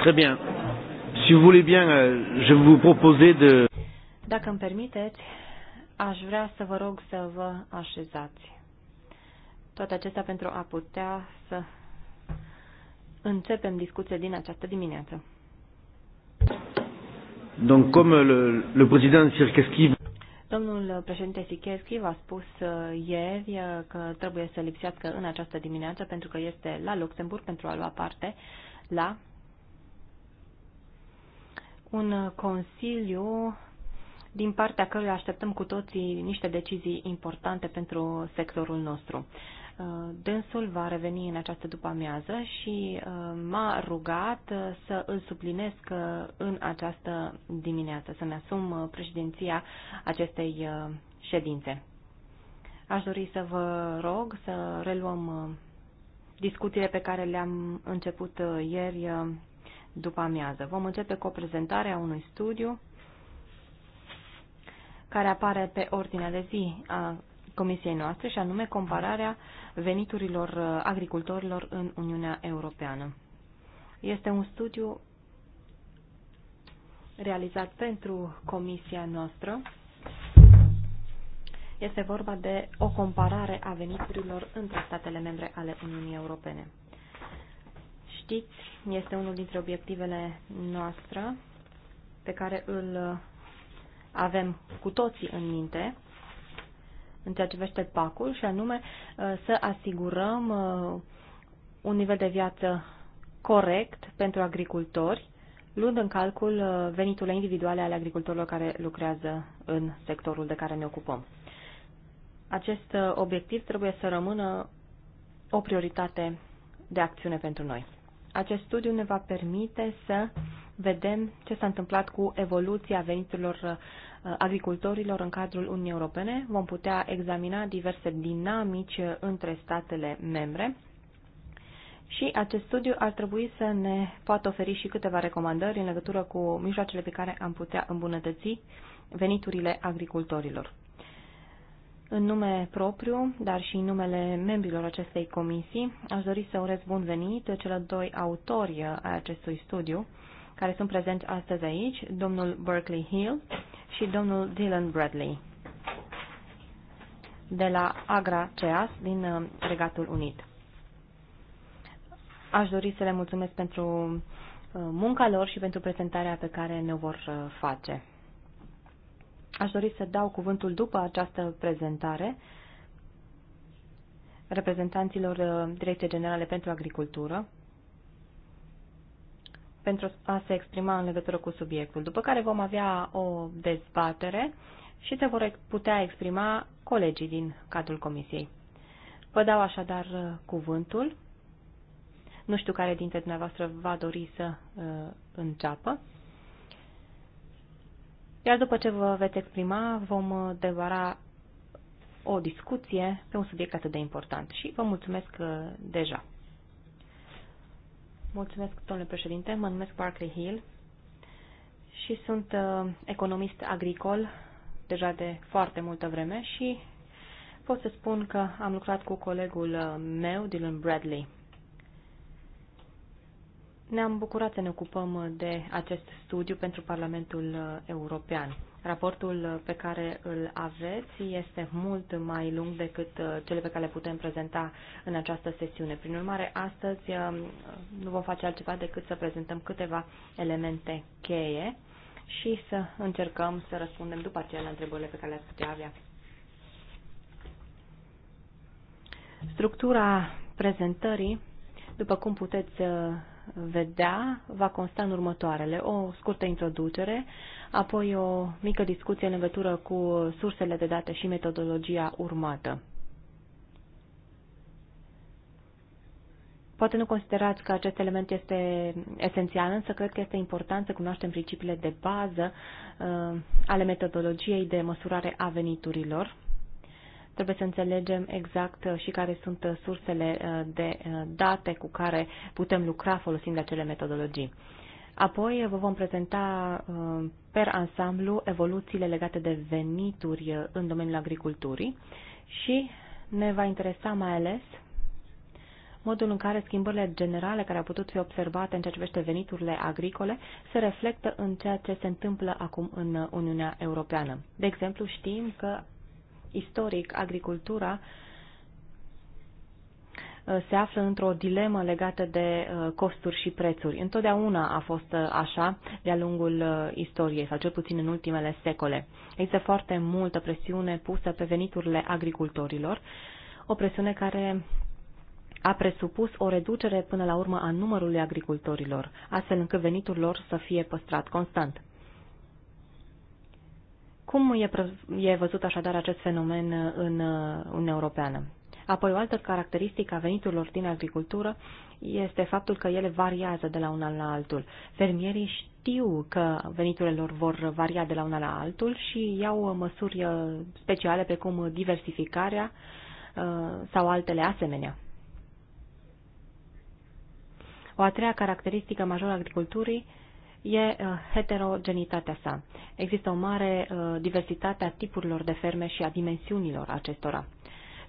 Très bien. Si vous voulez bien, euh, je vous proposer de... Dacă îmi permiteți, aș vrea să vă rog să vă așezați. Toate acestea pentru a putea să începem discuția din această dimineață. Donc, comme le, le président Sirkeski... Domnul președinte Sikerski v-a spus uh, ieri uh, că trebuie să lipsească în această dimineață pentru că este la Luxemburg pentru a lua parte la un consiliu din partea căruia așteptăm cu toții niște decizii importante pentru sectorul nostru. Uh, dânsul va reveni în această după-amiază și uh, m-a rugat uh, să îl suplinesc în această dimineață, să-mi asum președinția acestei ședințe. Aș dori să vă rog să reluăm discuțiile pe care le-am început ieri după amiază. Vom începe cu o prezentare a unui studiu care apare pe ordinea de zi a comisiei noastre și anume compararea veniturilor uh, agricultorilor în Uniunea Europeană. Este un studiu realizat pentru comisia noastră. Este vorba de o comparare a veniturilor între statele membre ale Uniunii Europene știți, este unul dintre obiectivele noastre pe care îl avem cu toții în minte în ceea ce vește pacul și anume uh, să asigurăm uh, un nivel de viață corect pentru agricultori, luând în calcul uh, veniturile individuale ale agricultorilor care lucrează în sectorul de care ne ocupăm. Acest obiectiv trebuie să rămână o prioritate de acțiune pentru noi. Acest studiu ne va permite să vedem ce s-a întâmplat cu evoluția veniturilor uh, agricultorilor în cadrul Uniunii Europene. Vom putea examina diverse dinamici uh, între statele membre. Și acest studiu ar trebui să ne poată oferi și câteva recomandări în legătură cu mijloacele pe care am putea îmbunătăți veniturile agricultorilor. În nume propriu, dar și în numele membrilor acestei comisii, aș dori să urez bun venit celor doi autori ai acestui studiu, care sunt prezenți astăzi aici, domnul Berkeley Hill și domnul Dylan Bradley, de la Agra CEAS din uh, Regatul Unit. Aș dori să le mulțumesc pentru uh, munca lor și pentru prezentarea pe care ne vor uh, face. Aș dori să dau cuvântul după această prezentare reprezentanților uh, Direcției Generale pentru Agricultură pentru a se exprima în legătură cu subiectul, după care vom avea o dezbatere și se vor putea exprima colegii din cadrul comisiei. Vă dau așadar uh, cuvântul. Nu știu care dintre dumneavoastră va dori să uh, înceapă. Iar după ce vă veți exprima, vom uh, devara o discuție pe un subiect atât de important. Și vă mulțumesc uh, deja. Mulțumesc, domnule președinte. Mă numesc Barclay Hill și sunt uh, economist agricol deja de foarte multă vreme și pot să spun că am lucrat cu colegul meu, Dylan Bradley. Ne-am bucurat să ne ocupăm de acest studiu pentru Parlamentul uh, European. Raportul uh, pe care îl aveți este mult mai lung decât uh, cele pe care le putem prezenta în această sesiune. Prin urmare, astăzi nu vom face altceva decât să prezentăm câteva elemente cheie și să încercăm să răspundem după aceea la întrebările pe care le-ați putea avea. Structura prezentării, după cum puteți vedea va consta în următoarele. O scurtă introducere, apoi o mică discuție în legătură cu sursele de date și metodologia urmată. Poate nu considerați că acest element este esențial, însă cred că este important să cunoaștem principiile de bază uh, ale metodologiei de măsurare a veniturilor Trebuie să înțelegem exact uh, și care sunt uh, sursele uh, de date cu care putem lucra folosind acele metodologii. Apoi vă vom prezenta per ansamblu evoluțiile legate de venituri în domeniul agriculturii și ne va interesa mai ales modul în care schimbările generale care au putut fi observate în ceea ce privește veniturile agricole se reflectă în ceea ce se întâmplă acum în Uniunea Europeană. De exemplu, știm că Istoric, agricultura uh, se află într-o dilemă legată de uh, costuri și prețuri. Întotdeauna a fost uh, așa de-a lungul istoriei, sau cel puțin în ultimele secole. Există foarte multă presiune pusă pe veniturile agricultorilor, o presiune care a presupus o reducere până la urmă a numărului agricultorilor, astfel încât venitul lor să fie păstrat constant. Cum e, e văzut așadar acest fenomen în Uniunea Europeană? Apoi, o altă caracteristică a veniturilor din agricultură este faptul că ele variază de la un an la altul. Fermierii știu că veniturile lor vor varia de la un an la altul și iau măsuri uh, speciale precum diversificarea uh, sau altele asemenea. O a treia caracteristică majoră a agriculturii e uh, heterogenitatea sa. Există o mare uh, diversitate a tipurilor de ferme și a dimensiunilor acestora.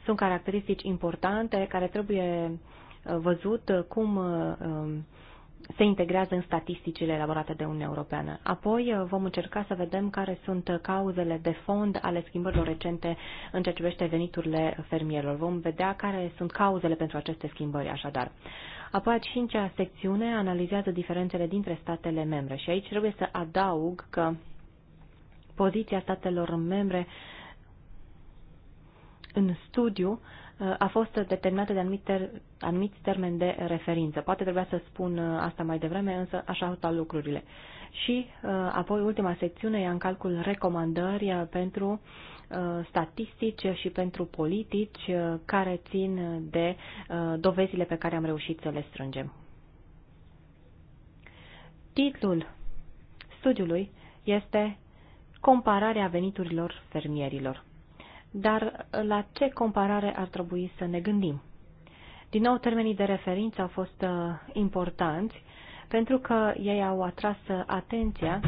Sunt caracteristici importante care trebuie uh, văzut cum um, se integrează în statisticile elaborate de Uniunea Europeană. Apoi vom încerca să vedem care sunt cauzele de fond ale schimbărilor recente în ceea ce privește veniturile fermierilor. Vom vedea care sunt cauzele pentru aceste schimbări, așadar. Apoi, a cincea secțiune analizează diferențele dintre statele membre și aici trebuie să adaug că poziția statelor membre în studiu uh, a fost determinată de anumite, anumiți termeni de referință. Poate trebuia să spun uh, asta mai devreme, însă așa au lucrurile. Și uh, apoi ultima secțiune ia în calcul recomandări pentru Uh, statistici și pentru politici uh, care țin de uh, dovezile pe care am reușit să le strângem. Titlul studiului este Compararea veniturilor fermierilor. Dar la ce comparare ar trebui să ne gândim? Din nou, termenii de referință au fost importanți pentru că ei au atras atenția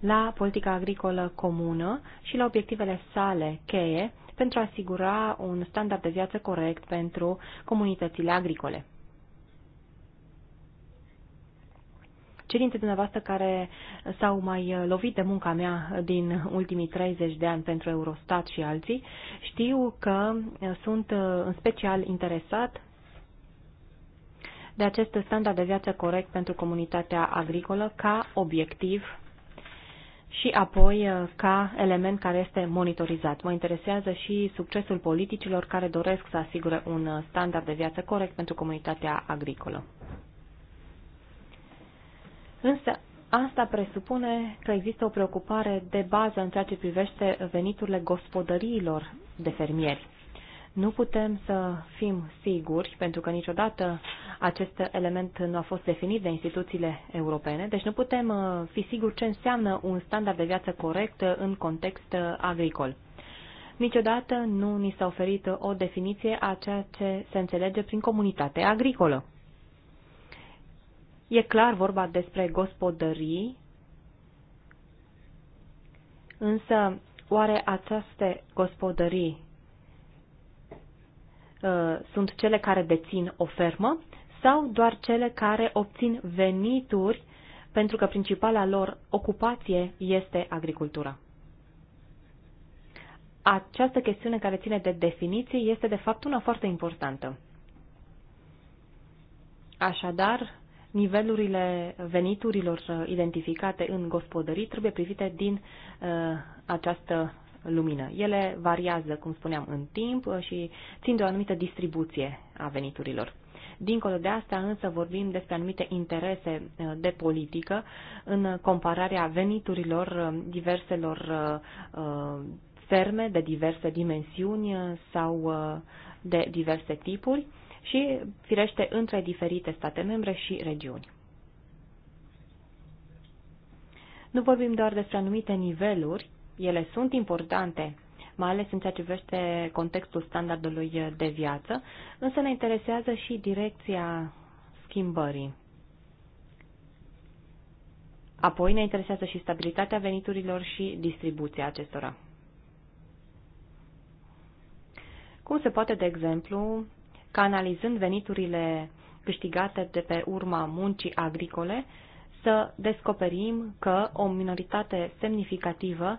la politica agricolă comună și la obiectivele sale cheie pentru a asigura un standard de viață corect pentru comunitățile agricole. Cei dintre dumneavoastră care s-au mai lovit de munca mea din ultimii 30 de ani pentru Eurostat și alții, știu că sunt în special interesat de acest standard de viață corect pentru comunitatea agricolă ca obiectiv și apoi uh, ca element care este monitorizat. Mă interesează și succesul politicilor care doresc să asigure un uh, standard de viață corect pentru comunitatea agricolă. Însă, asta presupune că există o preocupare de bază în ceea ce privește veniturile gospodăriilor de fermieri. Nu putem să fim siguri, pentru că niciodată acest element nu a fost definit de instituțiile europene, deci nu putem uh, fi siguri ce înseamnă un standard de viață corect uh, în context uh, agricol. Niciodată nu ni s-a oferit o definiție a ceea ce se înțelege prin comunitate agricolă. E clar vorba despre gospodării, însă oare aceste gospodării Uh, sunt cele care dețin o fermă sau doar cele care obțin venituri pentru că principala lor ocupație este agricultura. Această chestiune care ține de definiții este de fapt una foarte importantă. Așadar, nivelurile veniturilor uh, identificate în gospodării trebuie privite din uh, această lumină. Ele variază, cum spuneam, în timp și țin de o anumită distribuție a veniturilor. Dincolo de asta, însă, vorbim despre anumite interese uh, de politică în compararea veniturilor uh, diverselor uh, ferme de diverse dimensiuni sau de diverse tipuri și, firește, între diferite state membre și regiuni. Nu vorbim doar despre anumite niveluri, ele sunt importante, mai ales în ceea ce privește contextul standardului de viață, însă ne interesează și direcția schimbării. Apoi ne interesează și stabilitatea veniturilor și distribuția acestora. Cum se poate, de exemplu, ca analizând veniturile câștigate de pe urma muncii agricole, să descoperim că o minoritate semnificativă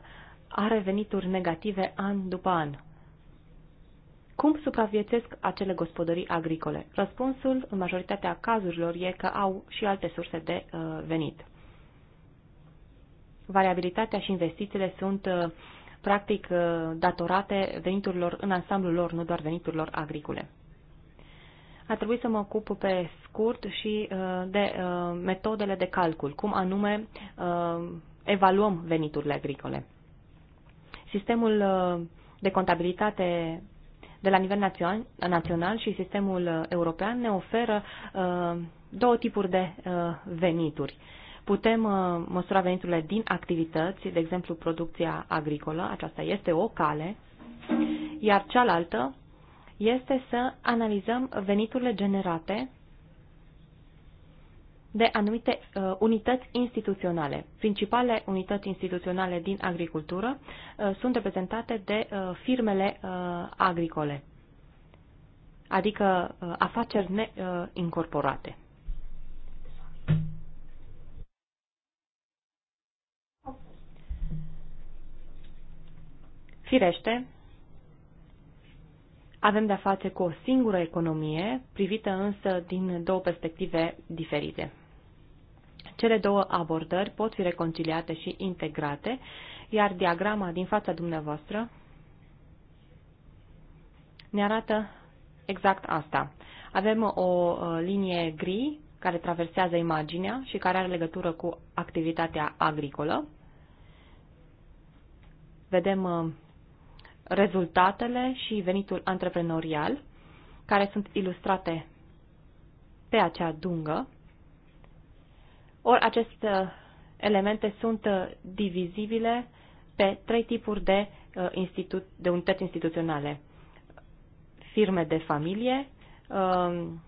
are venituri negative an după an. Cum supraviețesc acele gospodării agricole? Răspunsul, în majoritatea cazurilor, e că au și alte surse de uh, venit. Variabilitatea și investițiile sunt uh, practic uh, datorate veniturilor în ansamblul lor, nu doar veniturilor agricole. A trebuit să mă ocup pe scurt și uh, de uh, metodele de calcul, cum anume uh, evaluăm veniturile agricole. Sistemul uh, de contabilitate de la nivel național și sistemul uh, european ne oferă uh, două tipuri de venituri. Putem măsura veniturile din activități, de exemplu producția agricolă, aceasta este o cale, iar cealaltă este să analizăm veniturile generate de anumite uh, unități instituționale. Principale unități instituționale din agricultură uh, sunt reprezentate de uh, firmele uh, agricole, adică uh, afaceri neincorporate. Uh, Firește, avem de-a face cu o singură economie, privită însă din două perspective diferite. Cele două abordări pot fi reconciliate și integrate, iar diagrama din fața dumneavoastră ne arată exact asta. Avem o uh, linie gri care traversează imaginea și care are legătură cu activitatea agricolă. Vedem uh, rezultatele și venitul antreprenorial, care sunt ilustrate pe acea dungă. Ori aceste uh, elemente sunt uh, divizibile pe trei tipuri de, uh, institu- de unități instituționale. Firme de familie, um,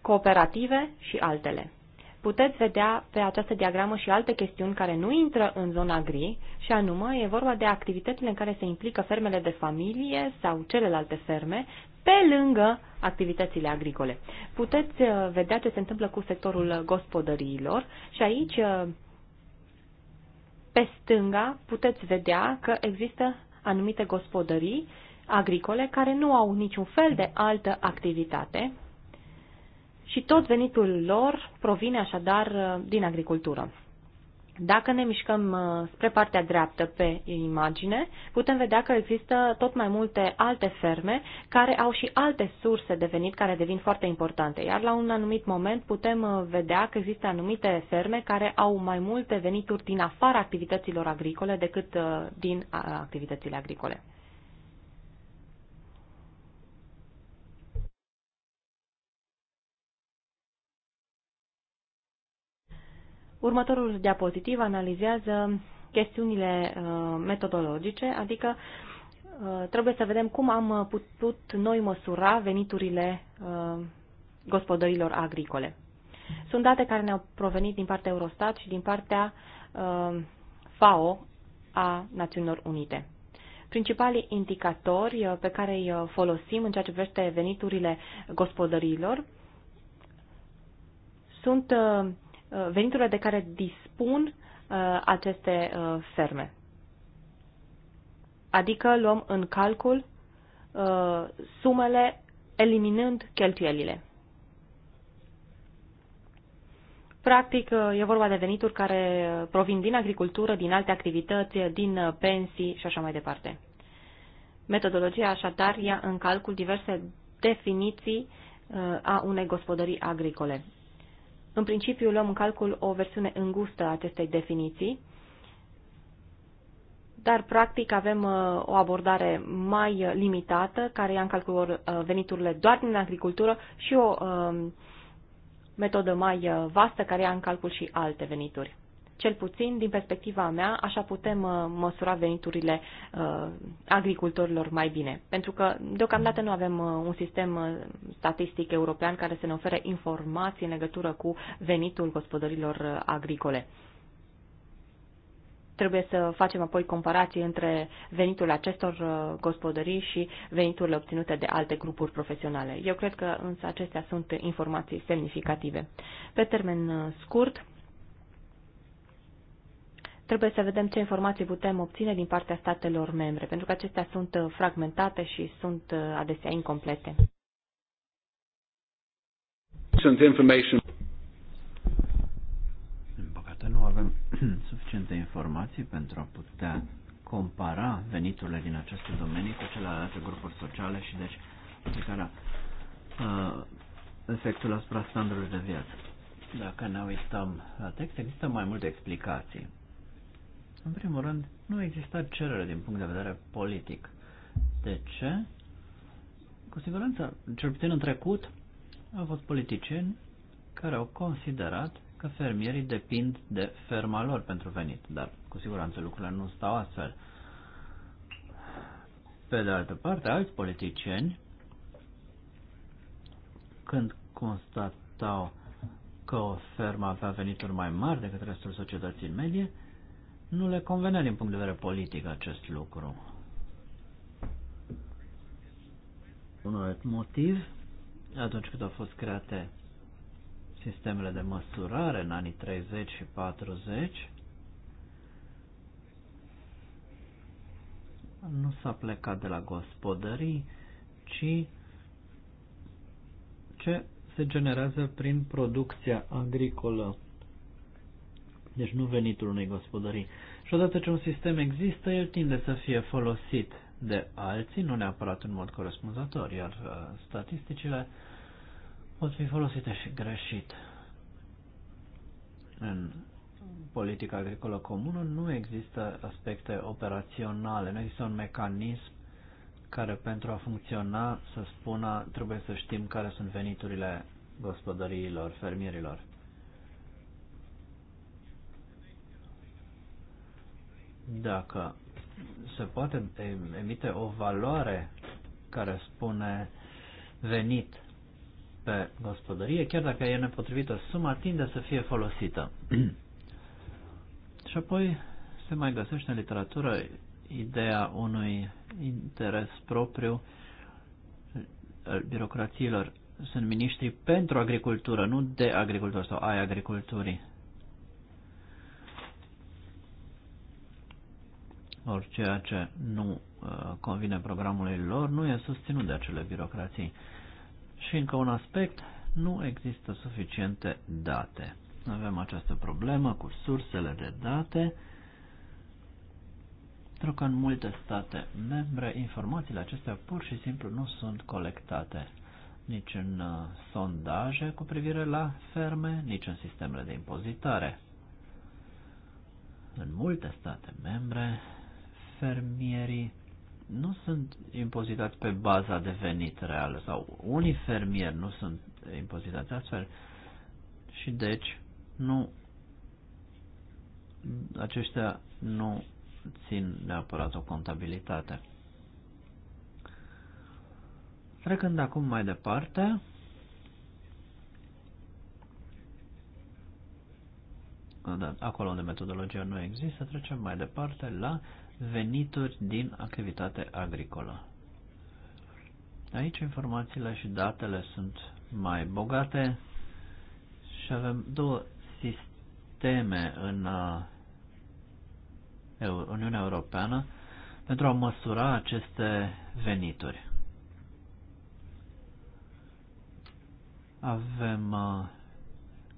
cooperative și altele. Puteți vedea pe această diagramă și alte chestiuni care nu intră în zona gri, și anume e vorba de activitățile în care se implică fermele de familie sau celelalte ferme, pe lângă activitățile agricole. Puteți uh, vedea ce se întâmplă cu sectorul gospodăriilor și aici, uh, pe stânga, puteți vedea că există anumite gospodării agricole care nu au niciun fel de altă activitate și tot venitul lor provine așadar uh, din agricultură. Dacă ne mișcăm uh, spre partea dreaptă pe imagine, putem vedea că există tot mai multe alte ferme care au și alte surse de venit care devin foarte importante, iar la un anumit moment putem uh, vedea că există anumite ferme care au mai multe venituri din afara activităților agricole decât uh, din activitățile agricole. Următorul diapozitiv analizează chestiunile uh, metodologice, adică uh, trebuie să vedem cum am putut noi măsura veniturile uh, gospodărilor agricole. Sunt date care ne-au provenit din partea Eurostat și din partea FAO a Națiunilor Unite. Principalii indicatori pe care îi folosim în ceea ce privește veniturile gospodărilor sunt Uh, veniturile de care dispun uh, aceste uh, ferme. Adică luăm în calcul sumele eliminând cheltuielile. Practic, e vorba de venituri care provin din agricultură, din alte activități, din pensii și așa mai departe. Metodologia, așadar, ia în calcul diverse definiții a unei gospodării agricole. În principiu luăm în calcul o versiune îngustă a acestei definiții, dar practic avem uh, o abordare mai limitată, care ia în calcul uh, veniturile doar din agricultură și o uh, metodă mai vastă, care ia în calcul și alte venituri. Cel puțin, din perspectiva mea, așa putem uh, măsura veniturile uh, agricultorilor mai bine. Pentru că, deocamdată, nu avem uh, un sistem statistic european care să ne ofere informații în legătură cu venitul gospodărilor agricole trebuie să facem apoi comparații între venitul acestor gospodării și veniturile obținute de alte grupuri profesionale. Eu cred că însă acestea sunt informații semnificative. Pe termen scurt, Trebuie să vedem ce informații putem obține din partea statelor membre, pentru că acestea sunt uh, fragmentate și sunt uh, adesea incomplete. Sunt informații. În păcate nu avem suficiente informații pentru a putea compara veniturile din aceste domenii cu celelalte grupuri sociale și deci aplicarea uh, efectul asupra standardului de viață. Dacă ne uităm la text, există mai multe explicații. În primul rând, nu exista cerere din punct de vedere politic. De ce? Cu siguranță, cel puțin în trecut, au fost politicieni care au considerat că fermierii depind de ferma lor pentru venit, dar cu siguranță lucrurile nu stau astfel. Pe de altă parte, alți politicieni, când constatau că o fermă avea venituri mai mari decât restul societății medie, nu le convenea din punct de vedere politic acest lucru. Un alt motiv, atunci când au fost create sistemele de măsurare în anii 30 și 40, nu s-a plecat de la gospodării, ci ce se generează prin producția agricolă deci nu venitul unei gospodării. Și odată ce un sistem există, el tinde să fie folosit de alții, nu neapărat în mod corespunzător, iar uh, statisticile pot fi folosite și greșit. În politica agricolă comună nu există aspecte operaționale, nu există un mecanism care pentru a funcționa, să spună, trebuie să știm care sunt veniturile gospodăriilor, fermierilor. Dacă se poate emite o valoare care spune venit pe gospodărie, chiar dacă e nepotrivită, suma tinde să fie folosită. Și apoi se mai găsește în literatură ideea unui interes propriu al birocrațiilor. Sunt miniștri pentru agricultură, nu de agricultură sau ai agriculturii. ori ceea ce nu uh, convine programului lor nu e susținut de acele birocrații. Și încă un aspect, nu există suficiente date. Avem această problemă cu sursele de date, pentru că în multe state membre informațiile acestea pur și simplu nu sunt colectate nici în uh, sondaje cu privire la ferme, nici în sistemele de impozitare. În multe state membre, fermierii nu sunt impozitați pe baza de venit real sau unii fermieri nu sunt impozitați astfel și deci nu aceștia nu țin neapărat o contabilitate. Trecând acum mai departe, acolo unde metodologia nu există, trecem mai departe la venituri din activitate agricolă. Aici informațiile și datele sunt mai bogate și avem două sisteme în uh, Uniunea Europeană pentru a măsura aceste venituri. Avem uh,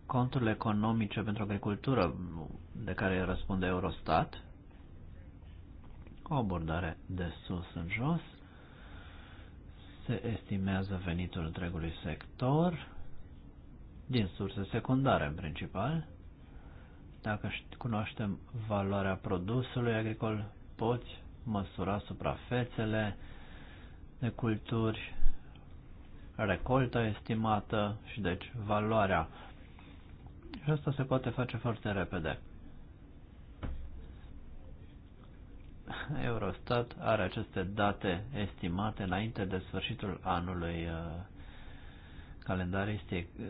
conturile economice pentru agricultură de care răspunde Eurostat cu o abordare de sus în jos. Se estimează venitul întregului sector din surse secundare în principal. Dacă cunoaștem valoarea produsului agricol, poți măsura suprafețele de culturi, recolta estimată și deci valoarea. Și asta se poate face foarte repede. Eurostat are aceste date estimate înainte de sfârșitul anului uh, calendaristic. Uh,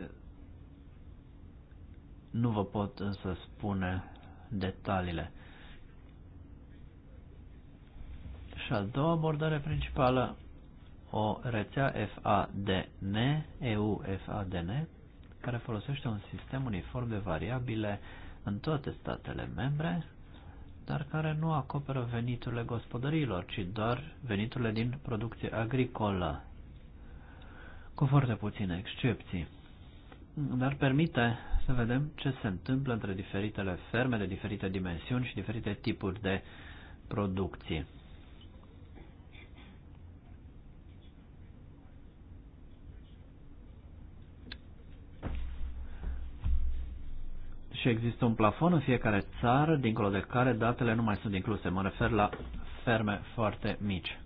nu vă pot însă spune detaliile. Și a doua abordare principală, o rețea FADN, EU-FADN, care folosește un sistem uniform de variabile în toate statele membre, dar care nu acoperă veniturile gospodărilor, ci doar veniturile din producție agricolă, cu foarte puține excepții. Dar permite să vedem ce se întâmplă între diferitele ferme de diferite dimensiuni și diferite tipuri de producție. și există un plafon în fiecare țară, dincolo de care datele nu mai sunt incluse. Mă refer la ferme foarte mici.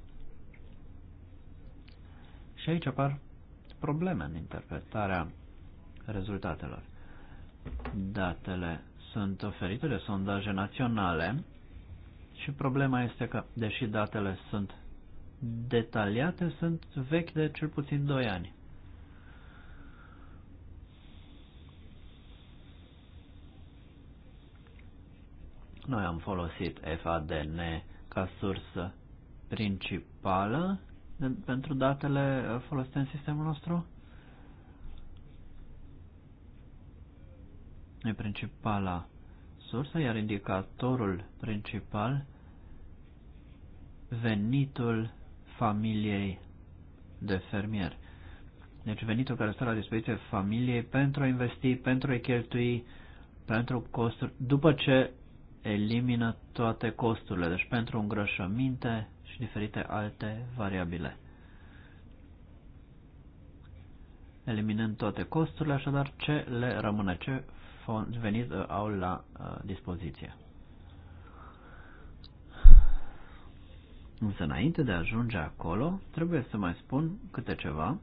Și aici apar probleme în interpretarea rezultatelor. Datele sunt oferite de sondaje naționale și problema este că, deși datele sunt detaliate, sunt vechi de cel puțin 2 ani. Noi am folosit FADN ca sursă principală pentru datele uh, folosite în sistemul nostru. E principala sursă, iar indicatorul principal venitul familiei de fermier. Deci venitul care stă la dispoziție familiei pentru a investi, pentru a cheltui, pentru costuri, după ce elimină toate costurile, deci pentru îngrășăminte și diferite alte variabile. Eliminând toate costurile, așadar ce le rămâne, ce venit uh, au la uh, dispoziție. Însă înainte de a ajunge acolo, trebuie să mai spun câte ceva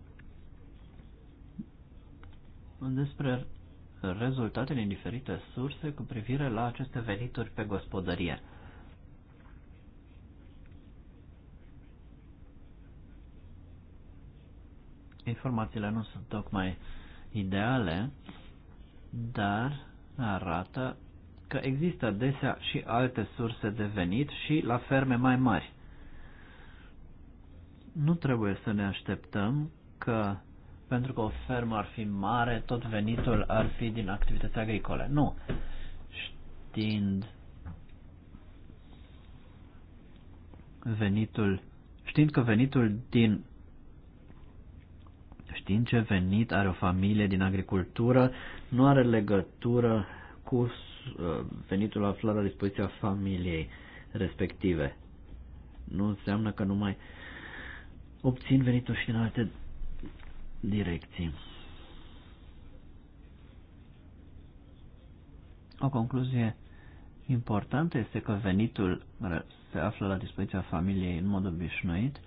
despre rezultate din diferite surse cu privire la aceste venituri pe gospodărie. Informațiile nu sunt tocmai ideale, dar arată că există adesea și alte surse de venit și la ferme mai mari. Nu trebuie să ne așteptăm că pentru că o fermă ar fi mare, tot venitul ar fi din activități agricole. Nu. Știind venitul, știind că venitul din știind ce venit are o familie din agricultură, nu are legătură cu uh, venitul aflat la dispoziția familiei respective. Nu înseamnă că numai obțin venituri și din alte direcții. O concluzie importantă este că venitul care se află la dispoziția familiei în mod obișnuit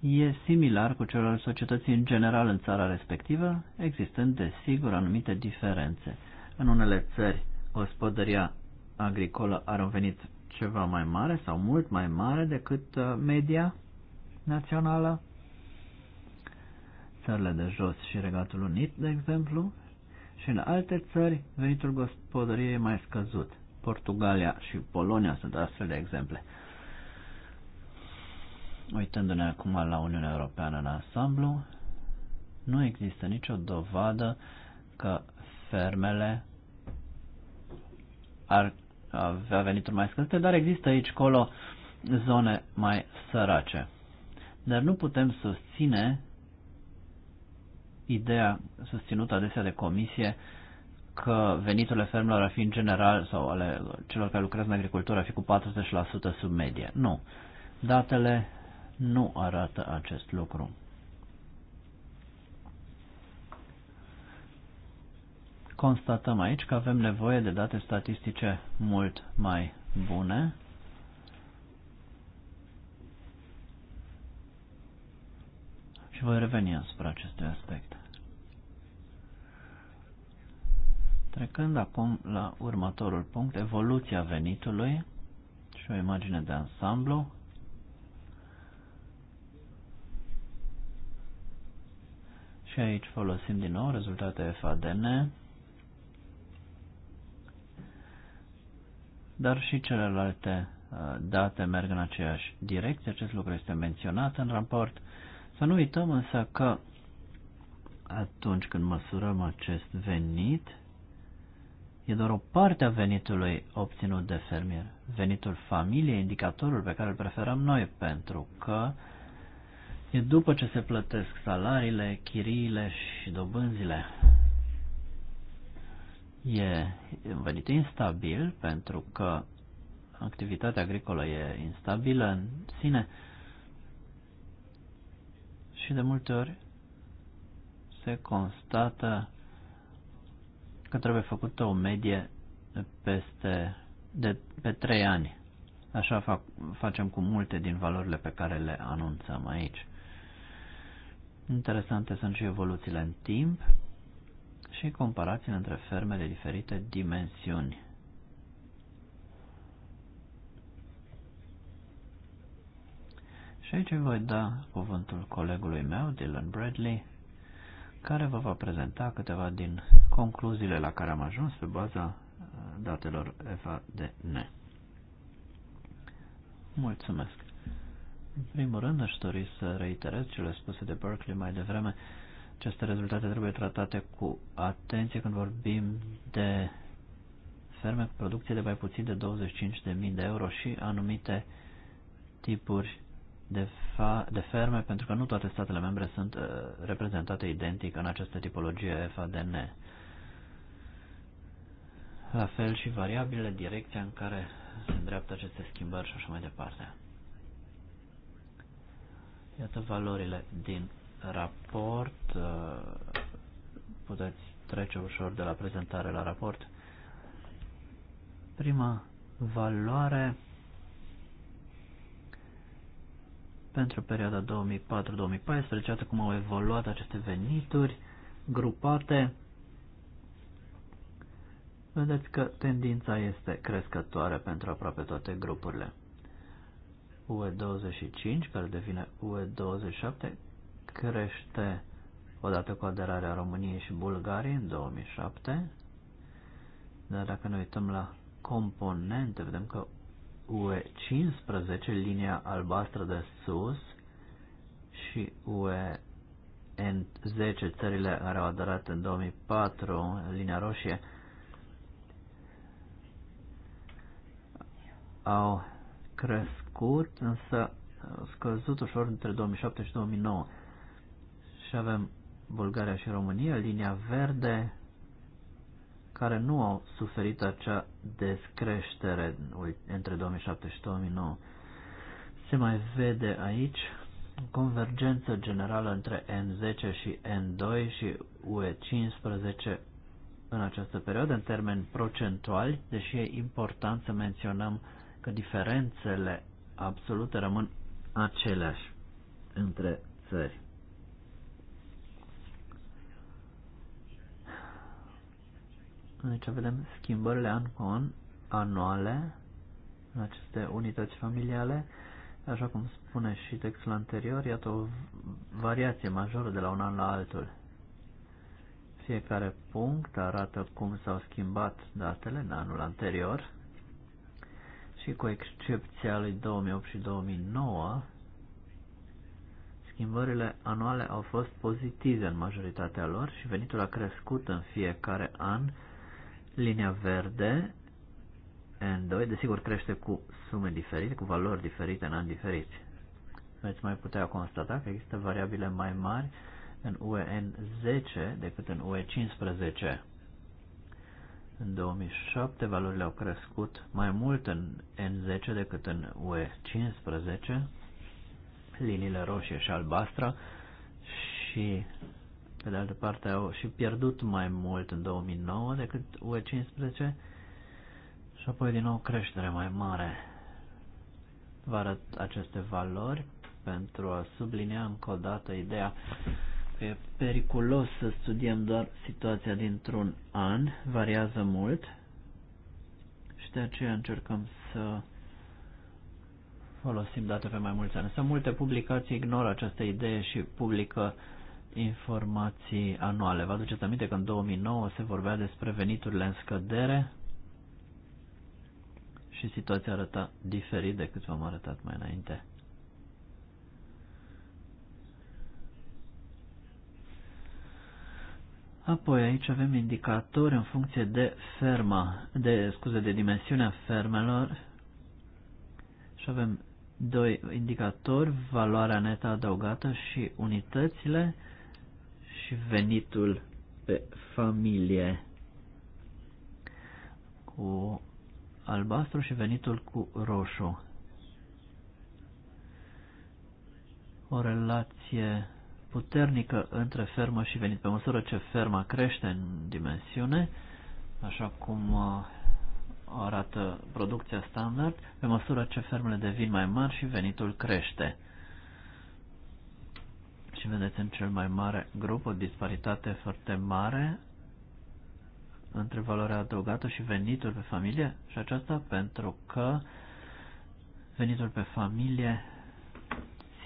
e similar cu cel al societății în general în țara respectivă, existând desigur anumite diferențe. În unele țări, gospodăria agricolă are un venit ceva mai mare sau mult mai mare decât uh, media națională, țările de jos și Regatul Unit, de exemplu, și în alte țări venitul gospodăriei e mai scăzut. Portugalia și Polonia sunt astfel de exemple. Uitându-ne acum la Uniunea Europeană în ansamblu, nu există nicio dovadă că fermele ar avea venituri mai scăzute, dar există aici colo zone mai sărace. Dar nu putem susține ideea susținută adesea de comisie că veniturile fermelor ar fi în general sau ale celor care lucrează în agricultură ar fi cu 40% sub medie. Nu. Datele nu arată acest lucru. Constatăm aici că avem nevoie de date statistice mult mai bune și voi reveni asupra acestui aspect. Trecând acum la următorul punct, evoluția venitului și o imagine de ansamblu. Și aici folosim din nou rezultate FADN, dar și celelalte uh, date merg în aceeași direcție. Acest lucru este menționat în raport. Să nu uităm însă că atunci când măsurăm acest venit, e doar o parte a venitului obținut de fermier. Venitul familiei, indicatorul pe care îl preferăm noi, pentru că e după ce se plătesc salariile, chiriile și dobânzile. E un venit instabil pentru că activitatea agricolă e instabilă în sine, și de multe ori se constată că trebuie făcută o medie peste de, pe 3 ani. Așa fac, facem cu multe din valorile pe care le anunțăm aici. Interesante sunt și evoluțiile în timp și comparațiile între ferme de diferite dimensiuni. Și aici voi da cuvântul colegului meu, Dylan Bradley, care vă va prezenta câteva din concluziile la care am ajuns pe baza uh, datelor FADN. Mulțumesc! În primul rând aș dori să reiterez cele spuse de Berkeley mai devreme. Aceste rezultate trebuie tratate cu atenție când vorbim de ferme cu producție de mai puțin de 25.000 de euro și anumite tipuri de, de ferme, pentru că nu toate statele membre sunt uh, reprezentate identic în această tipologie FADN. La fel și variabile, direcția în care se îndreaptă aceste schimbări și așa mai departe. Iată valorile din raport. Uh, puteți trece ușor de la prezentare la raport. Prima valoare pentru perioada 2004-2014, iată cum au evoluat aceste venituri grupate. Vedeți că tendința este crescătoare pentru aproape toate grupurile. UE25, care devine UE27, crește odată cu aderarea României și Bulgariei în 2007. Dar dacă ne uităm la componente, vedem că UE15, linia albastră de sus, și UE10, țările care au aderat în 2004, linia roșie, au crescut, însă au scăzut ușor între 2007 și 2009. Și avem Bulgaria și România, linia verde, care nu au suferit acea descreștere între 2007 și 2009. Se mai vede aici convergență generală între N10 și N2 și UE15 în această perioadă în termeni procentuali, deși e important să menționăm că diferențele absolute rămân aceleași între țări. Aici deci vedem schimbările an cu an, anuale, în aceste unități familiale. Așa cum spune și textul anterior, iată o variație majoră de la un an la altul. Fiecare punct arată cum s-au schimbat datele în anul anterior și cu excepția lui 2008 și 2009, schimbările anuale au fost pozitive în majoritatea lor și venitul a crescut în fiecare an Linia verde N2, desigur, crește cu sume diferite, cu valori diferite în ani diferiți. Veți mai putea constata că există variabile mai mari în UEN10 decât în UE15. În 2007 valorile au crescut mai mult în N10 decât în UE15, liniile roșie și albastră și pe de altă parte, au și pierdut mai mult în 2009 decât UE15 și apoi din nou creștere mai mare. Vă arăt aceste valori pentru a sublinia încă o dată ideea că e periculos să studiem doar situația dintr-un an, variază mult și de aceea încercăm să folosim date pe mai mulți ani. Însă multe publicații ignoră această idee și publică informații anuale. Vă aduceți aminte că în 2009 se vorbea despre veniturile în scădere și situația arăta diferit decât v-am arătat mai înainte. Apoi aici avem indicatori în funcție de ferma, de, scuze, de dimensiunea fermelor și avem doi indicatori, valoarea netă adăugată și unitățile și venitul pe familie cu albastru și venitul cu roșu. O relație puternică între fermă și venit. Pe măsură ce ferma crește în dimensiune, așa cum uh, arată producția standard, pe măsură ce fermele devin mai mari și venitul crește. Și vedeți în cel mai mare grup o disparitate foarte mare între valoarea adăugată și venitul pe familie și aceasta pentru că venitul pe familie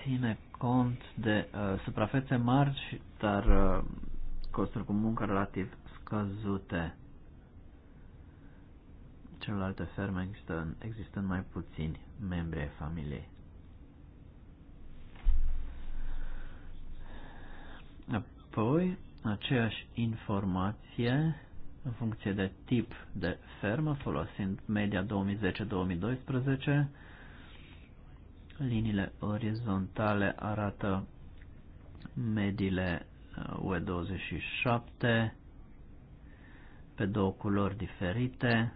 ține cont de uh, suprafețe mari, dar uh, costuri cu muncă relativ scăzute. Celelalte ferme există, există mai puțini membri ai familiei. Apoi, aceeași informație în funcție de tip de fermă, folosind media 2010-2012. Liniile orizontale arată mediile UE27 uh, pe două culori diferite.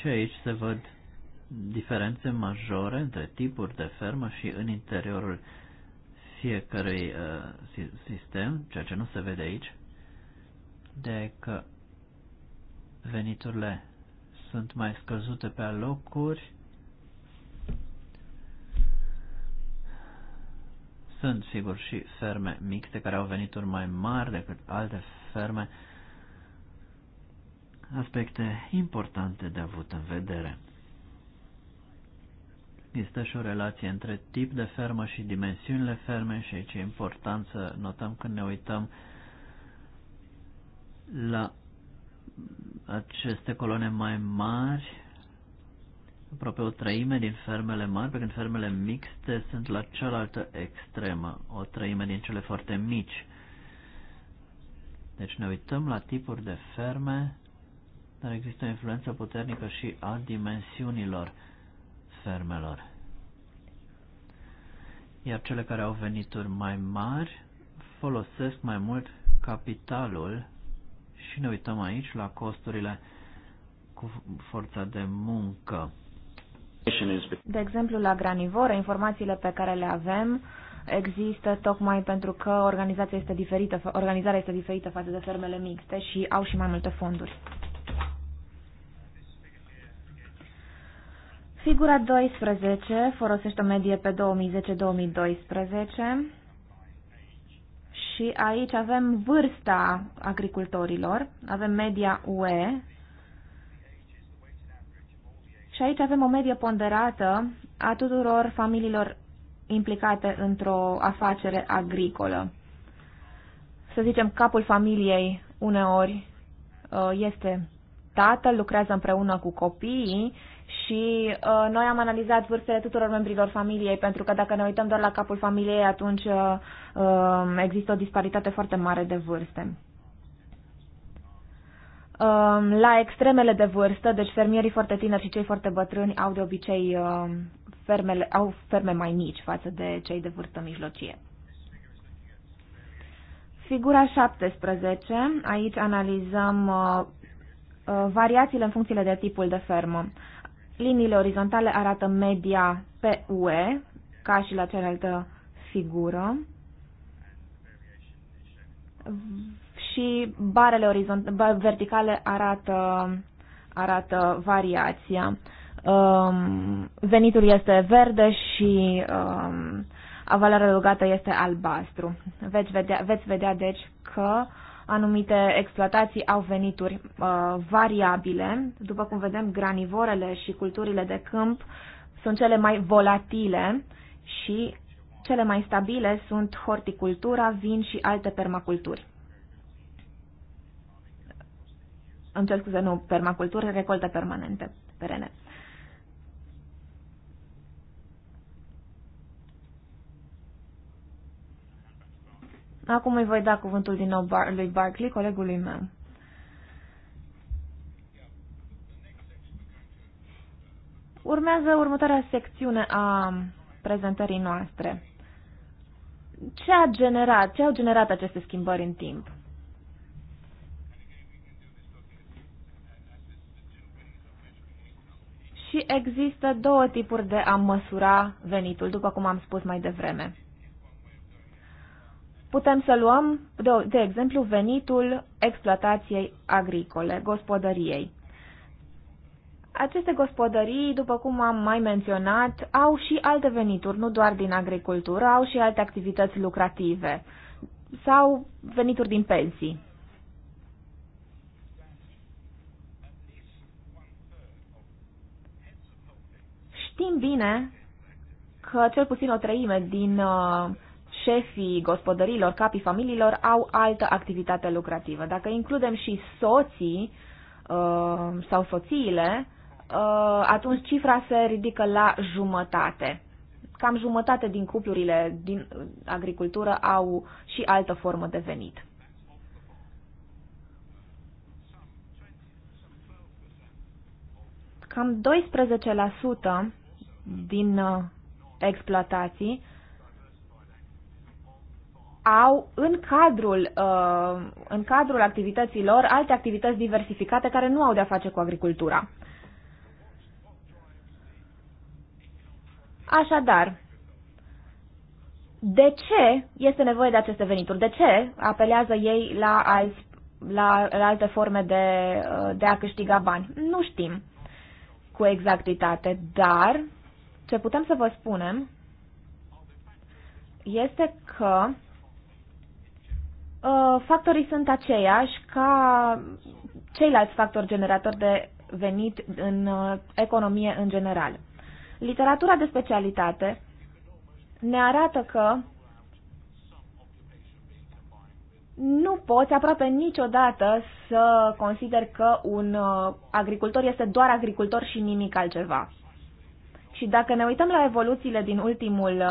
Și aici se văd diferențe majore între tipuri de fermă și în interiorul fiecărui uh, sistem, ceea ce nu se vede aici, de că veniturile sunt mai scăzute pe alocuri, sunt sigur și ferme mixte care au venituri mai mari decât alte ferme, aspecte importante de avut în vedere. Există și o relație între tip de fermă și dimensiunile ferme și aici e important să notăm când ne uităm la aceste coloane mai mari, aproape o treime din fermele mari, pe când fermele mixte sunt la cealaltă extremă, o treime din cele foarte mici. Deci ne uităm la tipuri de ferme, dar există o influență puternică și a dimensiunilor fermelor. Iar cele care au venituri mai mari folosesc mai mult capitalul și ne uităm aici la costurile cu forța de muncă. De exemplu, la Granivore, informațiile pe care le avem există tocmai pentru că organizația este diferită, organizarea este diferită față de fermele mixte și au și mai multe fonduri. Figura 12 folosește o medie pe 2010-2012 și aici avem vârsta agricultorilor, avem media UE și aici avem o medie ponderată a tuturor familiilor implicate într-o afacere agricolă. Să zicem, capul familiei uneori uh, este tatăl, lucrează împreună cu copiii și uh, noi am analizat vârstele tuturor membrilor familiei, pentru că dacă ne uităm doar la capul familiei, atunci uh, uh există o disparitate foarte mare de vârste. Uh, la extremele de vârstă, deci fermierii foarte tineri și cei foarte bătrâni au de obicei uh, fermele, au ferme mai mici față de cei de vârstă mijlocie. Figura 17, aici analizăm uh, uh variațiile în funcție de tipul de fermă. Uh, Liniile orizontale arată media pe UE, ca și la cealaltă figură. Și barele orizontale, verticale arată, arată variația. Um, venitul este verde și um, avalarea adăugată este albastru. Veți vedea, veți vedea deci că anumite exploatații au venituri uh, variabile. După cum vedem, granivorele și culturile de câmp sunt cele mai volatile și cele mai stabile sunt horticultura, vin și alte permaculturi. Îmi cer scuze, nu permaculturi, recolte permanente, perene. Acum îi voi da cuvântul din nou Bar- lui Barclay, colegului meu. Urmează următoarea secțiune a prezentării noastre. Ce a generat, ce au generat aceste schimbări în timp? Și există două tipuri de a măsura venitul, după cum am spus mai devreme. Putem să luăm, de, de exemplu, venitul exploatației agricole, gospodăriei. Aceste gospodării, după cum am mai menționat, au și alte venituri, nu doar din agricultură, au și alte activități lucrative sau venituri din pensii. Știm bine că cel puțin o treime din uh, șefii gospodărilor, capii familiilor au altă activitate lucrativă. Dacă includem și soții uh, sau soțiile, uh, atunci cifra se ridică la jumătate. Cam jumătate din cuplurile din agricultură au și altă formă de venit. Cam 12% din uh, exploatații au în cadrul, uh, în cadrul activităților alte activități diversificate care nu au de-a face cu agricultura. Așadar, de ce este nevoie de aceste venituri? De ce apelează ei la, alți, la, la alte forme de, uh, de a câștiga bani? Nu știm cu exactitate, dar ce putem să vă spunem este că Uh, factorii sunt aceiași ca ceilalți factori generatori de venit în uh, economie în general. Literatura de specialitate ne arată că nu poți aproape niciodată să consider că un uh, agricultor este doar agricultor și nimic altceva. Și dacă ne uităm la evoluțiile din ultimul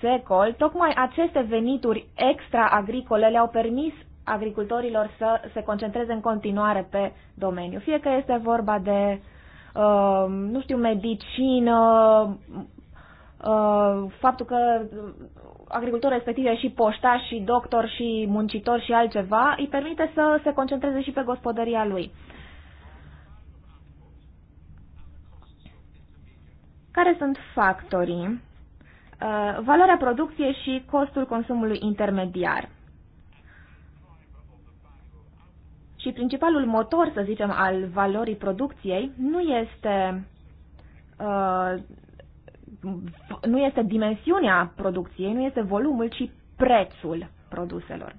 secol, tocmai aceste venituri extra-agricole le-au permis agricultorilor să se concentreze în continuare pe domeniu. Fie că este vorba de, uh, nu știu, medicină, uh, faptul că agricultorul respectiv e și poștaș și doctor și muncitor și altceva, îi permite să se concentreze și pe gospodăria lui. Care sunt factorii Uh, valoarea producției și costul consumului intermediar. Și principalul motor, să zicem, al valorii producției nu este, uh, nu este dimensiunea producției, nu este volumul, ci prețul produselor.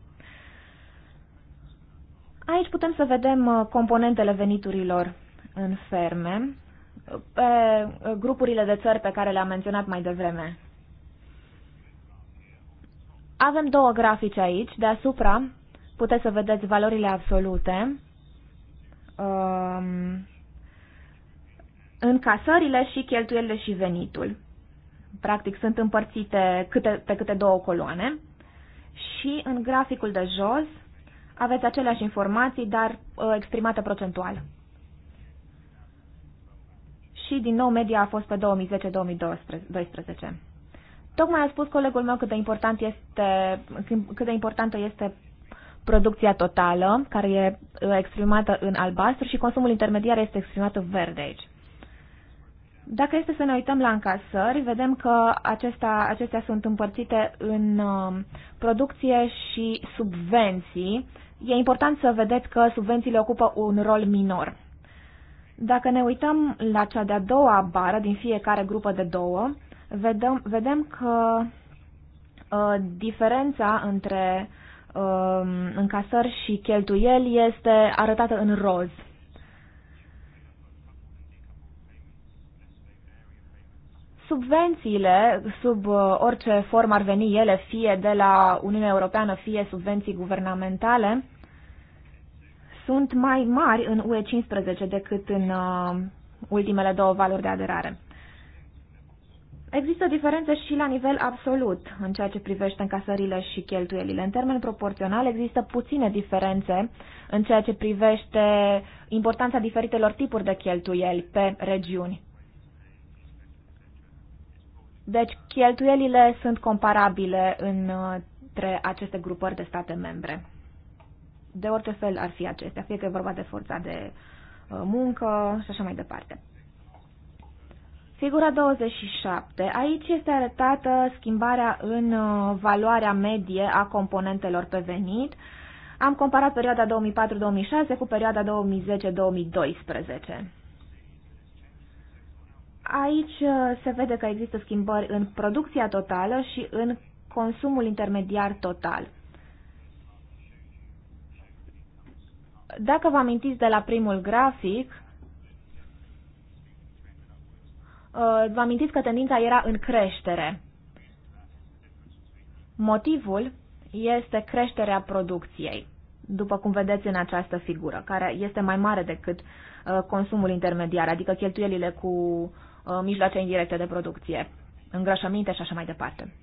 Aici putem să vedem uh, componentele veniturilor în ferme, uh, pe grupurile de țări pe care le-am menționat mai devreme. Avem două grafice aici. Deasupra puteți să vedeți valorile absolute, um, încasările și cheltuielile și venitul. Practic sunt împărțite câte, pe câte două coloane. Și în graficul de jos aveți aceleași informații, dar uh, exprimate procentual. Și din nou media a fost pe 2010-2012. Tocmai a spus colegul meu cât de, important este, cât de importantă este producția totală, care e uh, exprimată în albastru și consumul intermediar este exprimat în verde aici. Dacă este să ne uităm la încasări, vedem că acesta, acestea sunt împărțite în uh, producție și subvenții. E important să vedeți că subvențiile ocupă un rol minor. Dacă ne uităm la cea de-a doua bară din fiecare grupă de două, vedem, vedem că uh, diferența între uh, încasări și cheltuieli este arătată în roz. subvențiile, sub uh, orice formă ar veni ele, fie de la Uniunea Europeană, fie subvenții guvernamentale, sunt mai mari în UE 15 decât în uh, ultimele două valuri de aderare. Există diferențe și la nivel absolut în ceea ce privește încasările și cheltuielile. În termen proporțional există puține diferențe în ceea ce privește importanța diferitelor tipuri de cheltuieli pe regiuni. Deci cheltuielile sunt comparabile între aceste grupări de state membre. De orice fel ar fi acestea, fie că e vorba de forța de uh, muncă și așa mai departe. Figura 27. Aici este arătată schimbarea în uh, valoarea medie a componentelor pe venit. Am comparat perioada 2004-2006 cu perioada 2010-2012. Aici uh, se vede că există schimbări în producția totală și în consumul intermediar total. Dacă vă amintiți de la primul grafic, Uh, vă amintiți că tendința era în creștere. Motivul este creșterea producției, după cum vedeți în această figură, care este mai mare decât uh, consumul intermediar, adică cheltuielile cu uh, mijloace indirecte de producție, îngrașăminte și așa mai departe.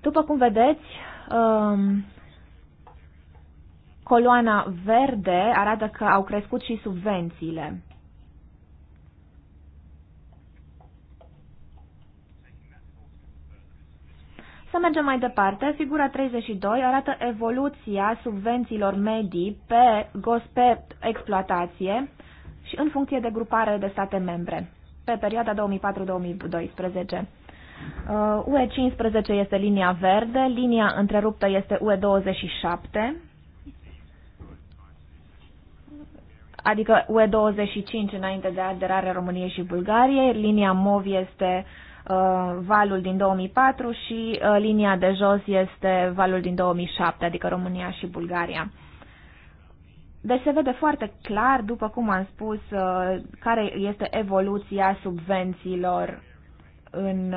După cum vedeți, um, coloana verde arată că au crescut și subvențiile Să mergem mai departe. Figura 32 arată evoluția subvențiilor medii pe, pe exploatație și în funcție de grupare de state membre pe perioada 2004-2012. UE 15 este linia verde, linia întreruptă este UE 27, adică UE 25 înainte de aderare României și Bulgariei, linia MOV este uh, Uh, valul din 2004 și uh, linia de jos este valul din 2007, adică România și Bulgaria. Deci se vede foarte clar, după cum am spus, uh, care este evoluția subvențiilor în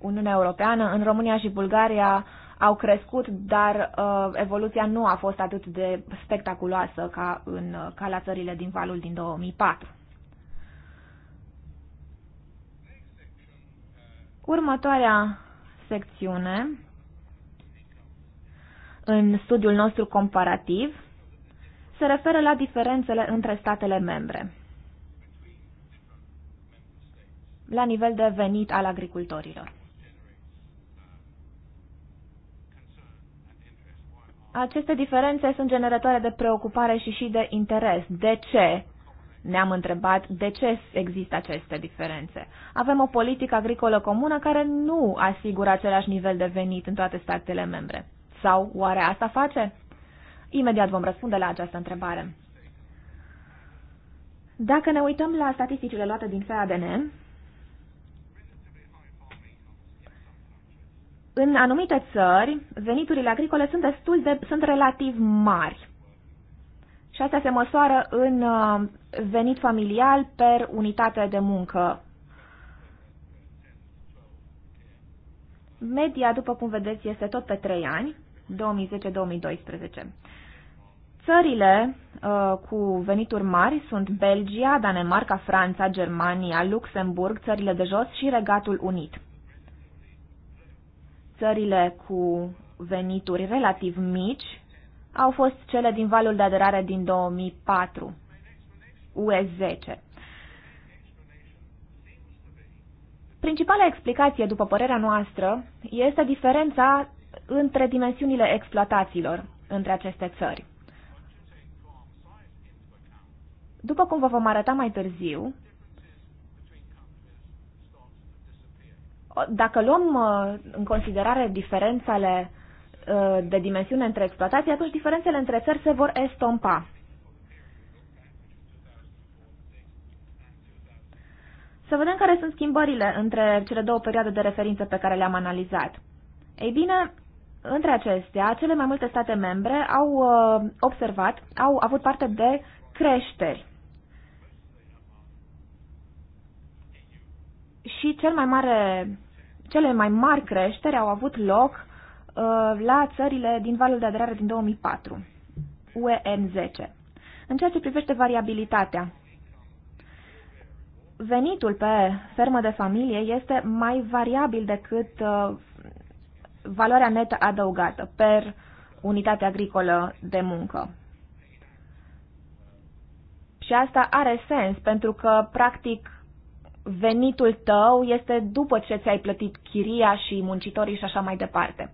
Uniunea Europeană. În România și Bulgaria au crescut, dar evoluția nu a fost atât de spectaculoasă ca, în, ca la țările din valul din 2004. Următoarea secțiune în studiul nostru comparativ se referă la diferențele între statele membre la nivel de venit al agricultorilor. Aceste diferențe sunt generatoare de preocupare și și de interes. De ce ne-am întrebat de ce există aceste diferențe. Avem o politică agricolă comună care nu asigură același nivel de venit în toate statele membre. Sau oare asta face? Imediat vom răspunde la această întrebare. Dacă ne uităm la statisticile luate din FADN, în anumite țări, veniturile agricole sunt destul de, sunt relativ mari. Și asta se măsoară în uh, venit familial per unitate de muncă. Media, după cum vedeți, este tot pe 3 ani, 2010-2012. Țările uh, cu venituri mari sunt Belgia, Danemarca, Franța, Germania, Luxemburg, țările de jos și Regatul Unit. Țările cu venituri relativ mici au fost cele din valul de aderare din 2004, UE10. Principala explicație, după părerea noastră, este diferența între dimensiunile exploatațiilor între aceste țări. După cum vă vom arăta mai târziu, dacă luăm uh, în considerare diferențele Uh, de dimensiune între exploatații, atunci diferențele între țări se vor estompa. Să vedem care sunt schimbările între cele două perioade de referință pe care le-am analizat. Ei bine, între acestea, cele mai multe state membre au uh, observat, au avut parte de creșteri. Și cel mai mare, cele mai mari creșteri au avut loc Uh, la țările din valul de aderare din 2004, uen 10 În ceea ce privește variabilitatea, venitul pe fermă de familie este mai variabil decât uh, valoarea netă adăugată per unitate agricolă de muncă. Și asta are sens, pentru că, practic, venitul tău este după ce ți-ai plătit chiria și muncitorii și așa mai departe.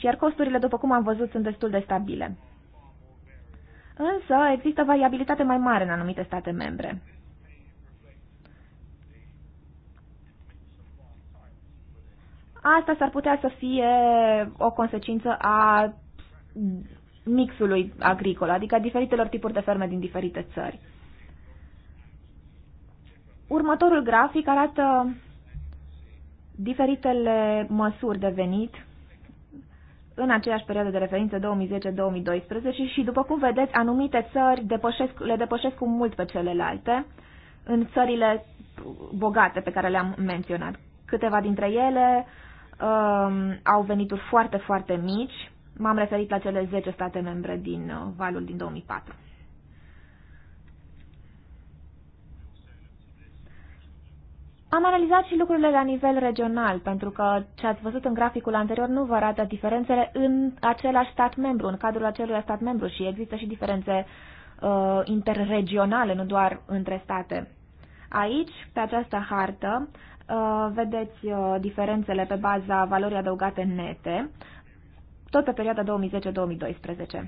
Iar costurile, după cum am văzut, sunt destul de stabile. Însă, există variabilitate mai mare în anumite state membre. Asta s-ar putea să fie o consecință a mixului agricol, adică a diferitelor tipuri de ferme din diferite țări. Următorul grafic arată diferitele măsuri de venit în aceeași perioadă de referință 2010-2012 și, după cum vedeți, anumite țări depășesc, le depășesc cu mult pe celelalte în țările bogate pe care le-am menționat. Câteva dintre ele um, au venituri foarte, foarte mici. M-am referit la cele 10 state membre din uh, valul din 2004. Am analizat și lucrurile la nivel regional, pentru că ce ați văzut în graficul anterior nu vă arată diferențele în același stat membru, în cadrul acelui stat membru și există și diferențe uh, interregionale, nu doar între state. Aici, pe această hartă, uh, vedeți uh, diferențele pe baza valorii adăugate nete, tot pe perioada 2010-2012.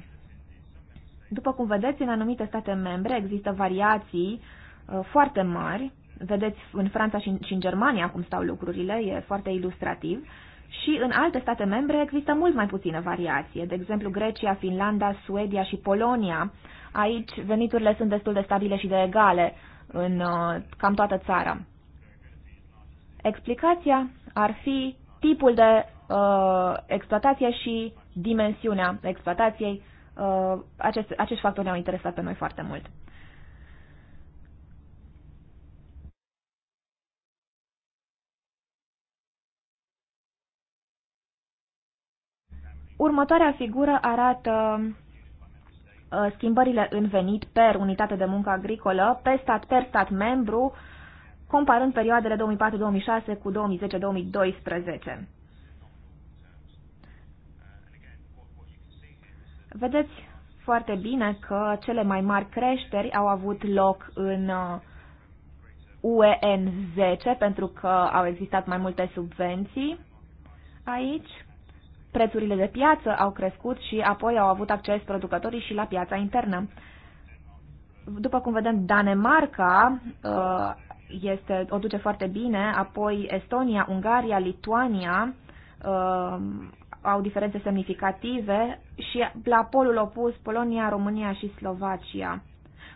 După cum vedeți, în anumite state membre există variații uh, foarte mari Vedeți în Franța și în, și în Germania cum stau lucrurile, e foarte ilustrativ. Și în alte state membre există mult mai puțină variație, de exemplu Grecia, Finlanda, Suedia și Polonia. Aici veniturile sunt destul de stabile și de egale în uh, cam toată țara. Explicația ar fi tipul de uh, exploatație și dimensiunea exploatației. Uh, acest, acești factori ne-au interesat pe noi foarte mult. Următoarea figură arată uh, schimbările în venit per unitate de muncă agricolă, pe stat, per stat membru, comparând perioadele 2004-2006 cu 2010-2012. Vedeți foarte bine că cele mai mari creșteri au avut loc în UEN uh, 10 pentru că au existat mai multe subvenții aici prețurile de piață au crescut și apoi au avut acces producătorii și la piața internă. După cum vedem, Danemarca uh, este, o duce foarte bine, apoi Estonia, Ungaria, Lituania uh, au diferențe semnificative și la polul opus Polonia, România și Slovacia.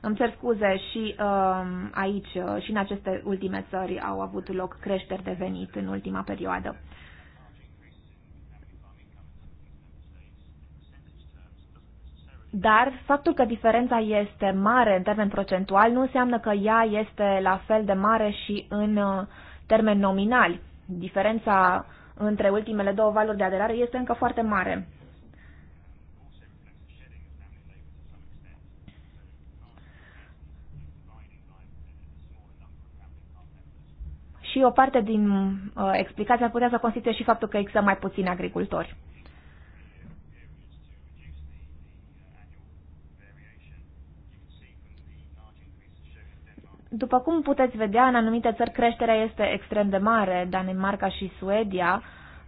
Îmi cer scuze și uh, aici, și în aceste ultime țări au avut loc creșteri de venit în ultima perioadă. Dar faptul că diferența este mare în termen procentual nu înseamnă că ea este la fel de mare și în uh, termen nominal. Diferența între ultimele două valuri de aderare este încă foarte mare. Și o parte din uh, explicația putea să constituie și faptul că există mai puțini agricultori. După cum puteți vedea, în anumite țări creșterea este extrem de mare, Danemarca și Suedia.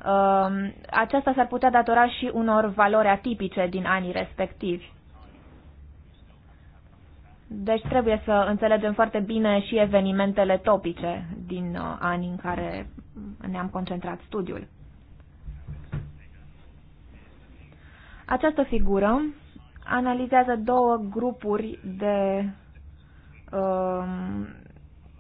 Um, aceasta s-ar putea datora și unor valori atipice din anii respectivi. Deci trebuie să înțelegem foarte bine și evenimentele topice din uh, anii în care ne-am concentrat studiul. Această figură analizează două grupuri de Um,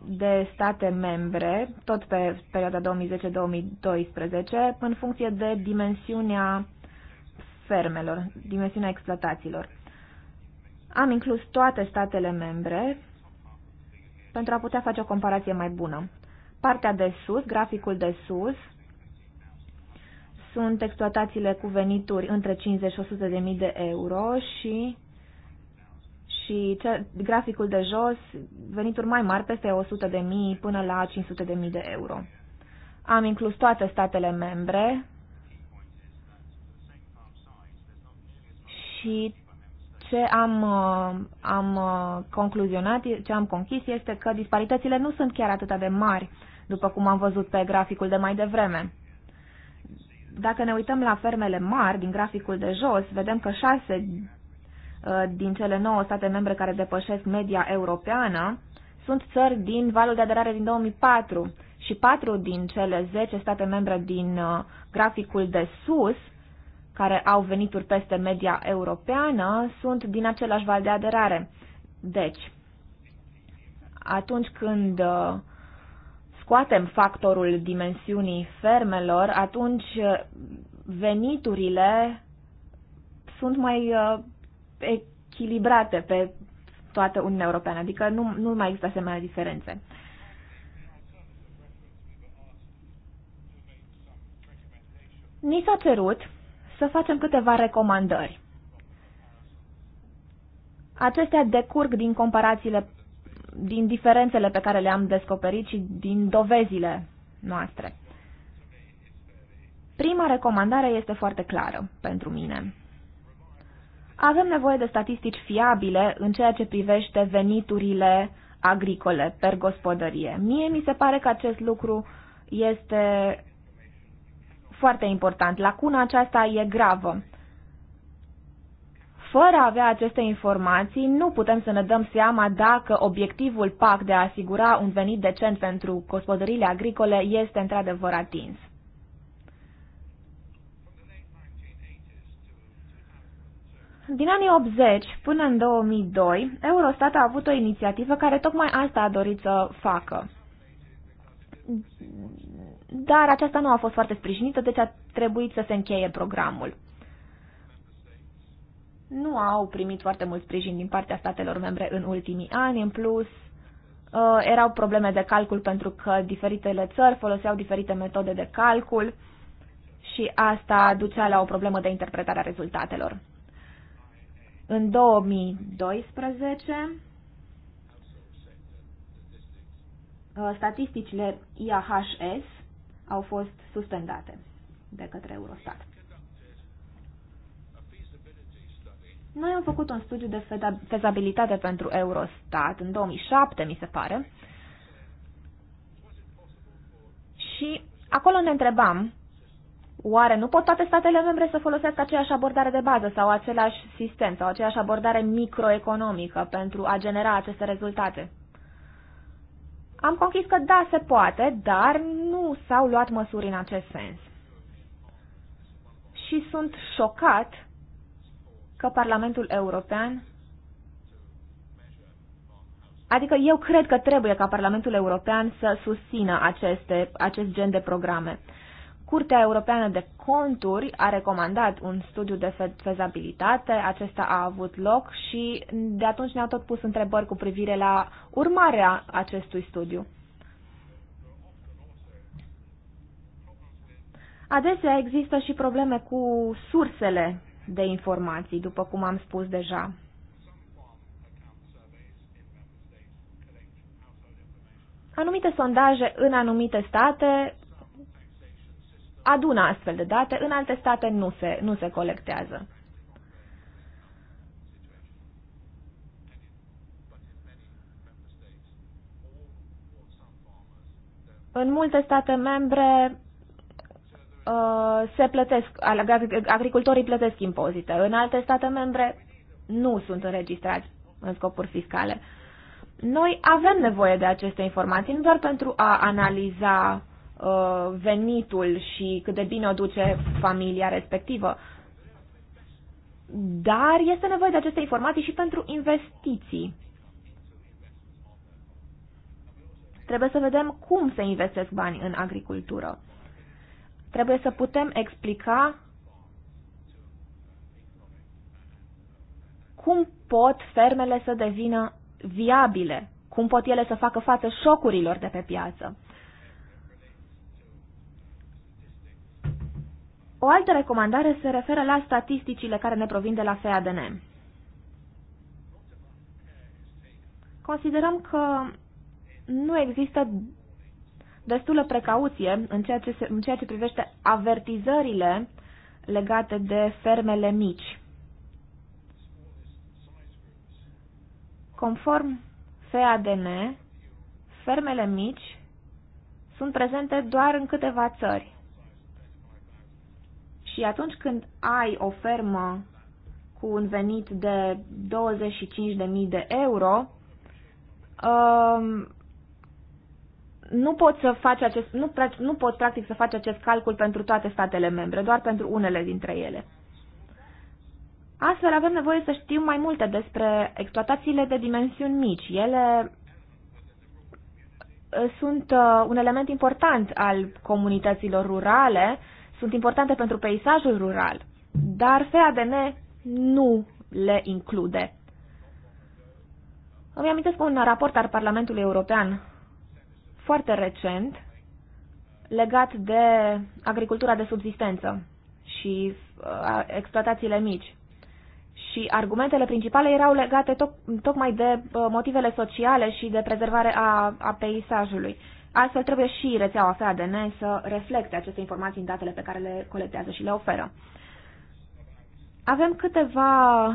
de state membre, tot pe perioada 2010-2012, în funcție de dimensiunea fermelor, dimensiunea exploatațiilor. Am inclus toate statele membre pentru a putea face o comparație mai bună. Partea de sus, graficul de sus, sunt exploatațiile cu venituri între 50 și 100 de mii de euro și și ce, graficul de jos, venituri mai mari peste 100 de mii până la 500 de mii de euro. Am inclus toate statele membre și ce am, uh, am uh, concluzionat, ce am conchis este că disparitățile nu sunt chiar atât de mari, după cum am văzut pe graficul de mai devreme. Dacă ne uităm la fermele mari din graficul de jos, vedem că 6 Uh, din cele 9 state membre care depășesc media europeană sunt țări din valul de aderare din 2004 și 4 din cele 10 state membre din uh, graficul de sus, care au venituri peste media europeană, sunt din același val de aderare. Deci, atunci când uh, scoatem factorul dimensiunii fermelor, atunci veniturile sunt mai echilibrate pe toată Uniunea Europeană, adică nu, nu mai există asemenea diferențe. Ni s-a cerut să facem câteva recomandări. Acestea decurg din comparațiile, din diferențele pe care le-am descoperit și din dovezile noastre. Prima recomandare este foarte clară pentru mine. Avem nevoie de statistici fiabile în ceea ce privește veniturile agricole per gospodărie. Mie mi se pare că acest lucru este foarte important. Lacuna aceasta e gravă. Fără a avea aceste informații, nu putem să ne dăm seama dacă obiectivul PAC de a asigura un venit decent pentru gospodăriile agricole este într-adevăr atins. Din anii 80 până în 2002, Eurostat a avut o inițiativă care tocmai asta a dorit să facă. Dar aceasta nu a fost foarte sprijinită, deci a trebuit să se încheie programul. Nu au primit foarte mult sprijin din partea statelor membre în ultimii ani, în plus uh, erau probleme de calcul pentru că diferitele țări foloseau diferite metode de calcul și asta ducea la o problemă de interpretare a rezultatelor. În 2012, uh, statisticile IAHS au fost suspendate de către Eurostat. Noi am făcut un studiu de fezabilitate pentru Eurostat în 2007, mi se pare, și acolo ne întrebam Oare nu pot toate statele membre să folosească aceeași abordare de bază sau același sistem sau aceeași abordare microeconomică pentru a genera aceste rezultate? Am conchis că da, se poate, dar nu s-au luat măsuri în acest sens. Și sunt șocat că Parlamentul European Adică eu cred că trebuie ca Parlamentul European să susțină aceste, acest gen de programe. Curtea Europeană de Conturi a recomandat un studiu de fezabilitate, acesta a avut loc și de atunci ne-au tot pus întrebări cu privire la urmarea acestui studiu. Adesea există și probleme cu sursele de informații, după cum am spus deja. Anumite sondaje în anumite state adună astfel de date, în alte state nu se, nu se colectează. În multe state membre uh, se plătesc, agricultorii plătesc impozite. În alte state membre nu sunt înregistrați în scopuri fiscale. Noi avem nevoie de aceste informații, nu doar pentru a analiza Uh, venitul și cât de bine o duce familia respectivă. Dar este nevoie de aceste informații și pentru investiții. Trebuie să vedem cum se investesc bani în agricultură. Trebuie să putem explica cum pot fermele să devină viabile, cum pot ele să facă față șocurilor de pe piață. O altă recomandare se referă la statisticile care ne provin de la FADN. Considerăm că nu există destulă precauție în ceea ce, se, în ceea ce privește avertizările legate de fermele mici. Conform FADN, fermele mici sunt prezente doar în câteva țări. Și atunci când ai o fermă cu un venit de 25.000 de euro, um, nu poți să faci acest, nu, nu poți practic să faci acest calcul pentru toate statele membre, doar pentru unele dintre ele. Astfel avem nevoie să știm mai multe despre exploatațiile de dimensiuni mici. Ele uh, sunt uh, un element important al comunităților rurale sunt importante pentru peisajul rural, dar FADN nu le include. Îmi amintesc un raport al Parlamentului European foarte recent legat de agricultura de subsistență și uh, exploatațiile mici. Și argumentele principale erau legate toc, tocmai de uh, motivele sociale și de prezervare a, a peisajului. Astfel trebuie și rețeaua FADN să reflecte aceste informații în datele pe care le colectează și le oferă. Avem câteva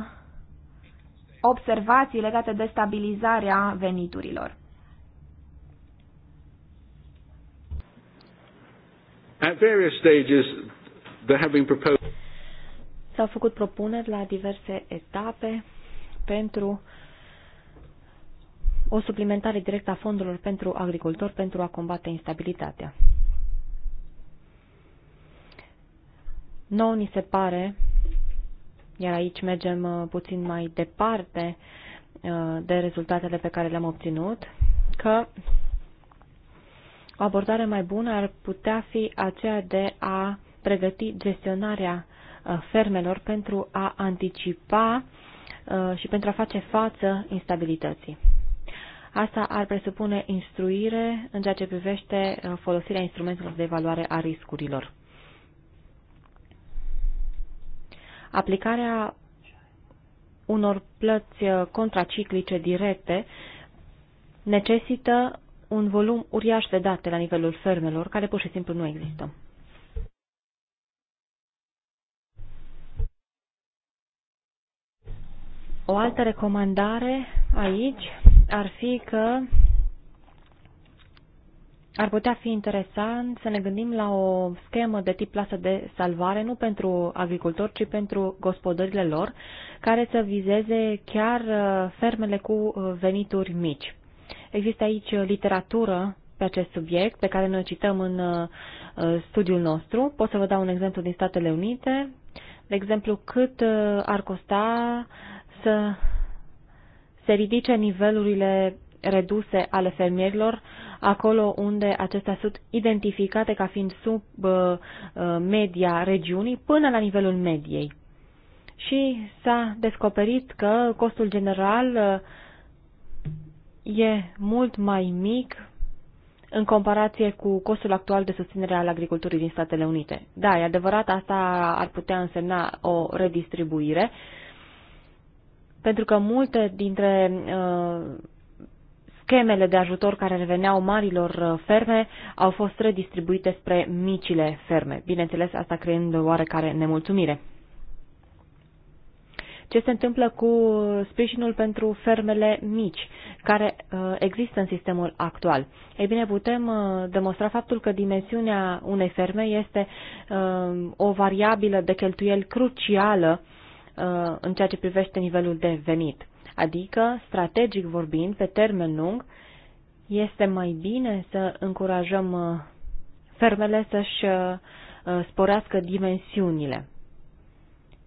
observații legate de stabilizarea veniturilor. S-au făcut propuneri la diverse etape pentru o suplimentare directă a fondurilor pentru agricultori pentru a combate instabilitatea. Nouă ni se pare, iar aici mergem uh, puțin mai departe uh, de rezultatele pe care le-am obținut, că o abordare mai bună ar putea fi aceea de a pregăti gestionarea uh, fermelor pentru a anticipa și pentru a face față instabilității. Asta ar presupune instruire în ceea ce privește uh, folosirea instrumentelor de evaluare a riscurilor. Aplicarea unor plăți uh, contraciclice directe necesită un volum uriaș de date la nivelul fermelor, care pur și simplu nu există. O altă recomandare aici ar fi că ar putea fi interesant să ne gândim la o schemă de tip plasă de salvare, nu pentru agricultori, ci pentru gospodările lor, care să vizeze chiar uh, fermele cu uh, venituri mici. Există aici uh, literatură pe acest subiect, pe care noi o cităm în studiul nostru. Pot să vă dau un exemplu din Statele Unite. De exemplu, cât ar costa să se ridice nivelurile reduse ale fermierilor, acolo unde acestea sunt identificate ca fiind sub uh, uh, media regiunii până la nivelul mediei. Și s-a descoperit că costul general uh, e mult mai mic în comparație cu costul actual de susținere al agriculturii din Statele Unite. Da, e adevărat, asta ar putea însemna o redistribuire, uh, pentru că multe dintre uh, schemele de ajutor care reveneau marilor uh, ferme au fost redistribuite spre micile ferme, bineînțeles asta creând oarecare nemulțumire. Ce se întâmplă cu sprijinul pentru fermele mici, care uh, există în sistemul actual? Ei bine, putem uh, demonstra faptul că dimensiunea unei ferme este o variabilă de cheltuieli crucială uh, Uh, în ceea ce privește nivelul de venit. Adică, strategic vorbind, pe termen lung, este mai bine să încurajăm uh, fermele să-și uh, sporească dimensiunile,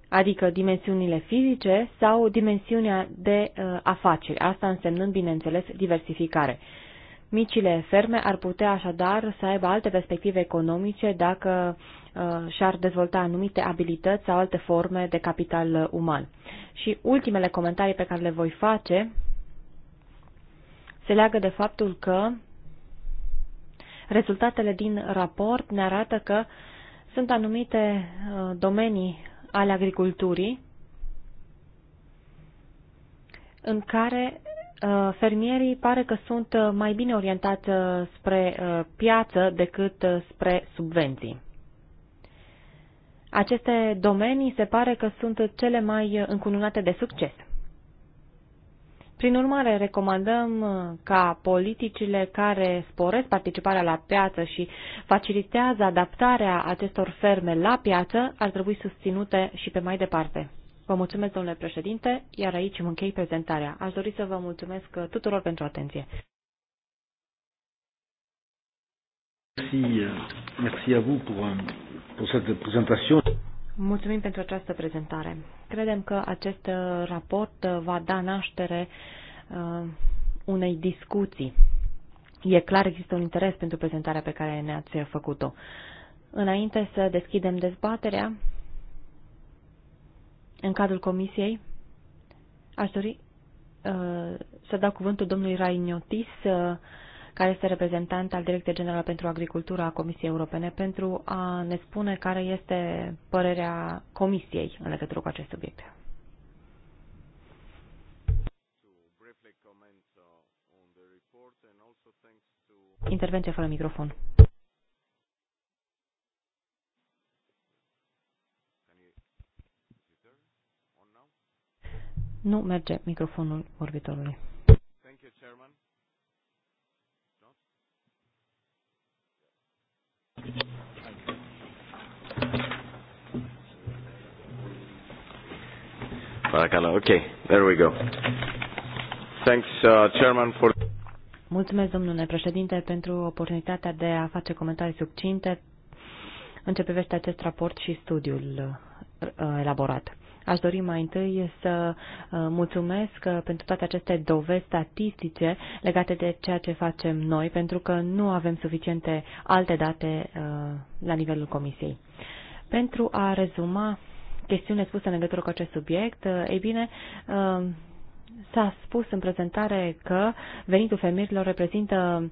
adică dimensiunile fizice sau dimensiunea de afaceri, asta însemnând, bineînțeles, diversificare. Micile ferme ar putea așadar să aibă alte perspective economice dacă uh, și-ar dezvolta anumite abilități sau alte forme de capital uman. Și ultimele comentarii pe care le voi face se leagă de faptul că rezultatele din raport ne arată că sunt anumite uh, domenii ale agriculturii în care Uh, fermierii pare că sunt uh, mai bine orientați uh, spre piață decât spre subvenții. Aceste domenii se pare că sunt cele mai încununate de succes. Prin urmare, recomandăm ca politicile care sporesc participarea la piață și facilitează adaptarea acestor ferme la piață ar trebui susținute și pe mai departe. Vă mulțumesc, domnule președinte, iar aici îmi închei prezentarea. Aș dori să vă mulțumesc tuturor pentru atenție. Euh, Mulțumim pentru această prezentare. Credem că acest uh, raport uh, va da naștere uh, unei discuții. E clar, există un interes pentru prezentarea pe care ne-ați făcut-o. Înainte să deschidem dezbaterea, în cadrul comisiei. Aș dori uh, să dau cuvântul domnului Rainiotis, uh, care este reprezentant al Direcției General pentru Agricultură a Comisiei Europene, pentru a ne spune care este părerea comisiei în legătură cu acest subiect. Intervenție fără microfon. Nu merge microfonul vorbitorului. ok, there we go. Thanks, uh, Chairman, for... Mulțumesc, domnule președinte, pentru oportunitatea de a face comentarii succinte în ce privește acest raport și studiul uh, elaborat. Aș dori mai întâi să uh, mulțumesc uh, pentru toate aceste dovezi statistice legate de ceea ce facem noi, pentru că nu avem suficiente alte date uh, la nivelul Comisiei. Pentru a rezuma chestiune spusă în legătură cu acest subiect, ei bine, S-a spus în prezentare că venitul femeilor reprezintă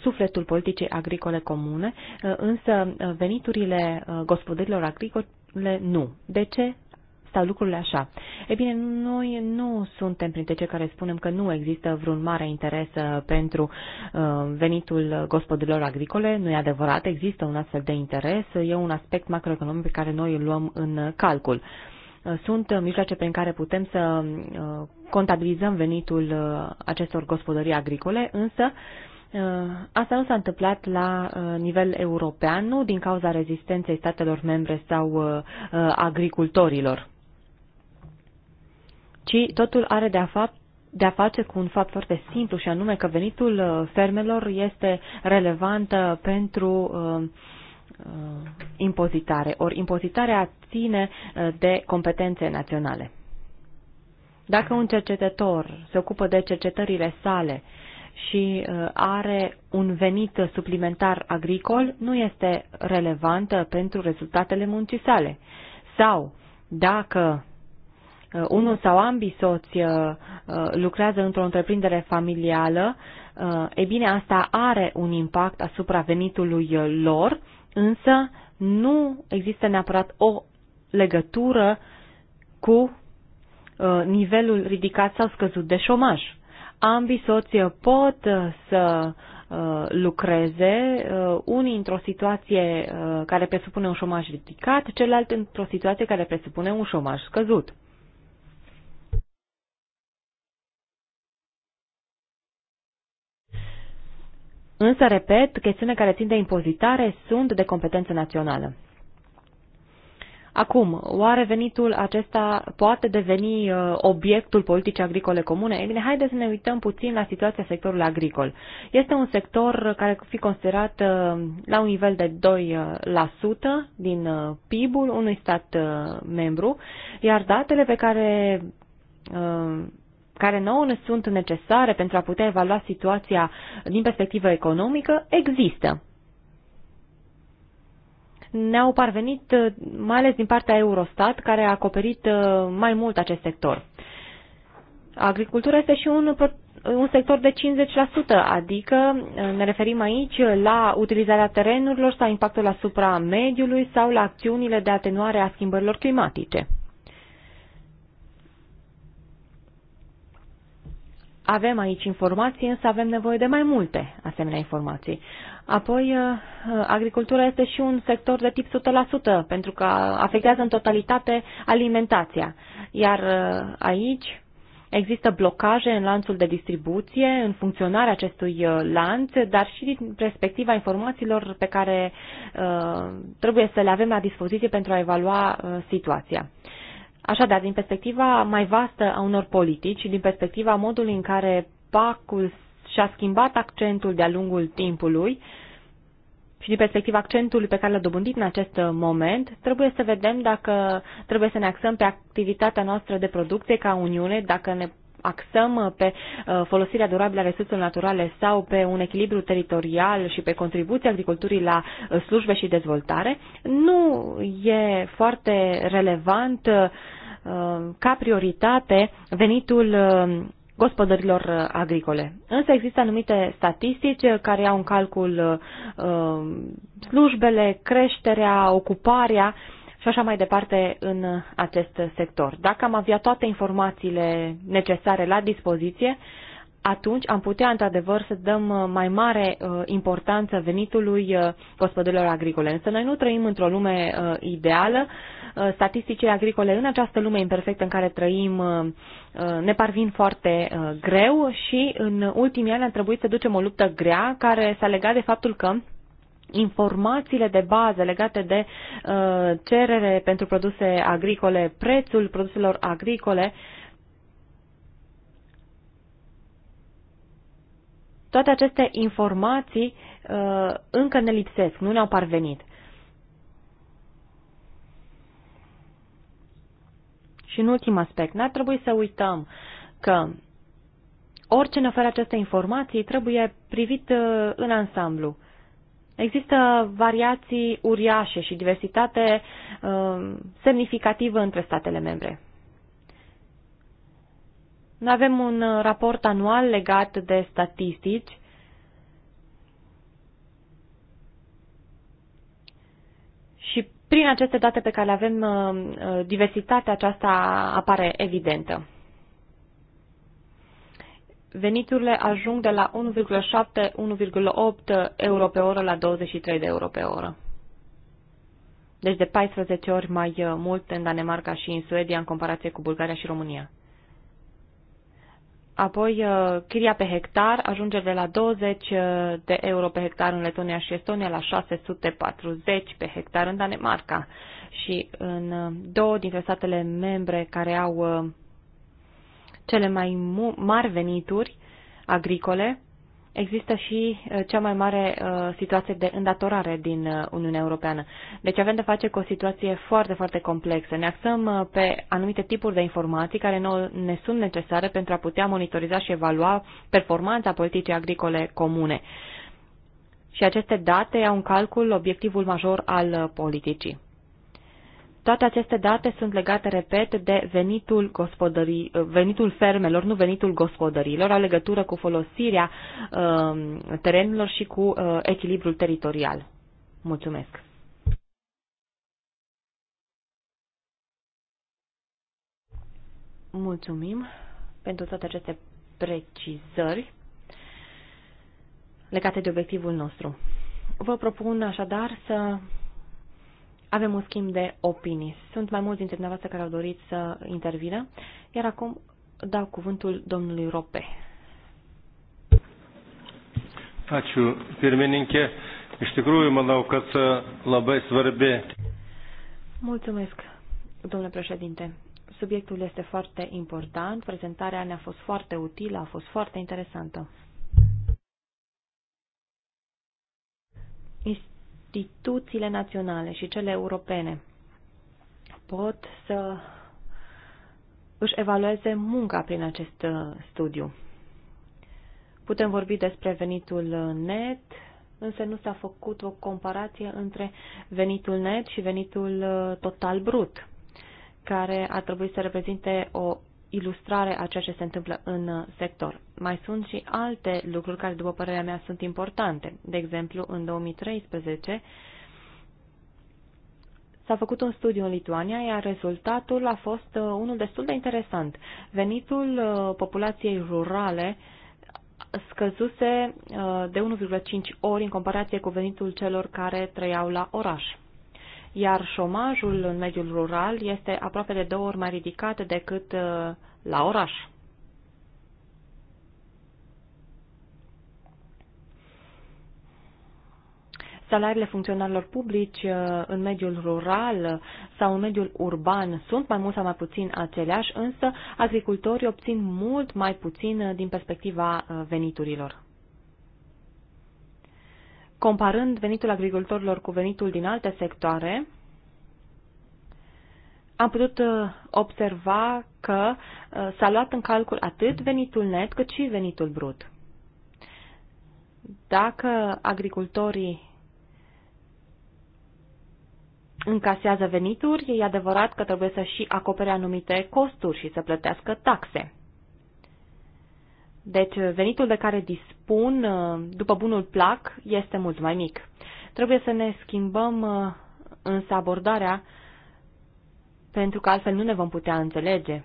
sufletul politicii agricole comune, însă veniturile gospodărilor agricole nu. De ce stau lucrurile așa. E bine, noi nu suntem printre cei care spunem că nu există vreun mare interes uh, pentru uh, venitul gospodilor agricole. Nu e adevărat, există un astfel de interes. E un aspect macroeconomic pe care noi îl luăm în calcul uh, sunt mijloace prin care putem să contabilizăm venitul acestor gospodării agricole, însă asta nu s-a întâmplat la nivel european, nu din cauza rezistenței statelor membre sau agricultorilor ci totul are de a, fapt, de a face cu un fapt foarte simplu și anume că venitul uh, fermelor este relevant pentru uh, uh, impozitare. Ori impozitarea ține uh, de competențe naționale. Dacă un cercetător se ocupă de cercetările sale și uh, are un venit suplimentar agricol, nu este relevant pentru rezultatele muncii sale. Sau, dacă Uh, unul sau ambii soți uh, uh, lucrează într-o întreprindere familială, e bine, asta are un impact asupra venitului lor, însă nu există neapărat o legătură cu nivelul ridicat sau scăzut de șomaj. Ambii soți pot să lucreze, unii într-o situație care presupune un șomaj ridicat, celălalt într-o situație care presupune un șomaj scăzut. Însă, repet, chestiunile care țin de impozitare sunt de competență națională. Acum, oare venitul acesta poate deveni uh, obiectul politicii agricole comune? Ei bine, haideți să ne uităm puțin la situația sectorului agricol. Este un sector care fi considerat uh, la un nivel de 2% uh, din uh, PIB-ul unui stat uh, membru, iar datele pe care uh, care nouă ne sunt necesare pentru a putea evalua situația din perspectivă economică există. Ne-au parvenit, uh, mai ales din partea Eurostat, care a acoperit uh, mai mult acest sector. Agricultura este și un, un sector de 50%, adică uh, ne referim aici la utilizarea terenurilor sau impactul asupra mediului sau la acțiunile de atenuare a schimbărilor climatice. Avem aici informații, însă avem nevoie de mai multe asemenea informații. Apoi, uh, agricultura este și un sector de tip 100%, pentru că afectează în totalitate alimentația. Iar uh, aici există blocaje în lanțul de distribuție, în funcționarea acestui uh, lanț, dar și din perspectiva informațiilor pe care trebuie să le avem la dispoziție pentru a evalua situația. Așadar, din perspectiva mai vastă a unor politici și din perspectiva modului în care PAC-ul și-a schimbat accentul de-a lungul timpului și din perspectiva accentului pe care l-a dobândit în acest moment, trebuie să vedem dacă trebuie să ne axăm pe activitatea noastră de producție ca Uniune, dacă ne axăm uh, pe uh, folosirea durabilă a resurselor naturale sau pe un echilibru teritorial și pe contribuția agriculturii la uh, slujbe și dezvoltare, nu e foarte relevant ca prioritate venitul gospodărilor agricole. Însă există anumite statistici care au în calcul slujbele, creșterea, ocuparea, și așa mai departe în acest sector. Dacă am avea toate informațiile necesare la dispoziție, atunci am putea într-adevăr să dăm mai mare uh, importanță venitului uh, gospodărilor agricole. Însă noi nu trăim într-o lume uh, ideală. Uh, statisticile agricole în această lume imperfectă în care trăim uh, uh ne parvin foarte uh, greu și în ultimii ani a trebuit să ducem o luptă grea care s-a legat de faptul că informațiile de bază legate de uh, cerere pentru produse agricole, prețul produselor agricole, toate aceste informații uh, încă ne lipsesc, nu ne-au parvenit. Și în ultim aspect, n-ar trebui să uităm că orice ne oferă aceste informații trebuie privit uh, în ansamblu. Există variații uriașe și diversitate uh, semnificativă între statele membre. Noi avem un uh, raport anual legat de statistici și prin aceste date pe care le avem, uh, uh, diversitatea aceasta apare evidentă veniturile ajung de la 1,7-1,8 euro pe oră la 23 de euro pe oră. Deci de 14 ori mai uh, mult în Danemarca și în Suedia în comparație cu Bulgaria și România. Apoi, uh, chiria pe hectar ajunge de la 20 uh, de euro pe hectar în Letonia și Estonia la 640 pe hectar în Danemarca. Și în două dintre statele membre care au cele mai mari venituri agricole, există și uh, cea mai mare uh, situație de îndatorare din uh, Uniunea Europeană. Deci avem de face cu o situație foarte, foarte complexă. Ne axăm pe anumite tipuri de informații care ne sunt necesare pentru a putea monitoriza și evalua performanța politicii agricole comune. Și aceste date au în calcul obiectivul major al politicii. Toate aceste date sunt legate, repet, de venitul, venitul fermelor, nu venitul gospodărilor, au legătură cu folosirea uh, terenurilor și cu uh, echilibrul teritorial. Mulțumesc! Mulțumim pentru toate aceste precizări legate de obiectivul nostru. Vă propun așadar să avem un schimb de opinii. Sunt mai mulți dintre dumneavoastră care au dorit să intervină, iar acum dau cuvântul domnului Rope. Ačiū, pirmininkė. Iš tikrųjų, manau, kad labai svarbi. Mulțumesc, domnule președinte. Subiectul este foarte important, prezentarea ne-a fost foarte utilă, a fost foarte interesantă. instituțiile naționale și cele europene pot să își evalueze munca prin acest uh, studiu. Putem vorbi despre venitul net, însă nu s-a făcut o comparație între venitul net și venitul uh, total brut, care ar trebui să reprezinte o ilustrare a ceea ce se întâmplă în uh, sector. Mai sunt și alte lucruri care, după părerea mea, sunt importante. De exemplu, în 2013 s-a făcut un studiu în Lituania, iar rezultatul a fost uh, unul destul de interesant. Venitul uh, populației rurale scăzuse de 1,5 ori în comparație cu venitul celor care trăiau la oraș iar șomajul în mediul rural este aproape de două ori mai ridicat decât uh, la oraș. salariile funcționarilor publici uh, în mediul rural sau în mediul urban sunt mai mult sau mai puțin aceleași, însă agricultorii obțin mult mai puțin uh, din perspectiva veniturilor comparând venitul agricultorilor cu venitul din alte sectoare, am putut uh, observa că uh, s-a luat în calcul atât venitul net cât și venitul brut. Dacă agricultorii încasează venituri, e adevărat că trebuie să și acopere anumite costuri și să plătească taxe. Deci uh, venitul de care dispun, uh, după bunul plac, este mult mai mic. Trebuie să ne schimbăm uh, însă abordarea, pentru că altfel nu ne vom putea înțelege.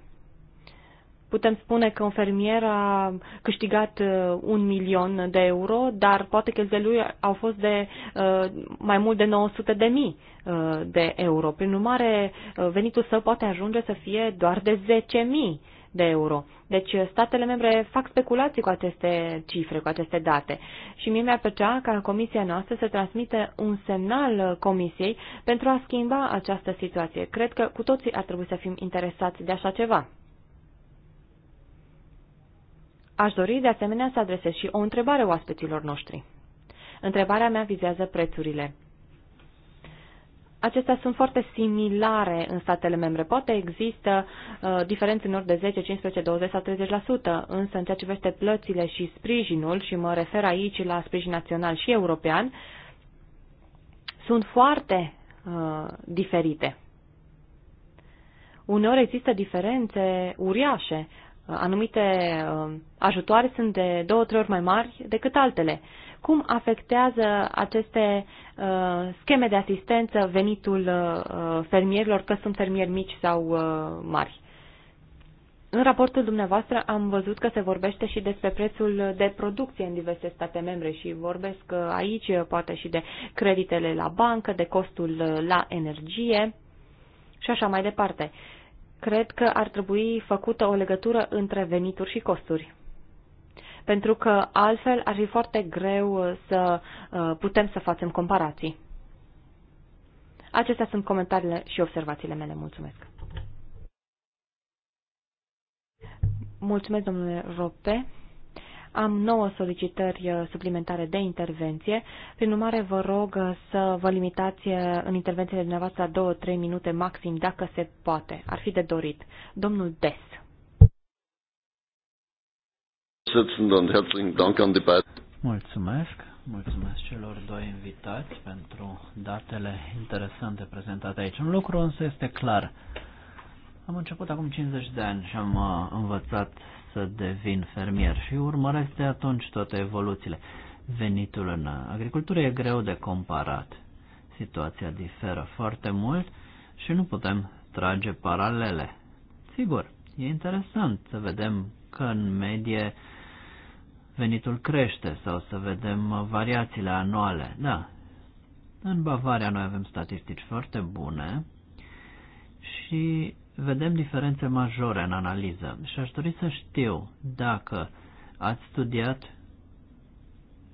Putem spune că un fermier a câștigat un milion de euro, dar poate că de lui au fost de mai mult de 900 de mii de euro. Prin urmare, venitul său poate ajunge să fie doar de 10 mii de euro. Deci statele membre fac speculații cu aceste cifre, cu aceste date. Și mie mi-ar plăcea ca comisia noastră să transmită un semnal comisiei pentru a schimba această situație. Cred că cu toții ar trebui să fim interesați de așa ceva. Aș dori de asemenea să adresez și o întrebare oaspeților noștri. Întrebarea mea vizează prețurile acestea sunt foarte similare în statele membre. Poate există uh, diferențe în ori de 10, 15, 20 sau 30%, însă în ceea ce vește plățile și sprijinul, și mă refer aici la sprijin național și european, sunt foarte uh, diferite. Uneori există diferențe uriașe. Anumite uh, ajutoare sunt de două, trei ori mai mari decât altele. Uh, cum afectează aceste uh, scheme de asistență venitul uh, fermierilor, că sunt fermieri mici sau uh, mari. În raportul dumneavoastră am văzut că se vorbește și despre prețul de producție în diverse state membre și vorbesc uh, aici uh, poate și de creditele la bancă, de costul uh, la energie și așa mai departe. Cred că ar trebui făcută o legătură între venituri și costuri pentru că altfel ar fi foarte greu uh, să uh, putem să facem comparații. Acestea sunt comentariile și observațiile mele. Mulțumesc! Mulțumesc, domnule Rope. Am nouă solicitări uh, suplimentare de intervenție. Prin urmare, vă rog să vă limitați în intervențiile dumneavoastră la 2-3 minute maxim, dacă se poate. Ar fi de dorit. Domnul Des. Mulțumesc, mulțumesc celor doi invitați pentru datele interesante prezentate aici. Un lucru însă este clar. Am început acum 50 de ani și am uh, învățat să devin fermier și urmăresc de atunci toate evoluțiile. Venitul în agricultură e greu de comparat. Situația diferă foarte mult și nu putem trage paralele. Sigur, e interesant să vedem că în medie venitul crește sau să vedem uh, variațiile anuale. Da, în Bavaria noi avem statistici foarte bune și vedem diferențe majore în analiză și aș dori să știu dacă ați studiat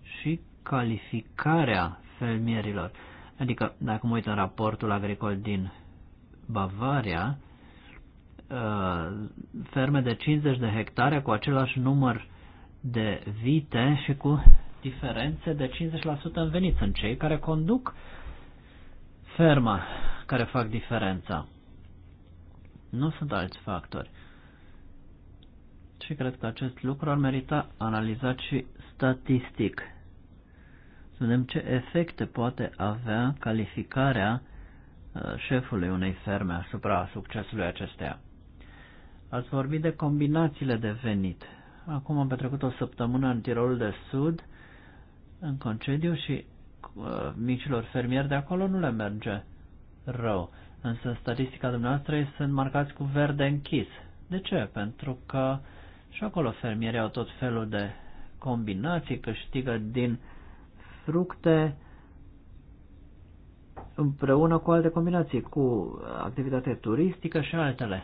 și calificarea fermierilor. Adică, dacă mă uit în raportul agricol din Bavaria, uh, ferme de 50 de hectare cu același număr de vite și cu diferențe de 50% în venit. Sunt cei care conduc ferma care fac diferența. Nu sunt alți factori. Și cred că acest lucru ar merita analizat și statistic. Să vedem ce efecte poate avea calificarea uh, șefului unei ferme asupra succesului acesteia. Ați vorbit de combinațiile de venit. Acum am petrecut o săptămână în Tirolul de Sud, în concediu și uh, micilor fermieri de acolo nu le merge rău. Însă statistica dumneavoastră ei sunt marcați cu verde închis. De ce? Pentru că și acolo fermierii au tot felul de combinații, câștigă din fructe împreună cu alte combinații, cu activitate turistică și altele.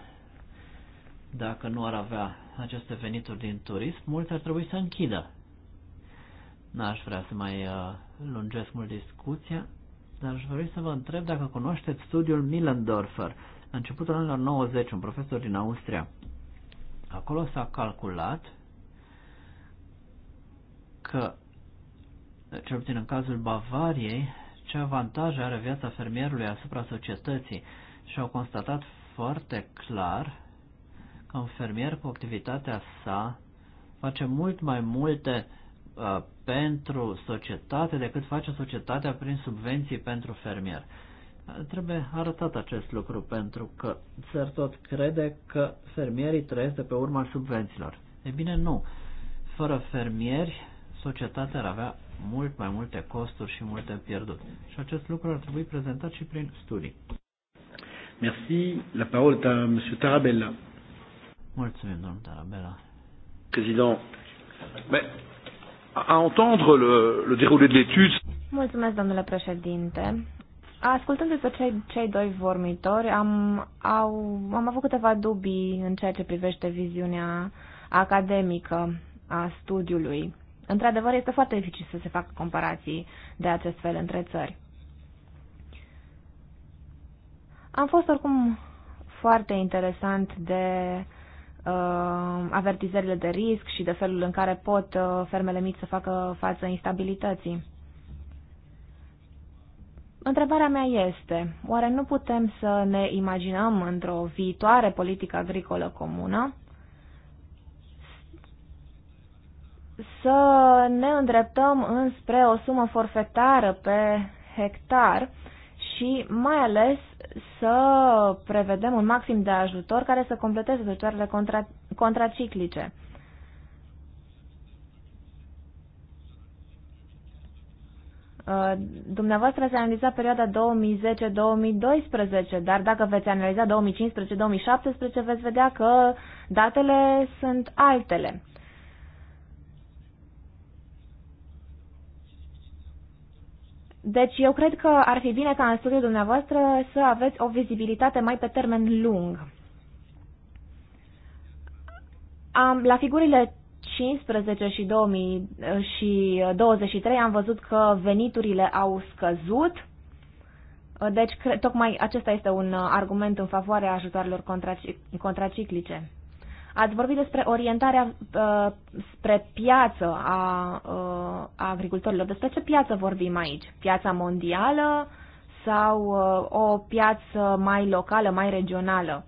Dacă nu ar avea aceste venituri din turism, multe ar trebui să închidă. N-aș vrea să mai uh, lungesc mult discuția, dar aș vrea să vă întreb dacă cunoașteți studiul Millendorfer, începutul anilor 90, un profesor din Austria. Acolo s-a calculat că, cel puțin în cazul Bavariei, ce avantaje are viața fermierului asupra societății și au constatat foarte clar Că un fermier cu activitatea sa face mult mai multe uh, pentru societate decât face societatea prin subvenții pentru fermier. Uh, trebuie arătat acest lucru pentru că țăr tot crede că fermierii trăiesc de pe urma subvențiilor. E bine, nu. Fără fermieri, societatea ar avea mult mai multe costuri și multe pierdut. Și acest lucru ar trebui prezentat și prin studii. Merci. La parole est à M. Tarabella. Mulțumim, domnul Tarabela. Président, mais a entendre le, le déroulé de l'étude. Mulțumesc, domnule președinte. Ascultând despre cei, cei doi vormitori, am, au, am avut câteva dubii în ceea ce privește viziunea academică a studiului. Într-adevăr, este foarte dificil să se facă comparații de acest fel între țări. Am fost oricum foarte interesant de Uh, avertizările de risc și de felul în care pot uh, fermele mici să facă față instabilității. Întrebarea mea este, oare nu putem să ne imaginăm într-o viitoare politică agricolă comună să ne îndreptăm înspre o sumă forfetară pe hectar și mai ales să prevedem un maxim de ajutor care să completeze ajutoarele contra, contraciclice. Uh, dumneavoastră ați analizat perioada 2010-2012, dar dacă veți analiza 2015-2017, veți vedea că datele sunt altele. Deci eu cred că ar fi bine ca în studiul dumneavoastră să aveți o vizibilitate mai pe termen lung. Am, la figurile 15 și, 2000, și 23 am văzut că veniturile au scăzut. Deci, tocmai acesta este un argument în favoarea ajutoarelor contraciclice. Ați vorbit despre orientarea uh, spre piață a, uh, a agricultorilor. Despre ce piață vorbim aici? Piața mondială sau uh, o piață mai locală, mai regională?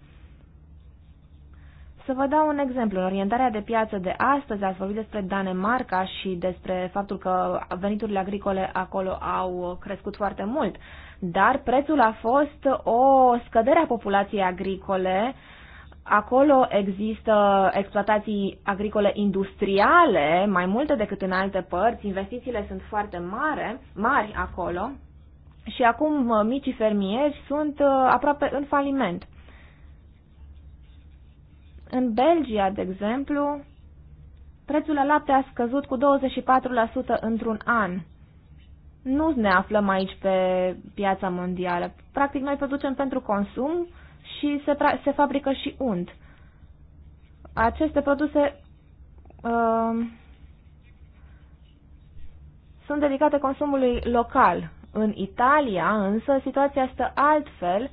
Să vă dau un exemplu. În orientarea de piață de astăzi ați vorbit despre Danemarca și despre faptul că veniturile agricole acolo au crescut foarte mult, dar prețul a fost o scădere a populației agricole uh, Acolo există exploatații agricole industriale, mai multe decât în alte părți, investițiile sunt foarte mare, mari acolo și acum uh, micii fermieri sunt uh, aproape în faliment. În Belgia, de exemplu, prețul la lapte a scăzut cu 24% într-un an. Nu ne aflăm aici pe piața mondială. Practic, noi producem pentru consum, și se, se fabrică și unt. Aceste produse uh, sunt dedicate consumului local. În Italia, însă, situația stă altfel.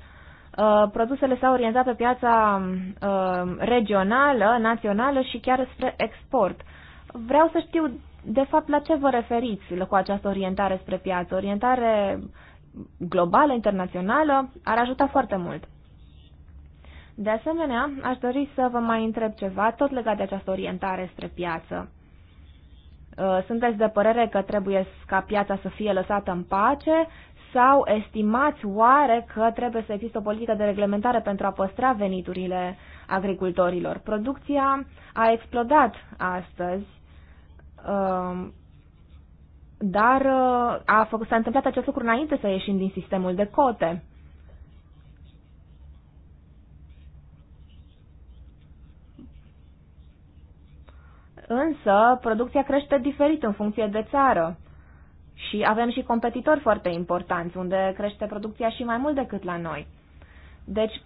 Uh, produsele s-au orientat pe piața uh, regională, națională și chiar spre export. Vreau să știu, de fapt, la ce vă referiți cu această orientare spre piață. Orientare globală, internațională, ar ajuta foarte mult. De asemenea, aș dori să vă mai întreb ceva, tot legat de această orientare spre piață. Uh, sunteți de părere că trebuie ca piața să fie lăsată în pace sau estimați oare că trebuie să există o politică de reglementare pentru a păstra veniturile agricultorilor? Producția a explodat astăzi, uh, dar uh, a făcut, s-a întâmplat acest lucru înainte să ieșim din sistemul de cote. însă producția crește diferit în funcție de țară. Și avem și competitori foarte importanți, unde crește producția și mai mult decât la noi. Deci,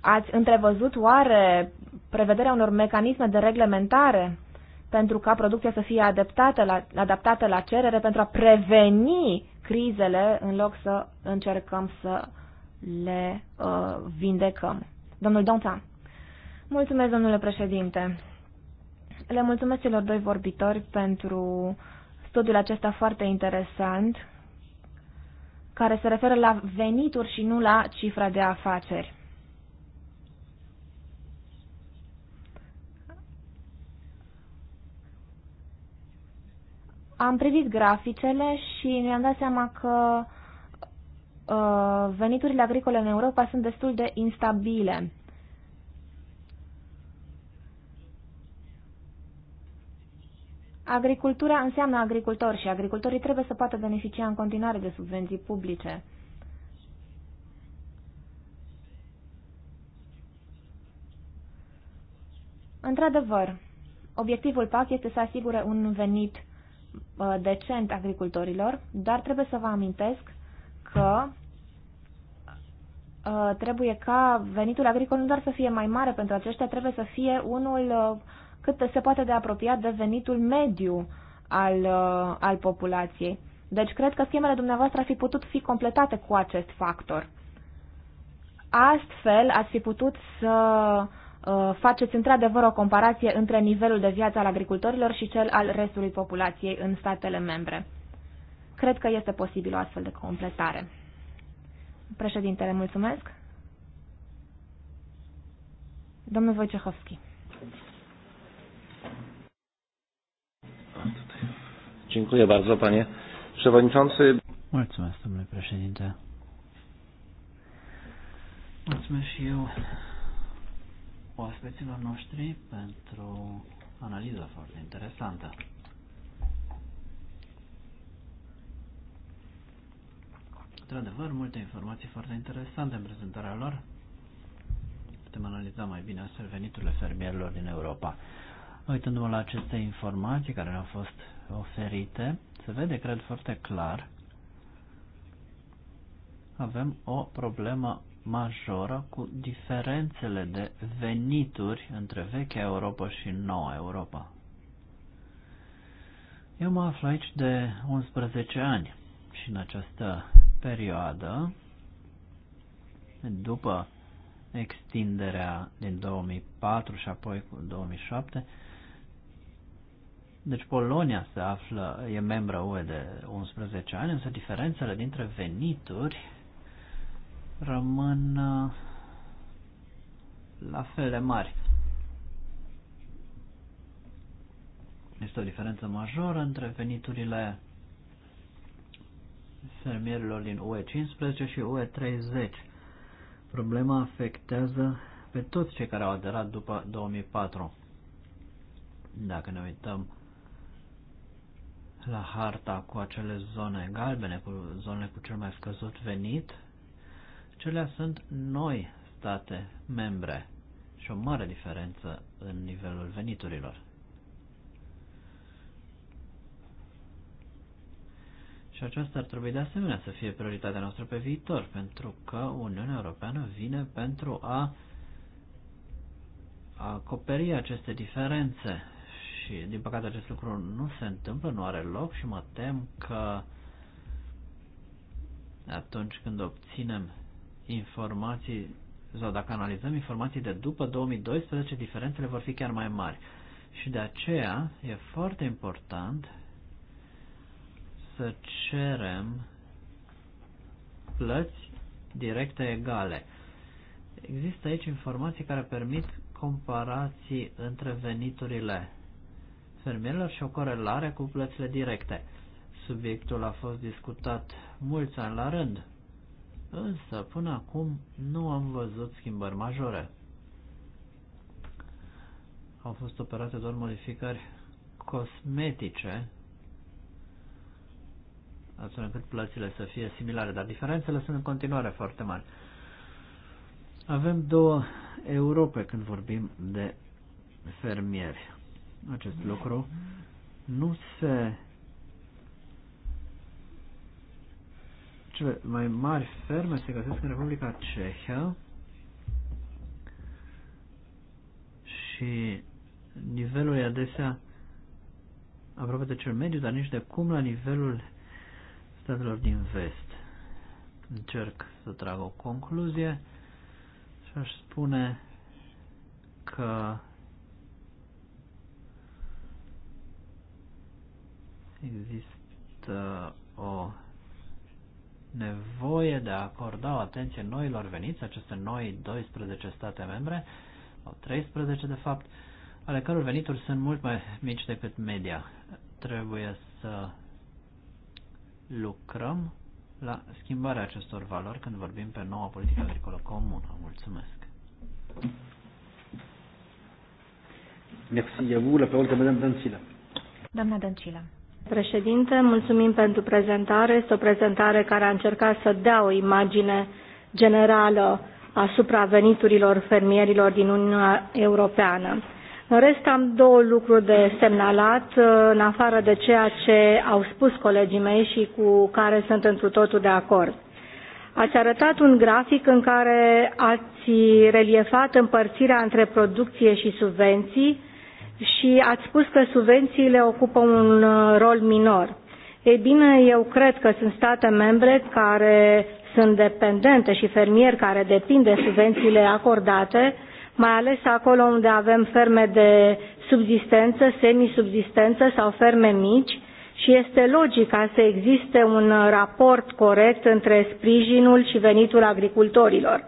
ați întrevăzut oare prevederea unor mecanisme de reglementare pentru ca producția să fie adaptată la, adaptată la cerere, pentru a preveni crizele, în loc să încercăm să le uh, vindecăm. Domnul Donța. Mulțumesc, domnule președinte. Le mulțumesc celor doi vorbitori pentru studiul acesta foarte interesant, care se referă la venituri și nu la cifra de afaceri. Am privit graficele și mi-am dat seama că uh, veniturile agricole în Europa sunt destul de instabile. Agricultura înseamnă agricultori și agricultorii trebuie să poată beneficia în continuare de subvenții publice. Într-adevăr, obiectivul PAC este să asigure un venit uh, decent agricultorilor, dar trebuie să vă amintesc că uh, trebuie ca venitul agricol nu doar să fie mai mare pentru aceștia, trebuie să fie unul uh, cât se poate de apropiat de venitul mediu al, uh, al populației. Deci cred că schemele dumneavoastră ar fi putut fi completate cu acest factor. Astfel ați fi putut să uh, faceți într-adevăr o comparație între nivelul de viață al agricultorilor și cel al restului populației în statele membre. Cred că este posibil o astfel de completare. Președintele, mulțumesc. Domnul Wojciechowski. Dziękuję bardzo, panie przewodniczący. Mulțumesc, domnule președinte. Mulțumesc și eu oaspeților noștri pentru analiza foarte interesantă. Într-adevăr, multe informații foarte interesante în prezentarea lor. Putem analiza mai bine astfel veniturile fermierilor din Europa. Uitându-mă la aceste informații care ne-au fost oferite, se vede, cred, foarte clar avem o problemă majoră cu diferențele de venituri între vechea Europa și noua Europa. Eu mă aflu aici de 11 ani și în această perioadă, după extinderea din 2004 și apoi cu 2007, deci Polonia se află, e membră UE de 11 ani, însă diferențele dintre venituri rămân uh, la fel de mari. Este o diferență majoră între veniturile fermierilor din UE 15 și UE 30. Problema afectează pe toți cei care au aderat după 2004. Dacă ne uităm la harta cu acele zone galbene, cu zonele cu cel mai scăzut venit, celea sunt noi state membre și o mare diferență în nivelul veniturilor. Și aceasta ar trebui de asemenea să fie prioritatea noastră pe viitor, pentru că Uniunea Europeană vine pentru a acoperi aceste diferențe și, din păcate, acest lucru nu se întâmplă, nu are loc și mă tem că atunci când obținem informații sau dacă analizăm informații de după 2012, diferențele vor fi chiar mai mari. Și de aceea e foarte important să cerem plăți directe egale. Există aici informații care permit comparații între veniturile fermierilor și o corelare cu plățile directe. Subiectul a fost discutat mulți ani la rând, însă până acum nu am văzut schimbări majore. Au fost operate doar modificări cosmetice, astfel încât plățile să fie similare, dar diferențele sunt în continuare foarte mari. Avem două Europe când vorbim de fermieri acest lucru nu se cele mai mari ferme se găsesc în Republica Cehia și nivelul e adesea aproape de cel mediu, dar nici de cum la nivelul statelor din vest. Încerc să trag o concluzie și aș spune că există o nevoie de a acorda o atenție noilor veniți, aceste noi 12 state membre, sau 13 de fapt, ale căror venituri sunt mult mai mici decât media. Trebuie să lucrăm la schimbarea acestor valori când vorbim pe noua politică agricolă comună. Mulțumesc! Merci à vous. La parole est Madame Dancila. Doamna Dancila. Președinte, mulțumim pentru prezentare. Este o prezentare care a încercat să dea o imagine generală asupra veniturilor fermierilor din Uniunea Europeană. În rest am două lucruri de semnalat, în afară de ceea ce au spus colegii mei și cu care sunt întru totul de acord. Ați arătat un grafic în care ați reliefat împărțirea între producție și subvenții, și ați spus că subvențiile ocupă un uh, rol minor. Ei bine, eu cred că sunt state membre care sunt dependente și fermieri care depind de subvențiile acordate, mai ales acolo unde avem ferme de subzistență, semisubzistență sau ferme mici și este logic ca să existe un uh, raport corect între sprijinul și venitul agricultorilor.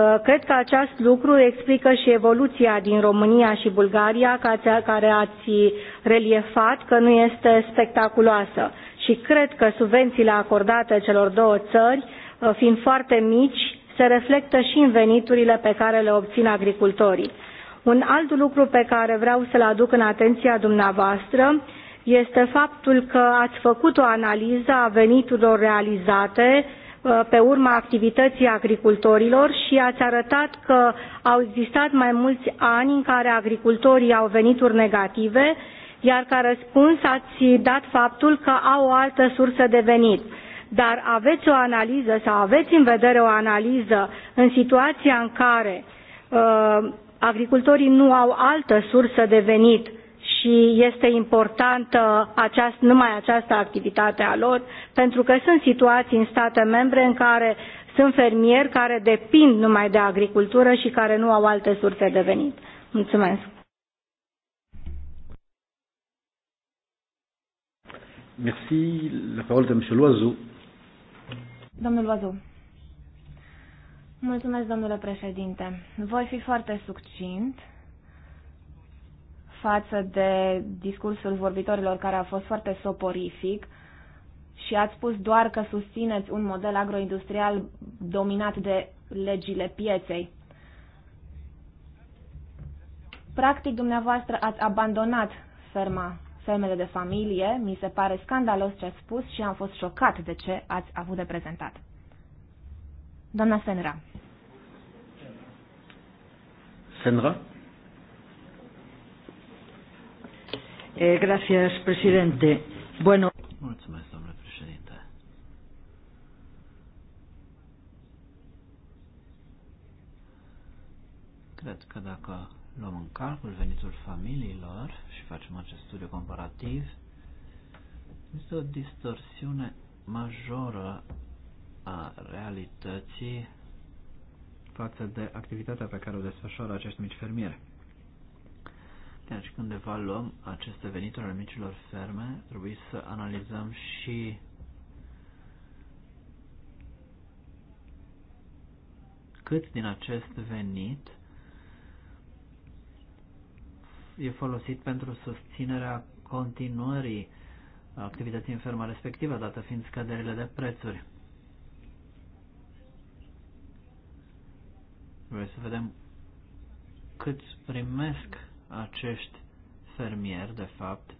Uh, cred că acest lucru explică și evoluția din România și Bulgaria, care ați reliefat că nu este spectaculoasă. Și cred că subvențiile acordate celor două țări, uh, fiind foarte mici, se reflectă și în veniturile pe care le obțin agricultorii. Un alt lucru pe care vreau să-l aduc în atenția dumneavoastră este faptul că ați făcut o analiză a veniturilor realizate Uh, pe urma activității agricultorilor și ați arătat că au existat mai mulți ani în care agricultorii au venituri negative, iar ca răspuns ați dat faptul că au o altă sursă de venit dar aveți o analiză sau aveți în vedere o analiză în situația în care uh, agricultorii nu au altă sursă de venit și este importantă aceast, numai această activitate a lor, pentru că sunt situații în state membre în care sunt fermieri care depind numai de agricultură și care nu au alte surse de venit. Mulțumesc! Merci. La parole de Monsieur Loiseau. Domnul Loiseau. Mulțumesc, domnule președinte. Voi fi foarte succint față de discursul vorbitorilor care a fost foarte soporific și ați spus doar că susțineți un model agroindustrial dominat de legile pieței. Practic, dumneavoastră ați abandonat ferma, fermele de familie. Mi se pare scandalos ce ați spus și am fost șocat de ce ați avut de prezentat. Doamna Senra. Senra? Eh, gracias, presidente. Bueno. Mulțumesc, domnule președinte. Cred că dacă luăm în calcul venitul familiilor și facem acest studiu comparativ, este o distorsiune majoră a realității față de activitatea pe care o desfășoară acești mici fermieri și când evaluăm aceste venituri ale micilor ferme, trebuie să analizăm și cât din acest venit e folosit pentru susținerea continuării activității în ferma respectivă, dată fiind scăderile de prețuri. Trebuie să vedem cât primesc acești fermieri, de fapt,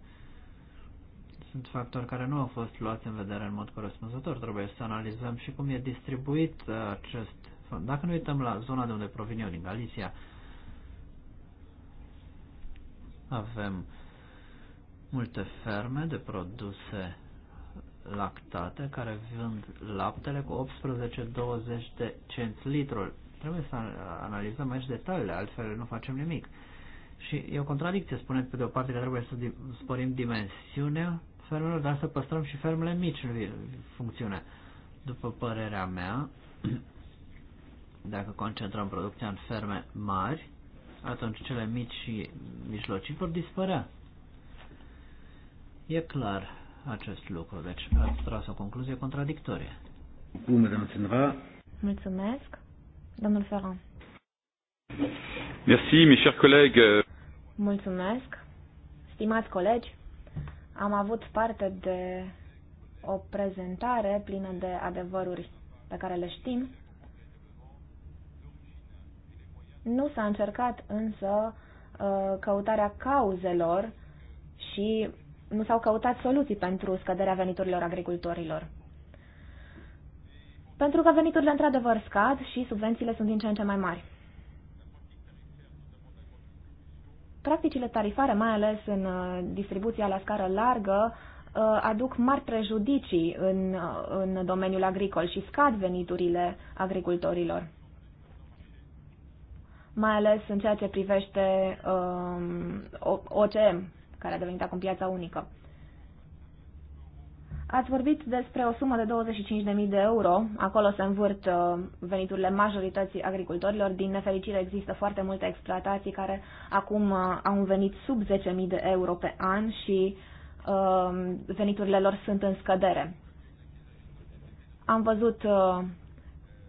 sunt factori care nu au fost luați în vedere în mod corespunzător. Trebuie să analizăm și cum e distribuit acest fond. Dacă ne uităm la zona de unde provin eu, din Galicia, avem multe ferme de produse lactate care vând laptele cu 18-20 de cenți litrul. Trebuie să analizăm aici detaliile, altfel nu facem nimic. Și e o contradicție, spuneți pe de o parte că trebuie să sporim dimensiunea fermelor, dar să păstrăm și fermele mici în funcțiune. După părerea mea, dacă concentrăm producția în ferme mari, atunci cele mici și mijlocii vor dispărea. E clar acest lucru, deci ați tras o concluzie contradictorie. Mulțumesc. Domnul Ferran. Merci, mes chers collègues. Mulțumesc. Stimați colegi, am avut parte de o prezentare plină de adevăruri pe care le știm. Nu s-a încercat însă uh, căutarea cauzelor și nu s-au căutat soluții pentru scăderea veniturilor agricultorilor. Pentru că veniturile într-adevăr scad și subvențiile sunt din ce în ce mai mari. Practicile tarifare, mai ales în uh, distribuția la scară largă, uh, aduc mari prejudicii în, uh, în domeniul agricol și scad veniturile agricultorilor, mai ales în ceea ce privește um, OCM, care a devenit acum piața unică. Ați vorbit despre o sumă de 25.000 de euro. Acolo se învârt uh, veniturile majorității agricultorilor. Din nefericire există foarte multe exploatații care acum uh, au un venit sub 10.000 de euro pe an și uh, veniturile lor sunt în scădere. Am văzut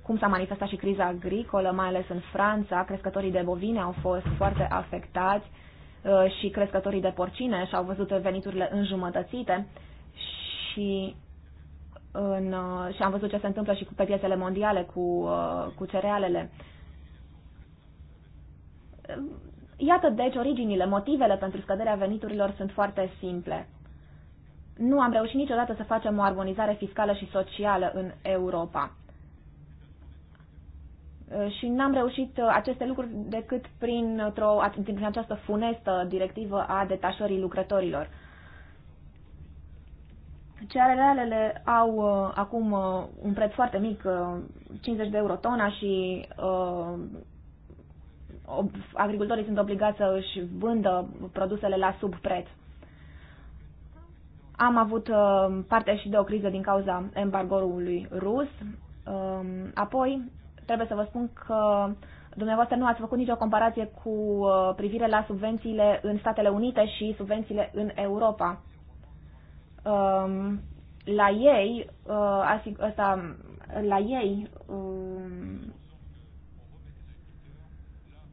cum s-a manifestat și criza agricolă, mai ales în Franța. Crescătorii de bovine au fost foarte afectați și crescătorii de porcine și-au văzut veniturile înjumătățite și, în, uh, și am văzut ce se întâmplă și cu pe piețele mondiale, cu, uh, cu cerealele. Uh, iată, deci, originile, motivele pentru scăderea veniturilor sunt foarte simple. Nu am reușit niciodată să facem o armonizare fiscală și socială în Europa. Și n-am reușit aceste lucruri decât prin, prin această funestă directivă a detașării lucrătorilor. Cerealele au uh, acum uh, un preț foarte mic, uh, 50 de euro tona și uh, agricultorii sunt obligați să își vândă produsele la sub preț. Am avut uh, parte și de o criză din cauza embargoului rus. Uh, apoi, trebuie să vă spun că dumneavoastră nu ați făcut nicio comparație cu uh, privire la subvențiile în Statele Unite și subvențiile în Europa um, la ei, uh, asig- asta, la ei um,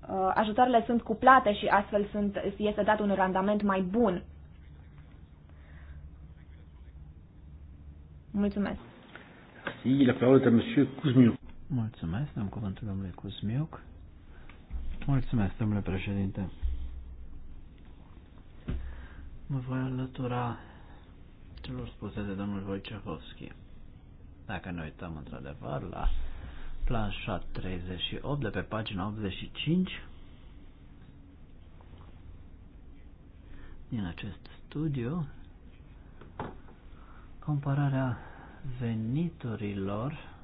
uh, ajutoarele sunt cuplate și astfel sunt, este dat un randament mai bun. Mulțumesc. și la parole de monsieur Cuzmiuc. Mulțumesc, am cuvântul domnului Cuzmiuc. Mulțumesc, domnule președinte. Mă voi alătura celor spuse de domnul Wojciechowski. Dacă ne uităm într-adevăr la planșa 38 de pe pagina 85 din acest studiu, compararea veniturilor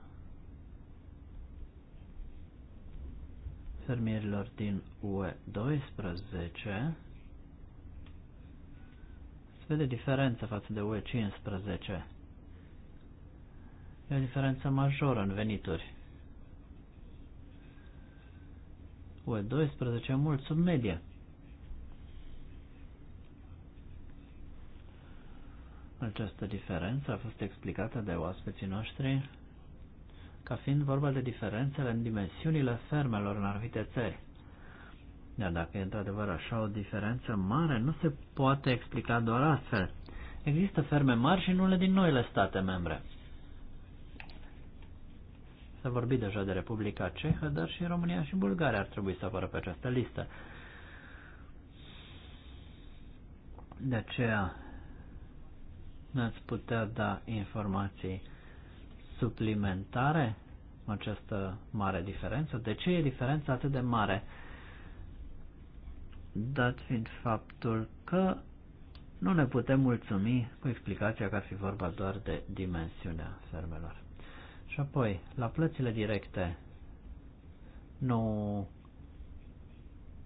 fermierilor din UE 12 vede diferență față de UE 15. E o diferență majoră în venituri. UE 12 e mult sub medie. Această diferență a fost explicată de oaspeții noștri ca fiind vorba de diferențele în dimensiunile fermelor în anumite țări. Dar dacă e într-adevăr așa o diferență mare, nu se poate explica doar astfel. Există ferme mari și în unele din noile state membre. S-a vorbit deja de Republica Cehă, dar și România și Bulgaria ar trebui să apară pe această listă. De aceea ne-ați putea da informații suplimentare în această mare diferență? De ce e diferența atât de mare? dat fiind faptul că nu ne putem mulțumi cu explicația că ar fi vorba doar de dimensiunea fermelor. Și apoi, la plățile directe, nu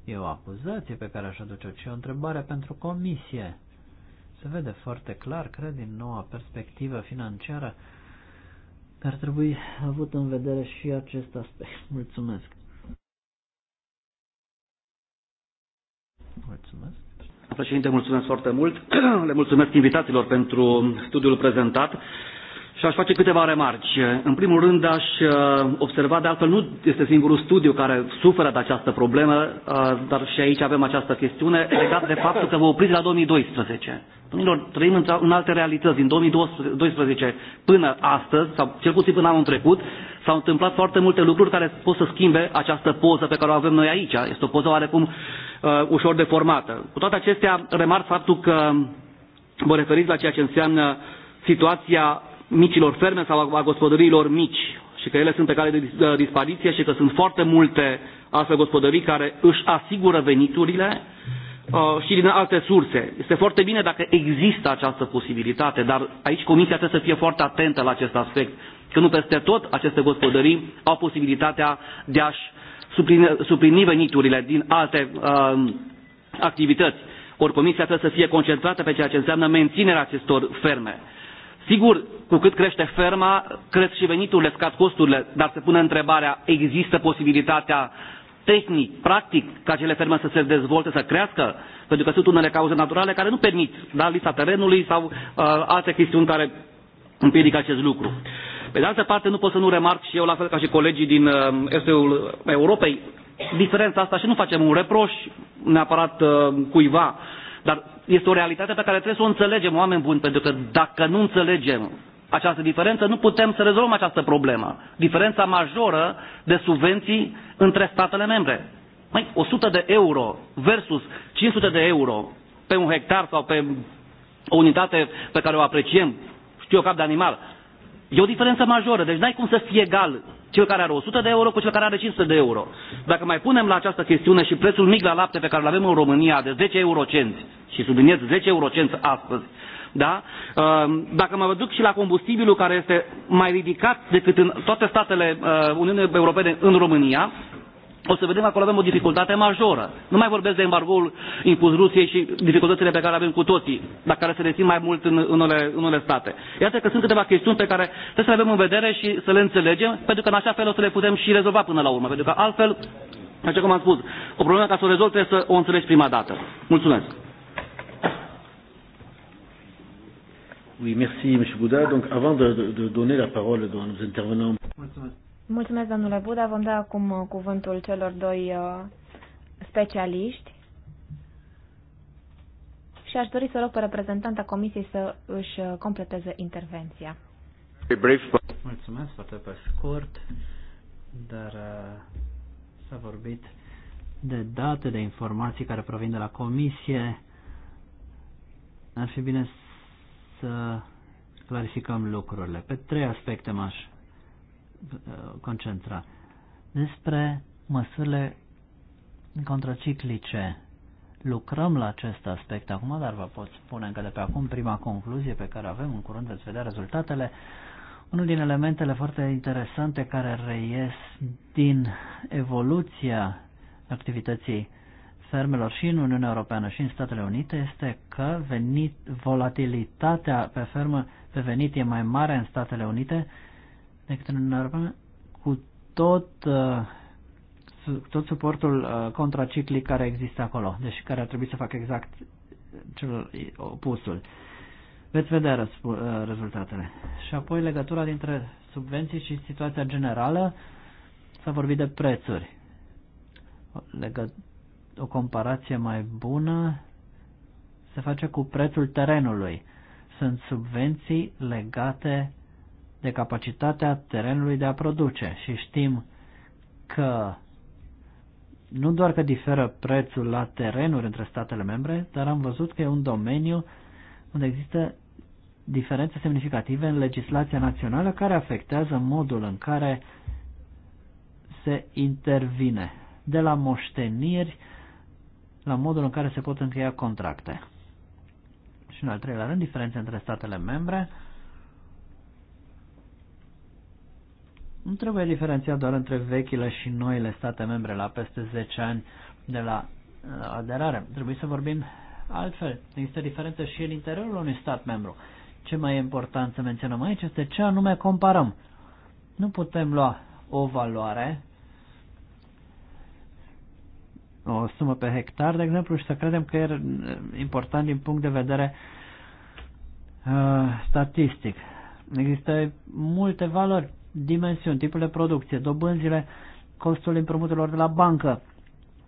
e o acuzație pe care aș aduce-o, ci o întrebare pentru comisie. Se vede foarte clar, cred, din noua perspectivă financiară, că ar trebui avut în vedere și acest aspect. Mulțumesc! Mulțumesc. Președinte, mulțumesc foarte mult. Le mulțumesc invitațiilor pentru studiul prezentat și aș face câteva remarci. În primul rând aș uh, observa, de altfel nu este singurul studiu care suferă de această problemă, uh, dar și aici avem această chestiune legată de faptul că vă opriți la 2012. Domnilor, trăim în alte realități. Din 2012 până astăzi, sau cel puțin până anul trecut, s-au întâmplat foarte multe lucruri care pot să schimbe această poză pe care o avem noi aici. Este o poză oarecum uh, uh, ușor de formată. Cu toate acestea, remarc faptul că vă referiți la ceea ce înseamnă situația micilor ferme sau a gospodăriilor mici și că ele sunt pe cale de uh, dispariție și că sunt foarte multe astfel gospodării care își asigură veniturile uh, și din alte surse. Este foarte bine dacă există această posibilitate, dar aici Comisia trebuie să fie foarte atentă la acest aspect, că nu peste tot aceste gospodării au posibilitatea de a-și suplini veniturile din alte uh, activități. Ori comisia trebuie să fie concentrată pe ceea ce înseamnă menținerea acestor ferme. Sigur, cu cât crește ferma, cresc și veniturile, scad costurile, dar se pune întrebarea, există posibilitatea tehnic, practic, ca acele ferme să se dezvolte, să crească, pentru că sunt unele cauze naturale care nu permit, da, lista terenului sau uh, alte chestiuni care împiedică acest lucru. Uh, pe de altă parte, nu pot să nu remarc și eu, la fel ca și colegii din estul uh, Europei, diferența asta și nu facem un reproș neapărat uh, cuiva, dar este o realitate pe care trebuie să o înțelegem, oameni buni, pentru că dacă nu înțelegem această diferență, nu putem să rezolvăm această problemă. Diferența majoră de subvenții între statele membre. Mai 100 de euro versus 500 de euro pe un hectar sau pe o unitate pe care o apreciem, știu eu, cap de animal, E o diferență majoră, deci n-ai cum să fie egal cel care are 100 de euro cu cel care are 500 de euro. Dacă mai punem la această chestiune și prețul mic la lapte pe care îl avem în România de 10 eurocenți, și subliniez 10 eurocenți astăzi, da? Ehm, dacă mă duc și la combustibilul care este mai ridicat decât în toate statele ehm, Uniunii Europene în România, o să vedem acolo avem o dificultate majoră. Nu mai vorbesc de embargoul impus Rusiei și dificultățile pe care le avem cu toții, dar care se rețin mai mult în, în, unele, în unele state. Iată că sunt câteva chestiuni pe care trebuie să le avem în vedere și să le înțelegem, pentru că în așa fel o să le putem și rezolva până la urmă, pentru că altfel, așa cum am spus, o problemă ca să o rezolvi trebuie să o înțelegi prima dată. Mulțumesc! Oui, merci, M. Bouddha. Donc, avant de, de donner la parole aux intervenants. Mulțumesc. Mulțumesc, domnule Buda. Vom da acum uh, cuvântul celor doi uh, specialiști. Și aș dori să rog pe reprezentanta comisiei să își uh, completeze intervenția. Mulțumesc foarte pe scurt, dar s-a vorbit de date, de informații care provin de la comisie. Ar fi bine să clarificăm lucrurile. Pe trei aspecte m-aș Uh, concentra. Despre măsurile contraciclice. Lucrăm la acest aspect acum, dar vă pot spune că de pe acum prima concluzie pe care avem, în curând veți vedea rezultatele, unul din elementele foarte interesante care reies din evoluția activității fermelor și în Uniunea Europeană și în Statele Unite este că venit, volatilitatea pe fermă pe venit e mai mare în Statele Unite de în Uniunea cu tot, uh, cu tot suportul uh, contraciclic care există acolo, deci care ar trebui să facă exact cel opusul. Veți vedea uh, rezultatele. Și apoi legătura dintre subvenții și situația generală, s-a vorbit de prețuri. O, legă, o comparație mai bună se face cu prețul terenului. Sunt subvenții legate de capacitatea terenului de a produce și știm că nu doar că diferă prețul la terenuri între statele membre, dar am văzut că e un domeniu unde există diferențe semnificative în legislația națională care afectează modul în care se intervine, de la moșteniri la modul în care se pot încheia contracte. Și în al treilea rând, diferențe între statele membre, Nu trebuie diferențiat doar între vechile și noile state membre la peste 10 ani de la uh, aderare. Trebuie să vorbim altfel. Există diferențe și în interiorul unui stat membru. Ce mai e important să menționăm aici este ce anume comparăm. Nu putem lua o valoare, o sumă pe hectar, de exemplu, și să credem că e important din punct de vedere uh, statistic. Există multe valori dimensiuni, tipul de producție, dobânzile, costul împrumuturilor de la bancă.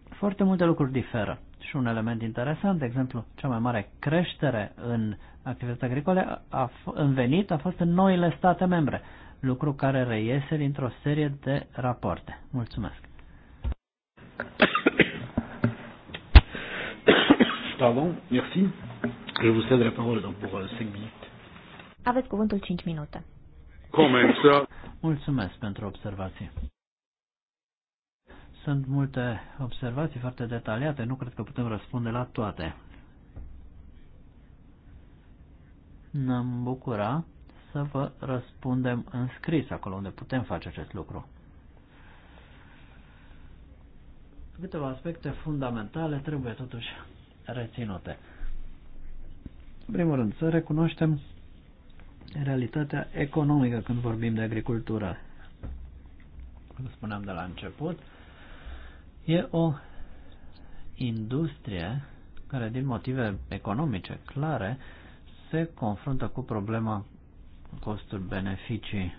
Foarte multe lucruri diferă. Și un element interesant, de exemplu, cea mai mare creștere în activități agricole a venit a fost în noile state membre, lucru care reiese dintr-o serie de rapoarte. Mulțumesc! Pardon, merci. Je vous cède la parole donc pour 5 euh, minutes. Aveți cuvântul 5 minute comență. Mulțumesc pentru observații. Sunt multe observații foarte detaliate, nu cred că putem răspunde la toate. Ne-am bucura să vă răspundem în scris acolo unde putem face acest lucru. Câteva aspecte fundamentale trebuie totuși reținute. În primul rând, să recunoaștem realitatea economică când vorbim de agricultură. Cum spuneam de la început, e o industrie care, din motive economice clare, se confruntă cu problema costuri-beneficii.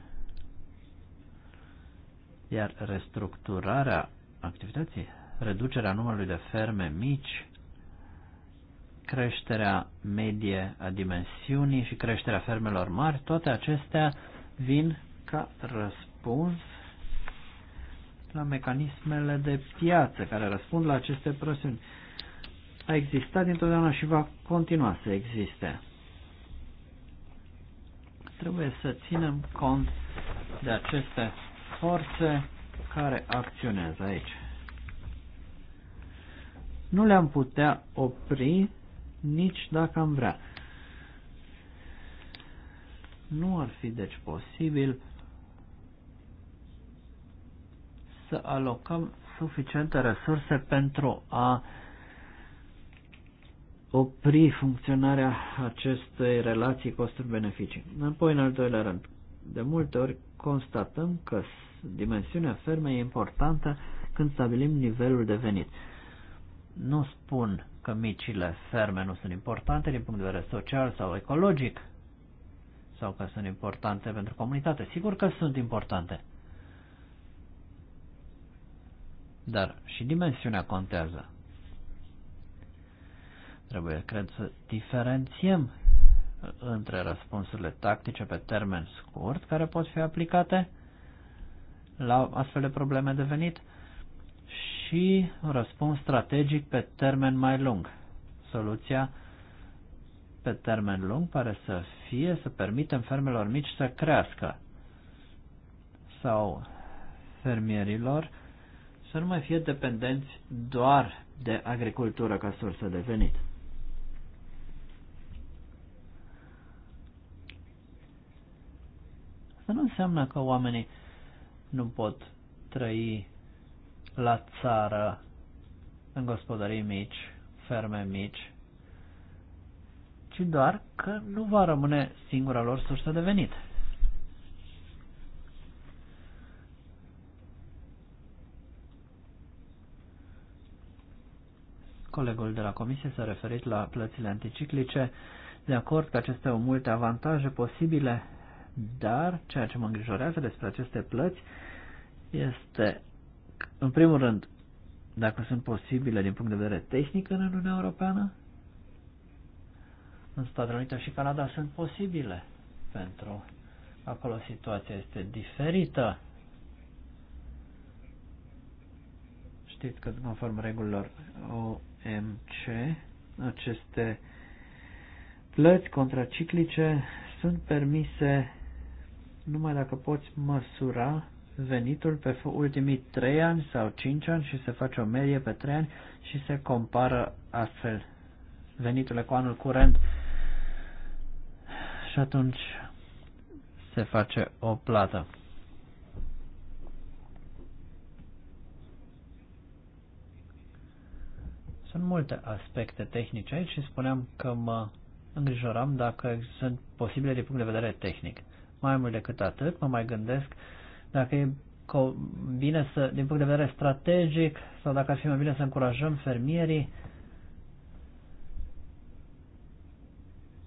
Iar restructurarea activității, reducerea numărului de ferme mici, creșterea medie a dimensiunii și creșterea fermelor mari, toate acestea vin ca răspuns la mecanismele de piață care răspund la aceste presiuni. A existat întotdeauna și va continua să existe. Trebuie să ținem cont de aceste forțe care acționează aici. Nu le-am putea opri nici dacă am vrea. Nu ar fi deci posibil să alocăm suficiente resurse pentru a opri funcționarea acestei relații costuri-beneficii. Înapoi, în al doilea rând, de multe ori constatăm că dimensiunea fermei e importantă când stabilim nivelul de venit. Nu spun că micile ferme nu sunt importante din punct de vedere social sau ecologic sau că sunt importante pentru comunitate. Sigur că sunt importante. Dar și dimensiunea contează. Trebuie, cred, să diferențiem între răspunsurile tactice pe termen scurt care pot fi aplicate la astfel de probleme de venit și un răspuns strategic pe termen mai lung. Soluția pe termen lung pare să fie să permitem fermelor mici să crească sau fermierilor să nu mai fie dependenți doar de agricultură ca sursă de venit. Asta nu înseamnă că oamenii nu pot trăi la țară, în gospodării mici, ferme mici, ci doar că nu va rămâne singura lor sursă de venit. Colegul de la comisie s-a referit la plățile anticiclice, de acord că acestea au multe avantaje posibile, dar ceea ce mă îngrijorează despre aceste plăți este în primul rând, dacă sunt posibile din punct de vedere tehnic în Uniunea Europeană, în Statele Unite și Canada sunt posibile pentru acolo situația este diferită. Știți că conform regulilor OMC, aceste plăți contraciclice sunt permise numai dacă poți măsura venitul pe ultimii 3 ani sau 5 ani și se face o medie pe 3 ani și se compară astfel veniturile cu anul curent și atunci se face o plată. Sunt multe aspecte tehnice aici și spuneam că mă îngrijoram dacă sunt posibile din punct de vedere tehnic. Mai mult decât atât, mă mai gândesc dacă e bine să, din punct de vedere strategic sau dacă ar fi mai bine să încurajăm fermierii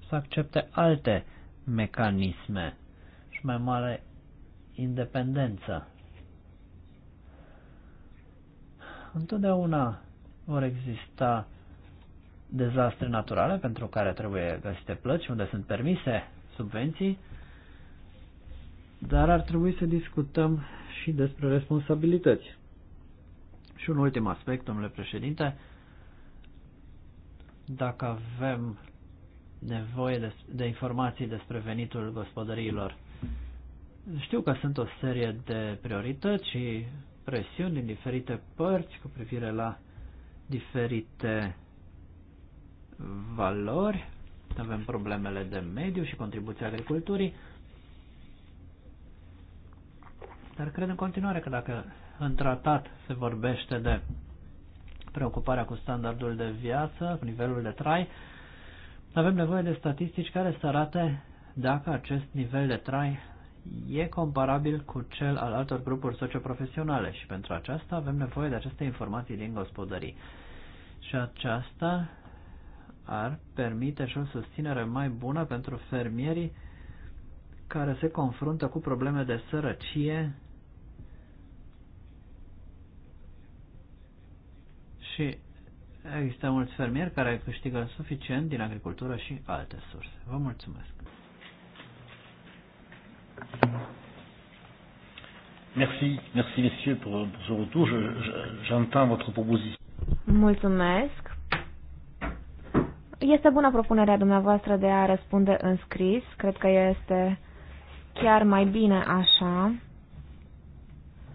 să accepte alte mecanisme și mai mare independență. Întotdeauna vor exista dezastre naturale pentru care trebuie găsite plăci unde sunt permise subvenții, dar ar trebui să discutăm și despre responsabilități. Și un ultim aspect, domnule președinte, dacă avem nevoie de, de informații despre venitul gospodăriilor. Știu că sunt o serie de priorități și presiuni din diferite părți cu privire la diferite valori. Avem problemele de mediu și contribuția agriculturii. Dar cred în continuare că dacă în tratat se vorbește de preocuparea cu standardul de viață, cu nivelul de trai, avem nevoie de statistici care să arate dacă acest nivel de trai e comparabil cu cel al altor grupuri socioprofesionale și pentru aceasta avem nevoie de aceste informații din gospodării. Și aceasta ar permite și o susținere mai bună pentru fermierii care se confruntă cu probleme de sărăcie și există mulți fermieri care câștigă suficient din agricultură și alte surse. Vă mulțumesc! Merci, merci messieurs pour, pour ce retour. J'entends je, votre proposition. Mulțumesc. Este bună propunerea dumneavoastră de a răspunde în scris. Cred că este chiar mai bine așa,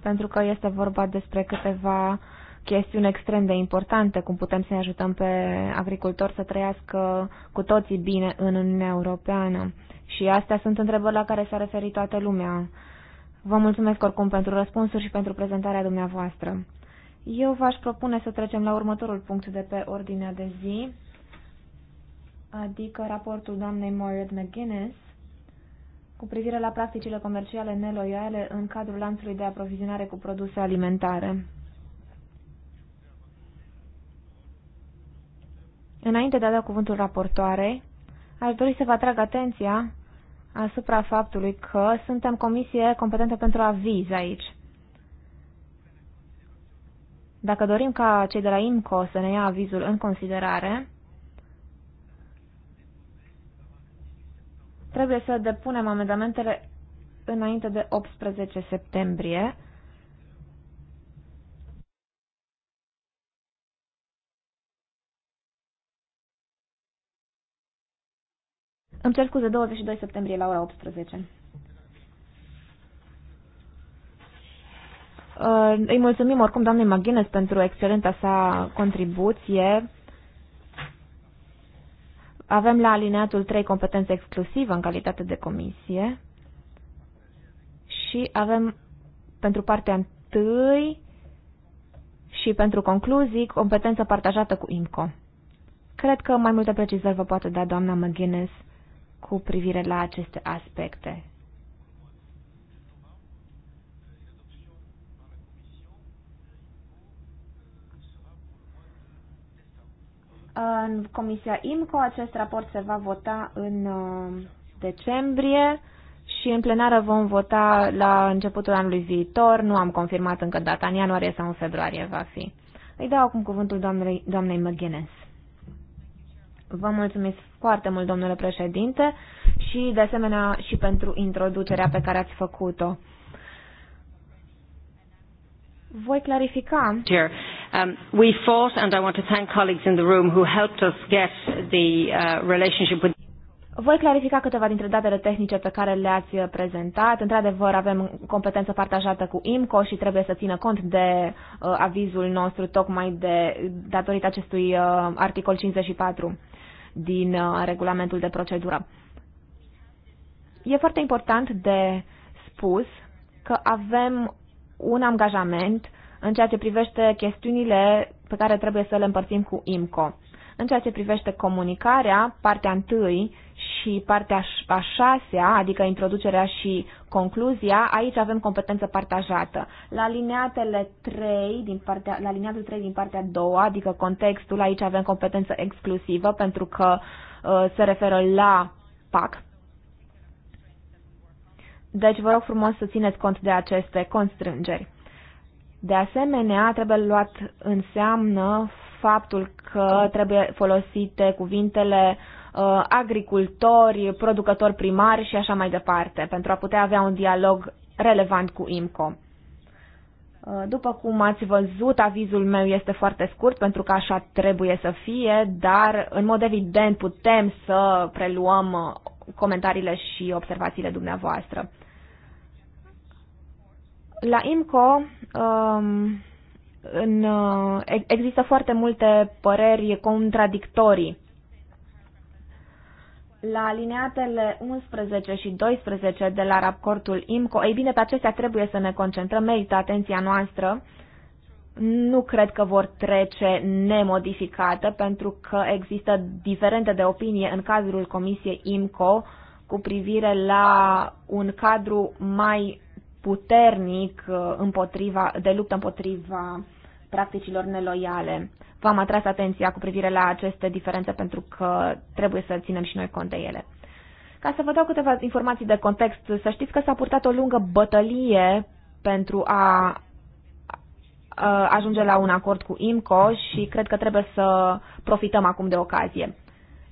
pentru că este vorba despre câteva chestiune extrem de importantă, cum putem să ne ajutăm pe agricultori să trăiască cu toții bine în Uniunea Europeană. Și astea sunt întrebări la care s-a referit toată lumea. Vă mulțumesc oricum pentru răspunsuri și pentru prezentarea dumneavoastră. Eu v-aș propune să trecem la următorul punct de pe ordinea de zi, adică raportul doamnei Margaret McGuinness cu privire la practicile comerciale neloiale în cadrul lanțului de aprovizionare cu produse alimentare. Înainte de a da cuvântul raportoare, aș dori să vă atrag atenția asupra faptului că suntem comisie competentă pentru aviz aici. Dacă dorim ca cei de la IMCO să ne ia avizul în considerare, trebuie să depunem amendamentele înainte de 18 septembrie Îmi cer scuze, 22 septembrie la ora 18. Uh, îi mulțumim oricum doamnei Maghines pentru excelenta sa contribuție. Avem la alineatul 3 competențe exclusivă în calitate de comisie și avem pentru partea 1 și pentru concluzii competență partajată cu IMCO. Cred că mai multe precizări vă poate da doamna McGuinness cu privire la aceste aspecte. În Comisia IMCO acest raport se va vota în uh, decembrie și în plenară vom vota la începutul anului viitor. Nu am confirmat încă data, în ianuarie sau în februarie va fi. Îi dau acum cuvântul doamnei, doamnei McGuinness. Vă mulțumesc foarte mult, domnule președinte, și de asemenea și pentru introducerea pe care ați făcut-o. Voi clarifica. Here. um, we fought and I want to thank colleagues in the room who helped us get the uh, relationship with voi clarifica câteva dintre datele tehnice pe care le-ați prezentat. Într-adevăr, avem competență partajată cu IMCO și trebuie să țină cont de uh, avizul nostru tocmai de datorită acestui uh, articol 54 din uh, regulamentul de procedură. E foarte important de spus că avem un angajament în ceea ce privește chestiunile pe care trebuie să le împărțim cu IMCO. În ceea ce privește comunicarea, partea întâi și partea a șasea, adică introducerea și concluzia, aici avem competență partajată. La lineatele 3 din partea, la lineatul 3 din partea a doua, adică contextul, aici avem competență exclusivă pentru că uh, se referă la PAC. Deci vă rog frumos să țineți cont de aceste constrângeri. De asemenea, trebuie luat în seamă faptul că trebuie folosite cuvintele uh, agricultori, producători primari și așa mai departe, pentru a putea avea un dialog relevant cu IMCO. Uh, după cum ați văzut, avizul meu este foarte scurt pentru că așa trebuie să fie, dar în mod evident putem să preluăm uh, comentariile și observațiile dumneavoastră. La IMCO um, în, uh, există foarte multe păreri contradictorii. La alineatele 11 și 12 de la raportul IMCO, ei bine, pe acestea trebuie să ne concentrăm, merită atenția noastră. Nu cred că vor trece nemodificată, pentru că există diferente de opinie în cadrul Comisiei IMCO cu privire la un cadru mai puternic uh, împotriva, de luptă împotriva practicilor neloiale. V-am atras atenția cu privire la aceste diferențe pentru că trebuie să ținem și noi cont de ele. Ca să vă dau câteva informații de context, să știți că s-a purtat o lungă bătălie pentru a ajunge la un acord cu IMCO și cred că trebuie să profităm acum de ocazie.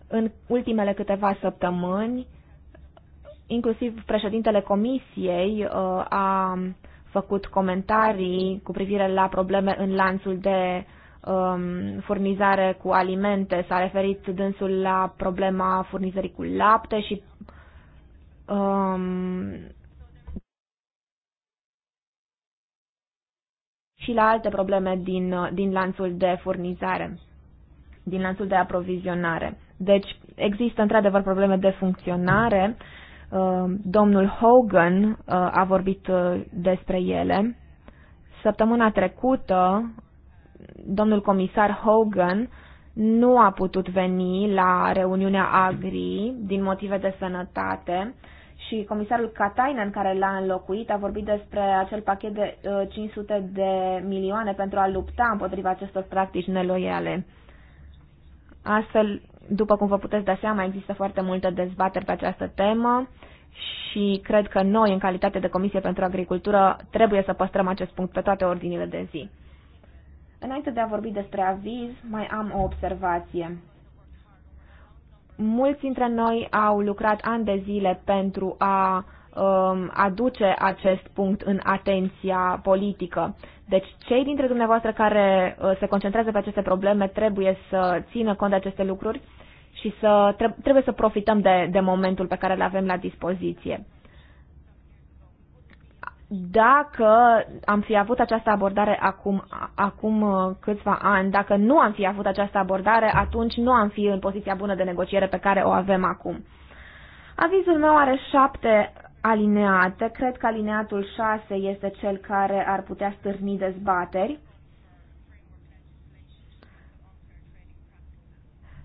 În ultimele câteva săptămâni inclusiv președintele comisiei uh, a făcut comentarii cu privire la probleme în lanțul de um, furnizare cu alimente. S-a referit dânsul la problema furnizării cu lapte și um, și la alte probleme din, uh, din lanțul de furnizare, din lanțul de aprovizionare. Deci există într-adevăr probleme de funcționare. Uh, Um, domnul Hogan uh, a vorbit uh, despre ele. Săptămâna trecută, domnul comisar Hogan nu a putut veni la reuniunea Agri din motive de sănătate și comisarul Katainen, care l-a înlocuit, a vorbit despre acel pachet de 500 uh, de milioane pentru a lupta împotriva acestor practici neloiale. Astfel, după cum vă puteți da seama, există foarte multă dezbatere pe această temă și cred că noi, în calitate de Comisie pentru Agricultură, trebuie să păstrăm acest punct pe toate ordinile de zi. Înainte de a vorbi despre aviz, mai am o observație. Mulți dintre noi au lucrat ani de zile pentru a Um, aduce acest punct în atenția politică. Deci cei dintre dumneavoastră care uh, se concentrează pe aceste probleme trebuie să țină cont de aceste lucruri și să trebuie să profităm de, de momentul pe care îl avem la dispoziție. Dacă am fi avut această abordare acum, acum uh, câțiva ani, dacă nu am fi avut această abordare, atunci nu am fi în poziția bună de negociere pe care o avem acum. Avizul meu are șapte alineate. Cred că alineatul 6 este cel care ar putea stârni dezbateri.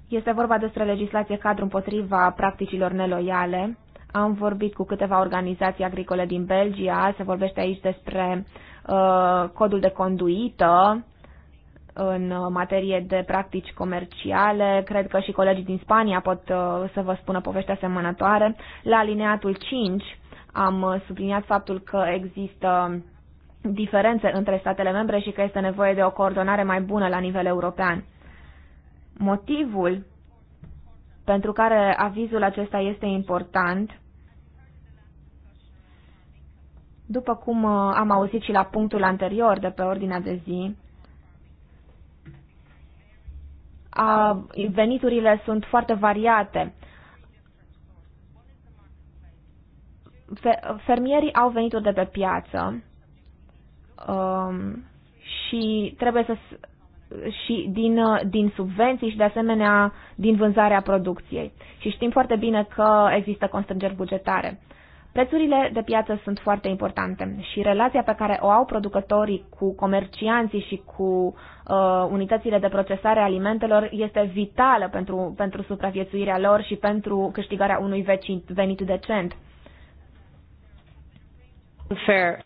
Este vorba despre legislație cadru împotriva practicilor neloiale. Am vorbit cu câteva organizații agricole din Belgia, se vorbește aici despre uh, codul de conduită în materie de practici comerciale. Cred că și colegii din Spania pot uh, să vă spună povești asemănătoare. La alineatul 5 am uh, subliniat faptul că există diferențe între statele membre și că este nevoie de o coordonare mai bună la nivel european. Motivul pentru care avizul acesta este important, după cum uh, am auzit și la punctul anterior de pe ordinea de zi, a, veniturile sunt foarte variate fermierii au venit de pe piață um, și trebuie să și din, uh, din subvenții și de asemenea din vânzarea producției. Și știm foarte bine că există constrângeri bugetare. Prețurile de piață sunt foarte importante și relația pe care o au producătorii cu comercianții și cu uh, unitățile de procesare a alimentelor este vitală pentru, pentru supraviețuirea lor și pentru câștigarea unui vecin, venit decent. Uh, Fair.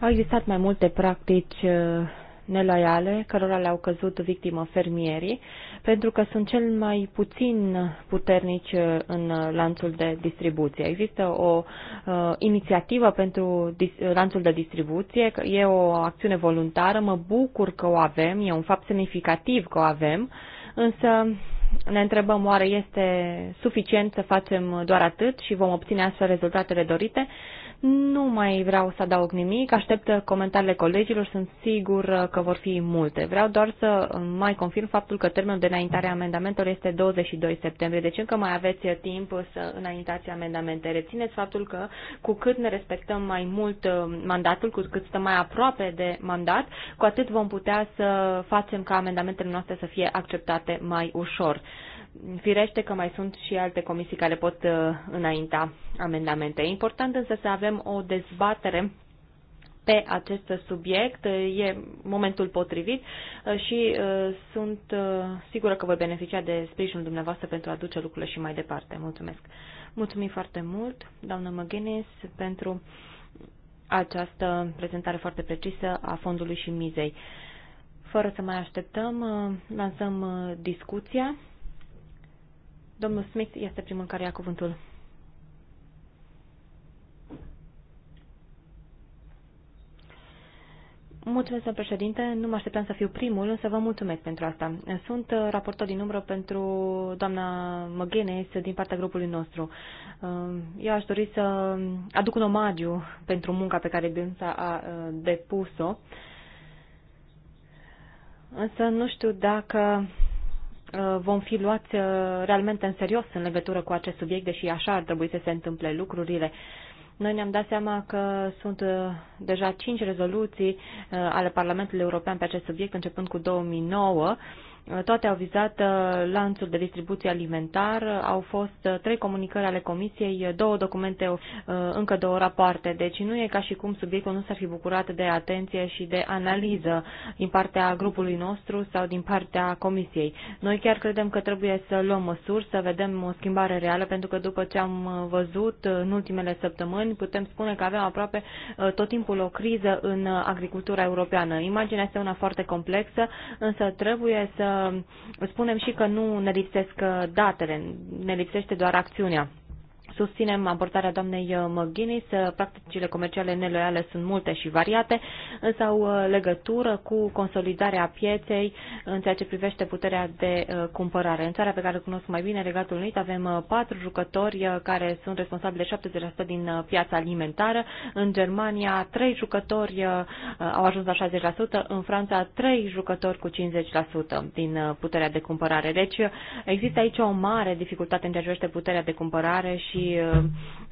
Au existat mai multe practici uh, neloiale, cărora le-au căzut victimă fermierii, pentru că sunt cel mai puțin puternici uh, în lanțul de distribuție. Există o uh, inițiativă pentru dis- uh, lanțul de distribuție, e o acțiune voluntară, mă bucur că o avem, e un fapt semnificativ că o avem, însă ne întrebăm oare este suficient să facem doar atât și vom obține astfel rezultatele dorite. Nu mai vreau să adaug nimic, aștept comentariile colegilor, sunt sigur că vor fi multe. Vreau doar să mai confirm faptul că termenul de înaintare a amendamentelor este 22 septembrie, deci încă mai aveți timp să înaintați amendamente. Rețineți faptul că cu cât ne respectăm mai mult uh, mandatul, cu cât stăm mai aproape de mandat, cu atât vom putea să facem ca amendamentele noastre să fie acceptate mai ușor. Firește că mai sunt și alte comisii care pot uh, înainta amendamente. E important însă să avem o dezbatere pe acest subiect. E momentul potrivit uh, și uh, sunt sigură că voi beneficia de sprijinul dumneavoastră pentru a duce lucrurile și mai departe. Mulțumesc. Mulțumim foarte mult, doamnă McGuinness, pentru această prezentare foarte precisă a fondului și mizei. Fără să mai așteptăm, lansăm discuția. Domnul Smith este primul care ia cuvântul. Mulțumesc, domnul președinte. Nu mă așteptam să fiu primul, însă vă mulțumesc pentru asta. Sunt uh, raportor din umbră pentru doamna Măghenes din partea grupului nostru. Uh, eu aș dori să aduc un omagiu pentru munca pe care dânsa a uh, depus-o. Însă nu știu dacă Uh, vom fi luați uh, realmente în serios în legătură cu acest subiect, deși așa ar trebui să se întâmple lucrurile. Noi ne-am dat seama că sunt uh, deja cinci rezoluții ale Parlamentului European pe acest subiect, începând cu 2009 toate au vizat uh, lanțul de distribuție alimentar, au fost uh, trei comunicări ale comisiei, uh, două documente, încă două rapoarte. Deci nu e ca și cum subiectul nu s-ar fi bucurat de atenție și de analiză din partea grupului nostru sau din partea comisiei. Noi chiar credem că trebuie să luăm măsuri, să vedem o schimbare reală, pentru că după ce am văzut în ultimele săptămâni, putem spune că avem aproape tot timpul o criză în agricultura europeană. Imaginea este una foarte complexă, însă trebuie să spunem și că nu ne lipsesc datele, ne lipsește doar acțiunea. Susținem abordarea doamnei uh, McGuinness. Uh, practicile comerciale neloiale sunt multe și variate, însă au uh, legătură cu consolidarea pieței în ceea ce privește puterea de cumpărare. În țara pe care o cunosc mai bine, Regatul Unit, avem patru jucători care sunt responsabili de 70% din piața alimentară. În Germania, trei jucători au ajuns la 60%, în Franța, trei jucători cu 50% din puterea de cumpărare. Deci există aici o mare dificultate în ceea ce privește puterea de cumpărare și și uh,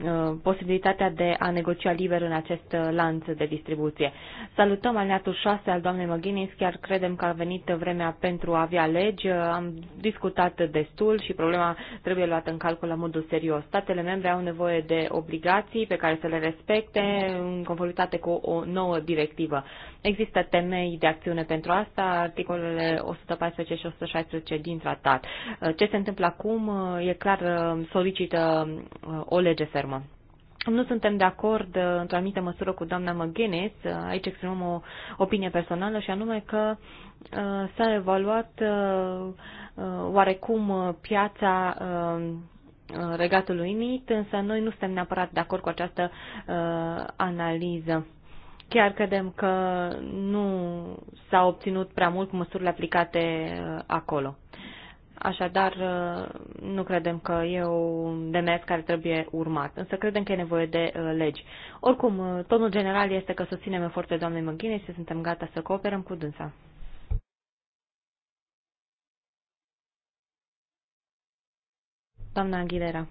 uh, posibilitatea de a negocia liber în acest uh, lanț de distribuție. Salutăm aliatul 6 al doamnei McGuinness, chiar credem că a venit vremea pentru a avea legi, am discutat destul și problema trebuie luată în calcul la modul serios. Statele membre au nevoie de obligații pe care să le respecte în conformitate cu o nouă directivă. Există temei de acțiune pentru asta, articolele 114 și 116 din tratat. Ce se întâmplă acum, e clar, solicită Uh, o lege fermă. Nu suntem de acord uh, într-o anumită măsură cu doamna McGuinness, uh, aici exprimăm o opinie personală și anume că s-a evaluat oarecum piața Regatului Unit, însă noi nu suntem neapărat de acord cu această analiză. Chiar credem că nu s-a obținut prea mult cu măsurile aplicate acolo. Așadar, uh, nu credem că e un demers care trebuie urmat, însă credem că e nevoie de uh, legi. Oricum, uh, tonul general este că susținem eforturile doamnei McGuinness și suntem gata să cooperăm cu dânsa. Doamna Aguilera.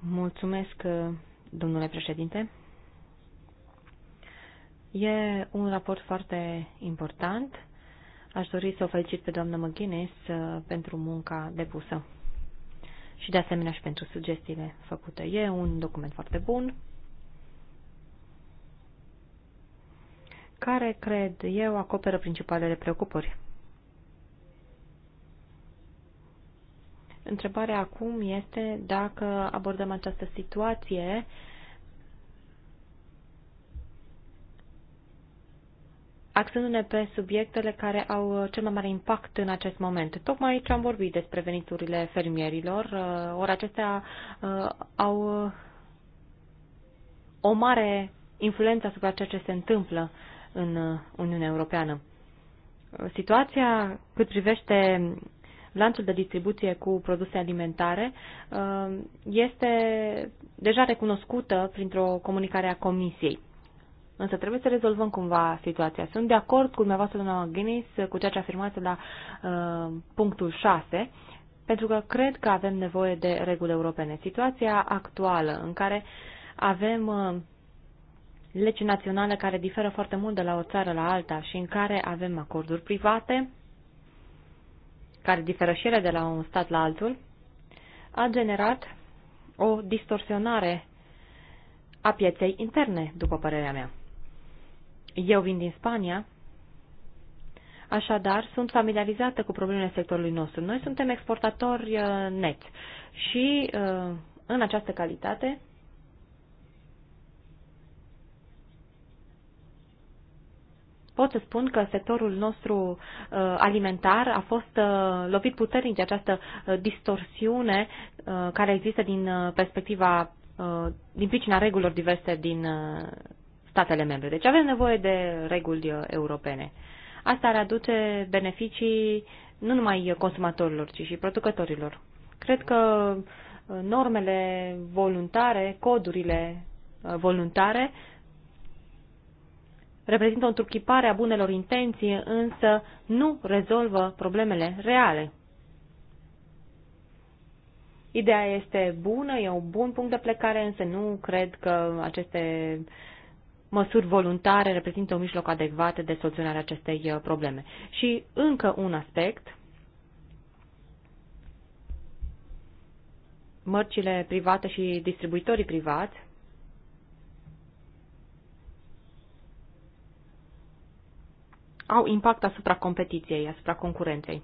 Mulțumesc, domnule președinte. E un raport foarte important. Aș dori să o felicit pe doamna McGuinness uh, pentru munca depusă și de asemenea și pentru sugestiile făcute. E un document foarte bun care, cred eu, acoperă principalele preocupări. Întrebarea acum este dacă abordăm această situație uh, axându-ne pe subiectele care au uh, cel mai mare impact în acest moment. Tocmai aici am vorbit despre veniturile fermierilor, uh, ori acestea uh, au o mare influență asupra ceea ce se întâmplă în Uniunea Europeană. Situația cât privește lanțul de distribuție cu produse alimentare este deja recunoscută printr-o comunicare a Comisiei. Însă trebuie să rezolvăm cumva situația. Sunt de acord cu dumneavoastră, doamna McGuinness, cu ceea ce afirmați la uh, punctul 6, pentru că cred că avem nevoie de reguli europene. Situația actuală în care avem uh, legi naționale care diferă foarte mult de la o țară la alta și în care avem acorduri private, care diferă și ele de la un stat la altul, a generat o distorsionare a pieței interne, după părerea mea. Eu vin din Spania, așadar sunt familiarizată cu problemele sectorului nostru. Noi suntem exportatori uh, net și uh, în această calitate pot să spun că sectorul nostru uh, alimentar a fost lovit puternic de această distorsiune care există din perspectiva din pricina regulilor diverse din statele membre. Deci avem nevoie de reguli uh, europene. Asta ar aduce beneficii nu numai consumatorilor, ci și producătorilor. Cred că uh, normele voluntare, codurile uh, voluntare, reprezintă o întruchipare a bunelor intenții, însă nu rezolvă problemele reale. Ideea este bună, e un bun punct de plecare, însă nu cred că aceste uh, măsuri voluntare reprezintă un mijloc adecvat de soluționare acestei uh, probleme. Și încă un aspect, mărcile private și distribuitorii privați au impact asupra competiției, asupra concurenței.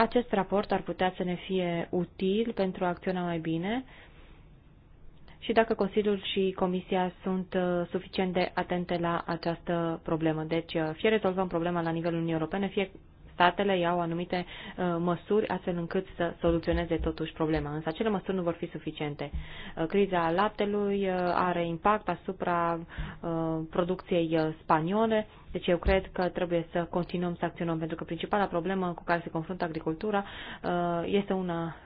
Acest raport ar putea să ne fie util pentru a acționa mai bine și dacă Consiliul și Comisia sunt uh, suficient de atente la această problemă. Deci uh, fie rezolvăm problema la nivelul Uniunii Europene, fie statele iau anumite uh, măsuri astfel încât să soluționeze totuși problema. Însă acele măsuri nu vor fi suficiente. Uh, criza laptelui uh, are impact asupra producției spaniole, deci eu cred că trebuie să continuăm să acționăm, pentru că principala problemă cu care se confruntă agricultura este una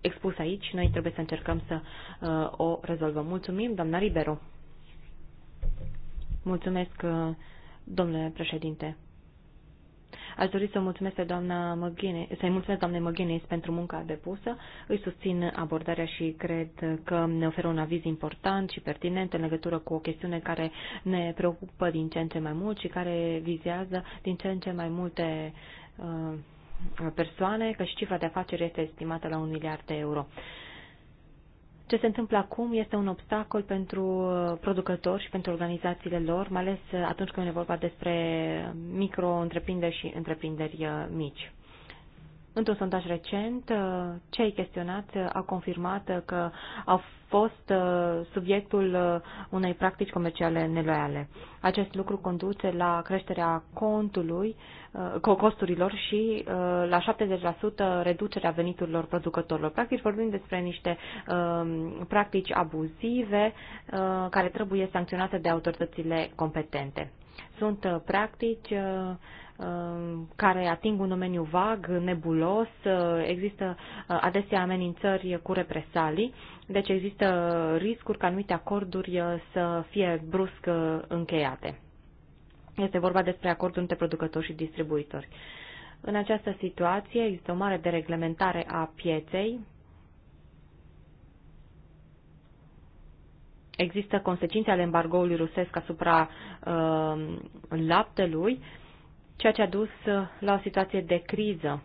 expus aici. Noi trebuie să încercăm să o rezolvăm. Mulțumim, doamna Ribero. Mulțumesc, domnule președinte. Aș dori să mulțumesc pe doamna Măghine, să-i mulțumesc doamnei Măghinis pentru munca depusă. Îi susțin abordarea și cred că ne oferă un aviz important și pertinent în legătură cu o chestiune care ne preocupă din ce în ce mai mult și care vizează din ce în ce mai multe uh, persoane, că și cifra de afaceri este estimată la un miliard de euro. Uh, ce se întâmplă acum este un obstacol pentru uh, producători și pentru organizațiile lor, mai ales uh, atunci când e vorba despre micro-întreprinderi și întreprinderi uh, mici. Într-un sondaj recent, cei chestionați au confirmat că au fost uh, subiectul uh, unei practici comerciale neloiale. Acest lucru conduce la creșterea contului, uh, costurilor și la 70% reducerea veniturilor producătorilor. Practic vorbim despre niște um, practici abuzive care trebuie sancționate de autoritățile competente. Sunt practici Um, care ating un domeniu vag, nebulos, uh, există uh, adesea amenințări cu represalii, deci există riscuri ca anumite acorduri uh, să fie brusc încheiate. Este vorba despre acordul între producători și distribuitori. În această situație există o mare dereglementare a pieței, există consecințe ale embargoului rusesc asupra uh, laptelui ceea ce a dus uh, la o situație de criză.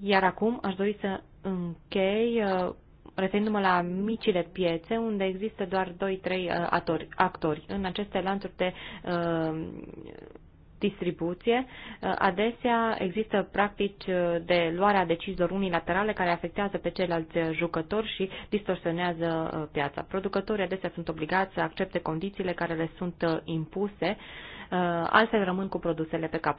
Iar acum aș dori să închei uh, referindu-mă la micile piețe, unde există doar 2-3 uh, actori. În aceste lanțuri de distribuție, uh, adesea există practici uh, de luarea deciziilor unilaterale care afectează pe ceilalți uh, jucători și distorsionează piața. Producătorii adesea sunt obligați să accepte condițiile care le sunt impuse, altfel rămân cu produsele pe cap.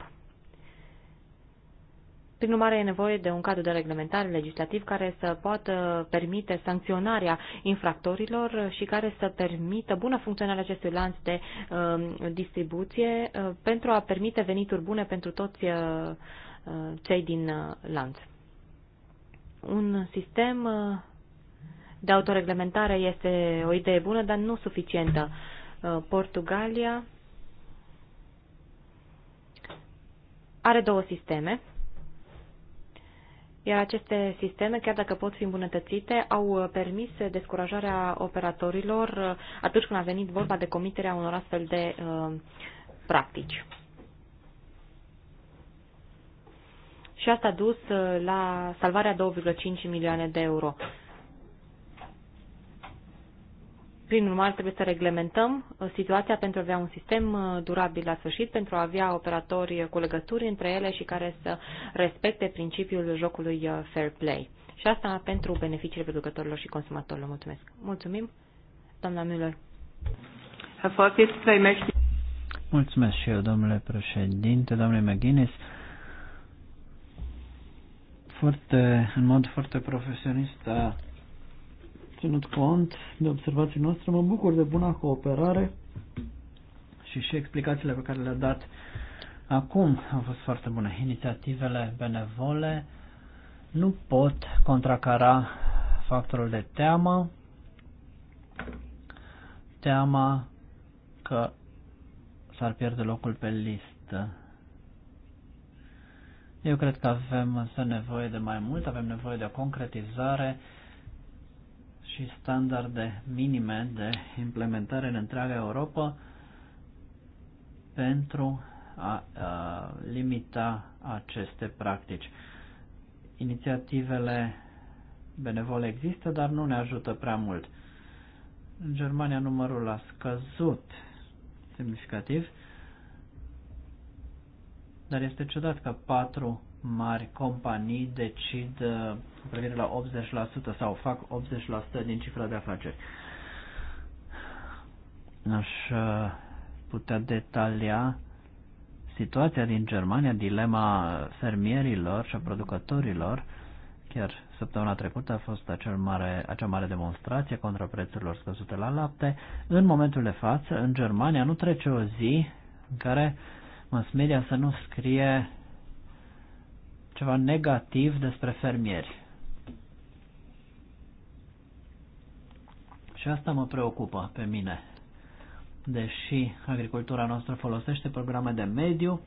Prin urmare, e nevoie de un cadru de reglementare legislativ care să poată permite sancționarea infractorilor și care să permită bună funcționare acestui lanț de uh, distribuție uh, pentru a permite venituri bune pentru toți uh, uh cei din uh, lanț. Un sistem uh, de autoreglementare este o idee bună, dar nu suficientă. Uh, Portugalia are două sisteme iar aceste sisteme, chiar dacă pot fi îmbunătățite, au uh, permis descurajarea operatorilor uh, atunci când a venit vorba de comiterea unor astfel de uh, practici. Și asta a dus uh, la salvarea 2,5 milioane de euro. Prin urmare, trebuie să reglementăm uh, situația pentru a avea un sistem uh, durabil la sfârșit, pentru a avea operatori cu legături între ele și care să respecte principiul jocului uh, fair play. Și asta pentru beneficiile producătorilor și consumatorilor. Mulțumesc. Mulțumim, doamna Müller. Mulțumesc și eu, domnule președinte, domnule McGuinness. Foarte, în mod foarte profesionist a ținut cont de observații noastre. Mă bucur de buna cooperare și și explicațiile pe care le-a dat acum au fost foarte bune. Inițiativele benevole nu pot contracara factorul de teamă, teama că s-ar pierde locul pe listă. Eu cred că avem însă nevoie de mai mult, avem nevoie de o concretizare și standarde minime de implementare în întreaga Europa pentru a, a limita aceste practici. Inițiativele benevole există, dar nu ne ajută prea mult. În Germania numărul a scăzut semnificativ, dar este ciudat că patru mari companii decid uh, cu privire la 80% sau fac 80% din cifra de afaceri. Aș uh, putea detalia situația din Germania, dilema fermierilor și a producătorilor. Chiar săptămâna trecută a fost acel mare, acea mare demonstrație contra prețurilor scăzute la lapte. În momentul de față, în Germania nu trece o zi în care mass media să nu scrie ceva negativ despre fermieri. Și asta mă preocupă pe mine. Deși agricultura noastră folosește programe de mediu,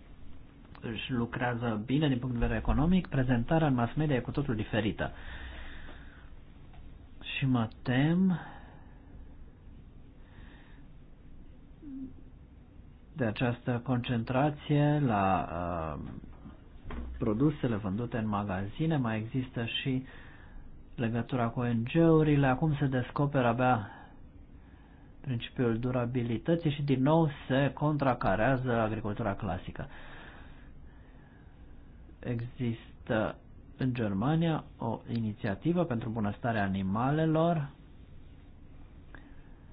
își lucrează bine din punct de vedere economic, prezentarea în mass media e cu totul diferită. Și mă tem de această concentrație la uh, produsele vândute în magazine, mai există și legătura cu ONG-urile, acum se descoperă abia principiul durabilității și din nou se contracarează agricultura clasică. Există în Germania o inițiativă pentru bunăstarea animalelor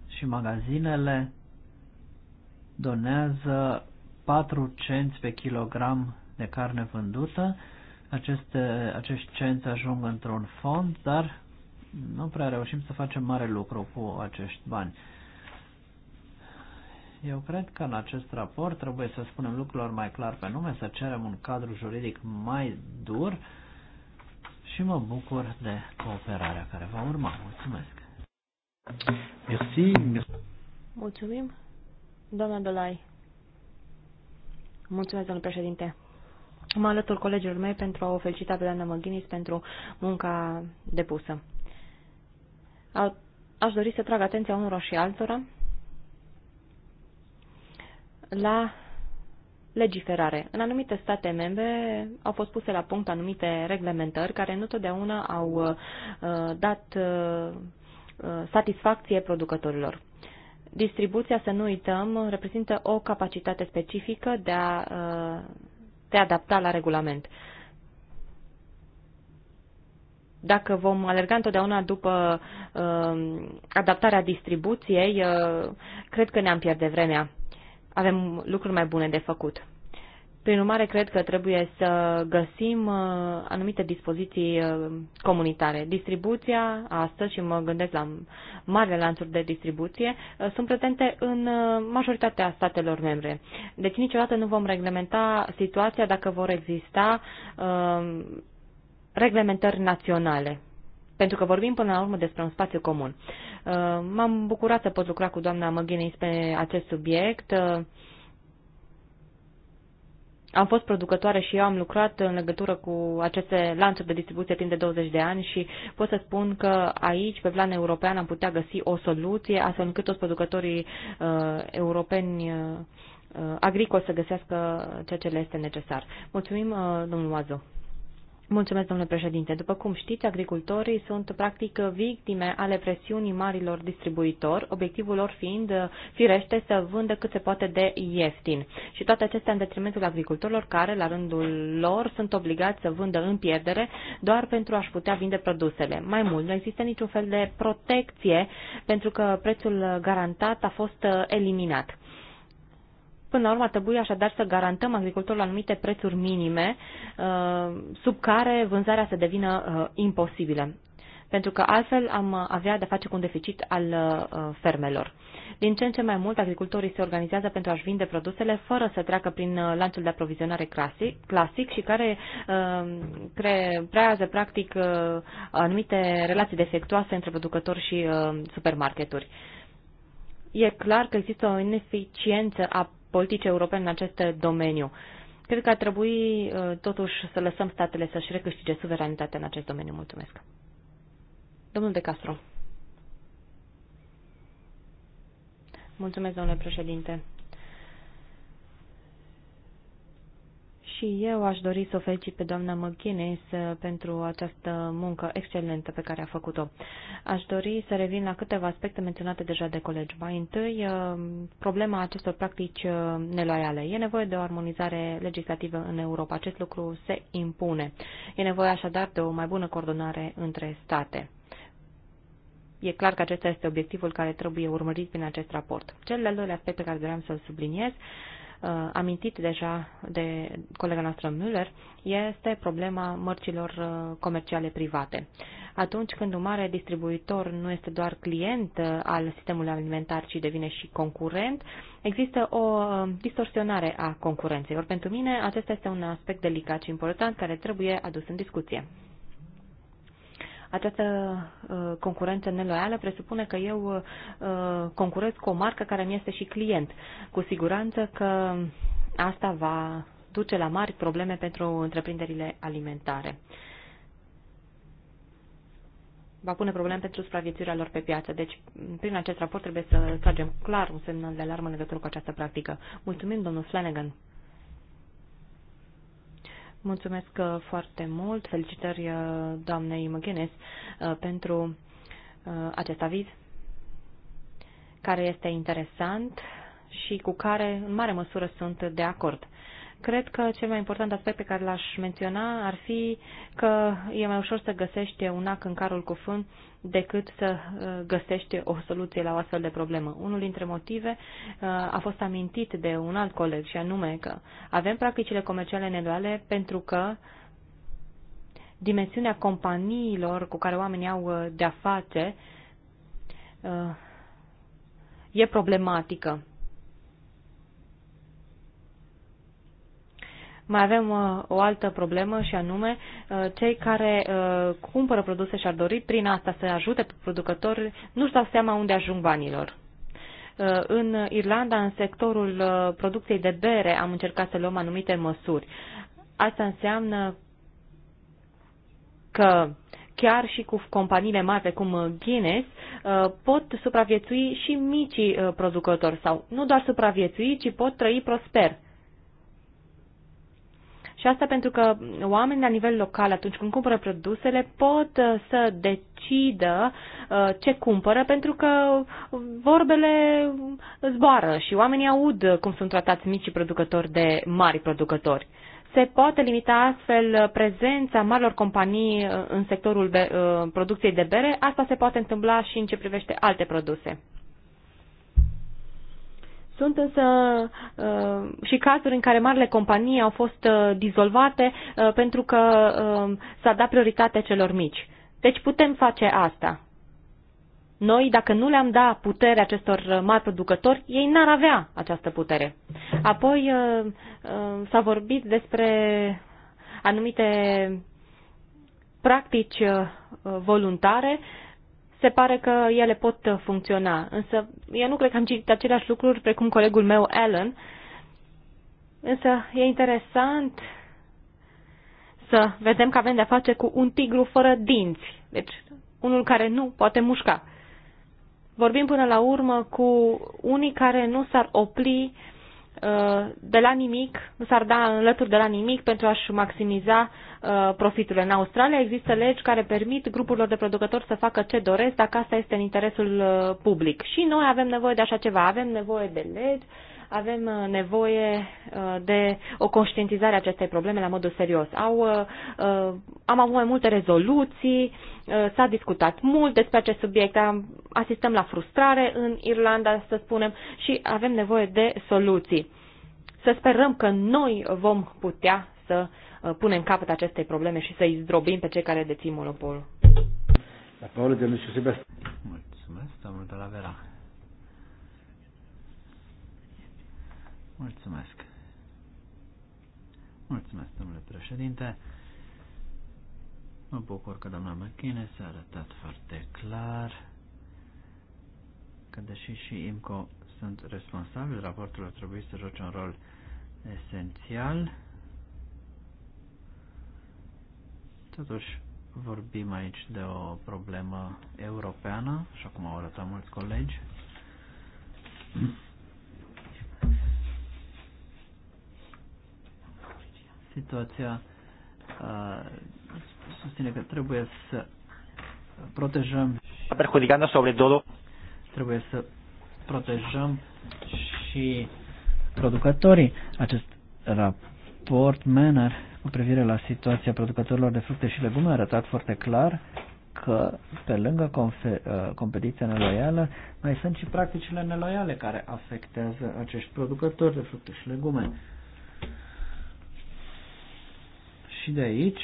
și magazinele donează 4 cenți pe kilogram de carne vândută. Aceste, acești cenți ajung într-un fond, dar nu prea reușim să facem mare lucru cu acești bani. Eu cred că în acest raport trebuie să spunem lucrurilor mai clar pe nume, să cerem un cadru juridic mai dur și mă bucur de cooperarea care va urma. Mulțumesc! Merci! Mulțumim! Doamna Dolai! Mulțumesc, domnul președinte! Mă alătur colegilor mei pentru a o felicita pe doamna Măghinis pentru munca depusă. Aș dori să trag atenția unora și altora la legiferare. În anumite state membre au fost puse la punct anumite reglementări care nu totdeauna au uh, dat uh, uh satisfacție producătorilor. Distribuția, să nu uităm, reprezintă o capacitate specifică de a uh, te adapta la regulament. Dacă vom alerga întotdeauna după uh, adaptarea distribuției, uh, cred că ne-am pierde vremea. Avem lucruri mai bune de făcut. Prin urmare, cred că trebuie să găsim uh, anumite dispoziții uh, comunitare. Distribuția, astăzi, și mă gândesc la marile lanțuri de distribuție, uh, sunt prezente în majoritatea statelor membre. Deci niciodată nu vom reglementa situația dacă vor exista reglementări naționale pentru că vorbim până la urmă despre un spațiu comun. M-am bucurat să pot lucra cu doamna Măghinis pe acest subiect am fost producătoare și eu am lucrat în legătură cu aceste lanțuri de distribuție timp de 20 de ani și pot să spun că aici, pe plan european, am putea găsi o soluție astfel încât toți producătorii uh, europeni uh, uh agricoli să găsească ceea ce le este necesar. Mulțumim, uh, domnul Oazu. Mulțumesc, domnule președinte. După cum știți, agricultorii sunt practic victime ale presiunii marilor distribuitori, obiectivul lor fiind firește să vândă cât se poate de ieftin. Și toate acestea în detrimentul agricultorilor care, la rândul lor, sunt obligați să vândă în pierdere doar pentru a-și putea vinde produsele. Mai mult, nu există niciun fel de protecție pentru că prețul garantat a fost eliminat. Până la urmă, trebuie așadar să garantăm agricultorilor anumite prețuri minime uh, sub care vânzarea să devină uh, imposibilă pentru că altfel am avea de face cu un deficit al uh, fermelor. Din ce în ce mai mult, agricultorii se organizează pentru a-și vinde produsele fără să treacă prin lanțul de aprovizionare clasic, clasic și care creează practic anumite relații defectuoase între producători și supermarketuri. E clar că există o ineficiență a politici europene în acest domeniu. Cred că ar trebui uh, totuși să lăsăm statele să-și recâștige suveranitatea în acest domeniu. Mulțumesc. Domnul De Castro. Mulțumesc, domnule președinte. Și eu aș dori să o felicit pe doamna McGuinness uh, pentru această muncă excelentă pe care a făcut-o. Aș dori să revin la câteva aspecte menționate deja de colegi. Mai întâi, uh, problema acestor practici uh, neloiale. E nevoie de o armonizare legislativă în Europa. Acest lucru se impune. E nevoie așadar de o mai bună coordonare între state. E clar că acesta este obiectivul care trebuie urmărit prin acest raport. Cel de-al doilea aspect pe care vreau să-l subliniez uh, amintit deja de colega noastră Müller, este problema mărcilor uh, comerciale private. Atunci când un mare distribuitor nu este doar client uh, al sistemului alimentar, ci devine și concurent, există o uh, distorsionare a concurenței. Or pentru mine acesta este un aspect delicat și important care trebuie adus în discuție. Această uh, concurență neloială presupune că eu uh, concurez cu o marcă care mi este și client. Cu siguranță că asta va duce la mari probleme pentru întreprinderile alimentare. Va pune probleme pentru supraviețuirea lor pe piață. Deci, prin acest raport trebuie să tragem clar un semnal de alarmă în legătură cu această practică. Mulțumim, domnul Flanagan. Mulțumesc uh, foarte mult. Felicitări uh, doamnei McGuinness uh, pentru acest aviz care este interesant și cu care în mare măsură sunt de acord. Cred că cel mai important aspect pe care l-aș menționa ar fi că e mai ușor să găsești un ac în carul cu fân decât să uh, găsești o soluție la o astfel de problemă. Unul dintre motive uh, a fost amintit de un alt coleg și anume că avem practicile comerciale neloale pentru că dimensiunea companiilor cu care oamenii au uh, de-a face e problematică. Mai avem uh, o altă problemă și anume uh, cei care uh, cumpără produse și ar dori prin asta să ajute producători nu-și dau seama unde ajung banilor. În Irlanda, în sectorul producției de bere, am încercat să luăm anumite măsuri. Asta înseamnă că chiar și cu companiile mari precum Guinness, pot supraviețui și micii producători sau nu doar supraviețui, ci pot trăi prosper. Și asta pentru că oamenii la nivel local, atunci când cumpără produsele, pot uh, să decidă uh, ce cumpără, pentru că vorbele zboară și oamenii aud cum sunt tratați micii producători de mari producători. Se poate limita astfel prezența marilor companii uh, în sectorul producției de bere, asta se poate întâmpla și în ce privește alte produse. Sunt însă uh, și cazuri în care marile companii au fost uh, dizolvate uh, pentru că s-a dat prioritate celor mici. Deci putem face asta. Noi, dacă nu le-am dat putere acestor mari producători, ei n-ar avea această putere. Apoi s-a vorbit despre anumite practici voluntare uh, se pare că ele pot funcționa. Însă eu nu cred că am citit aceleași lucruri precum colegul meu, Alan. Însă e interesant să vedem că avem de-a face cu un tigru fără dinți, deci unul care nu poate mușca. Vorbim până la urmă cu unii care nu s-ar opri uh, de la nimic, nu s-ar da înlături de la nimic pentru a-și maximiza uh, profiturile. În Australia există legi care permit grupurilor de producători să facă ce doresc dacă asta este în interesul uh, public. Și noi avem nevoie de așa ceva, avem nevoie de legi avem uh, nevoie uh, de o conștientizare a acestei probleme la modul serios. Au, uh, am avut mai multe rezoluții, s-a discutat mult despre acest subiect, asistăm la frustrare în Irlanda, să spunem, și avem nevoie de soluții. Să sperăm că noi vom putea să punem capăt acestei probleme și să-i zdrobim pe cei care dețin monopolul. La Paul de Mulțumesc, domnul de la Vera. Mulțumesc. Mulțumesc, domnule președinte. Mă bucur că doamna McKinney s-a arătat foarte clar că deși și IMCO sunt responsabili, raportul ar trebui să joace un rol esențial. Totuși, vorbim aici de o problemă europeană, așa cum au arătat mulți colegi. situația uh, susține că trebuie să protejăm perjudicando sobre todo trebuie să protejăm și producătorii. Acest raport Manner cu privire la situația producătorilor de fructe și legume a arătat foarte clar că pe lângă competiția neloială mai sunt și practicile neloiale care afectează acești producători de fructe și legume și de aici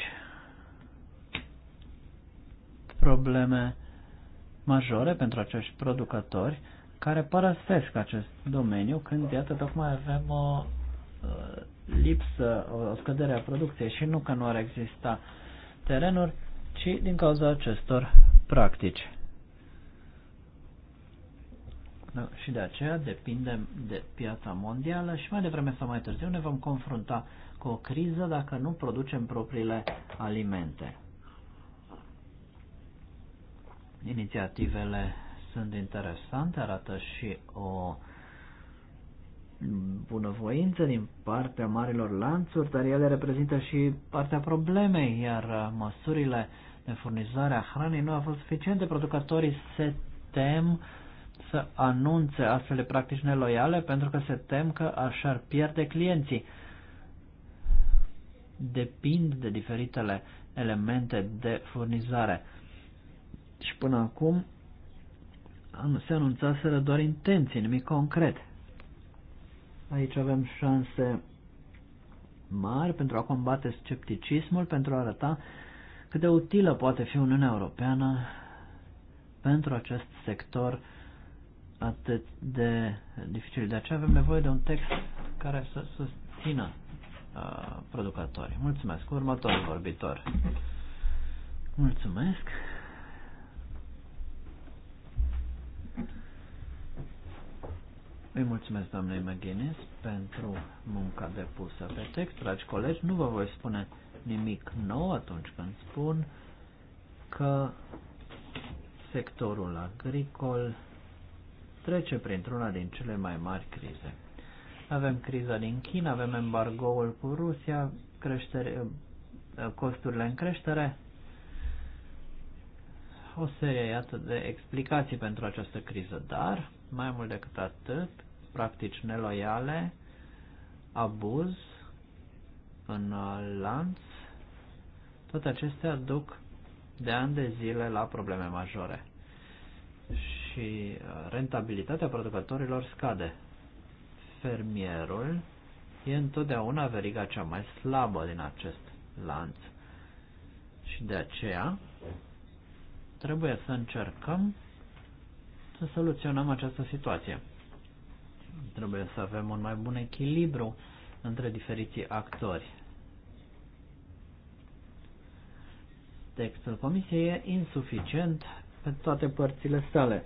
probleme majore pentru acești producători care părăsesc acest domeniu când, iată, tocmai avem o uh, lipsă, o scădere a producției și nu că nu ar exista terenuri, ci din cauza acestor practici. Da, și de aceea depindem de piața mondială și mai devreme sau mai târziu ne vom confrunta cu o criză dacă nu producem propriile alimente. Inițiativele sunt interesante, arată și o bunăvoință din partea marilor lanțuri, dar ele reprezintă și partea problemei, iar măsurile de furnizare a hranei nu au fost suficiente. Producătorii se tem să anunțe astfel de practici neloiale pentru că se tem că așa ar pierde clienții depind de diferitele elemente de furnizare. Și până acum se anunțaseră doar intenții, nimic concret. Aici avem șanse mari pentru a combate scepticismul, pentru a arăta cât de utilă poate fi Uniunea Europeană pentru acest sector atât de dificil. De aceea avem nevoie de un text care să susțină Uh, producători. Mulțumesc. Următorul vorbitor. Mulțumesc. Îi mulțumesc doamnei McGuinness pentru munca depusă pe text. Dragi colegi, nu vă voi spune nimic nou atunci când spun că sectorul agricol trece printr-una din cele mai mari crize. Avem criza din China, avem embargoul cu Rusia, creștere, eh, costurile în creștere. O serie, iată, de explicații pentru această criză, dar, mai mult decât atât, practici neloiale, abuz în eh, lanț, toate acestea duc de ani de zile la probleme majore și eh, rentabilitatea producătorilor scade fermierul e întotdeauna veriga cea mai slabă din acest lanț. Și de aceea trebuie să încercăm să soluționăm această situație. Trebuie să avem un mai bun echilibru între diferiții actori. Textul comisiei e insuficient pe toate părțile sale.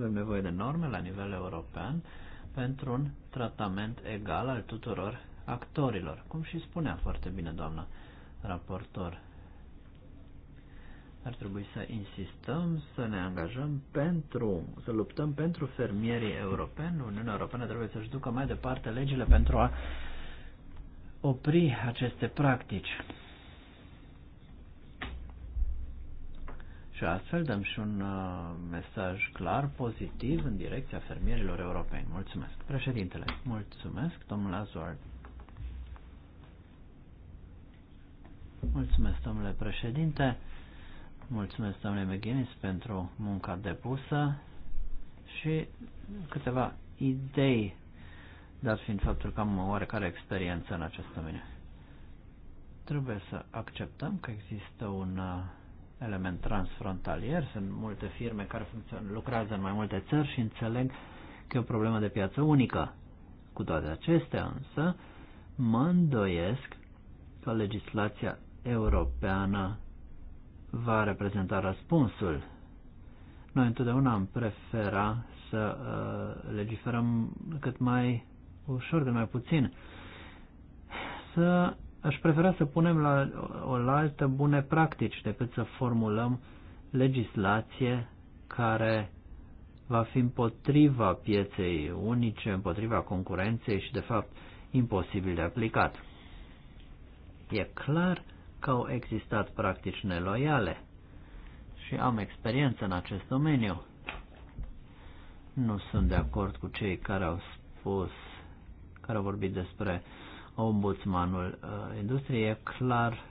Avem nevoie de norme la nivel european pentru un tratament egal al tuturor actorilor, cum și spunea foarte bine doamna raportor. Ar trebui să insistăm, să ne angajăm pentru, să luptăm pentru fermierii europeni. Uniunea Europeană trebuie să-și ducă mai departe legile pentru a opri aceste practici. Și astfel dăm și un uh, mesaj clar, pozitiv, în direcția fermierilor europeni. Mulțumesc. Președintele, mulțumesc, domnul Azuard. Mulțumesc, domnule președinte. Mulțumesc, domnule McGuinness, pentru munca depusă și câteva idei, dat fiind faptul că am o oarecare experiență în acest domeniu. Trebuie să acceptăm că există un uh, element transfrontalier. Sunt multe firme care lucrează în mai multe țări și înțeleg că e o problemă de piață unică. Cu toate acestea însă, mă îndoiesc că legislația europeană va reprezenta răspunsul. Noi întotdeauna am prefera să uh, legiferăm cât mai ușor, cât mai puțin. Să aș prefera să punem la o la altă bune practici decât să formulăm legislație care va fi împotriva pieței unice, împotriva concurenței și, de fapt, imposibil de aplicat. E clar că au existat practici neloiale și am experiență în acest domeniu. Nu sunt de acord cu cei care au spus, care au vorbit despre uh, ombudsmanul uh, industriei, e clar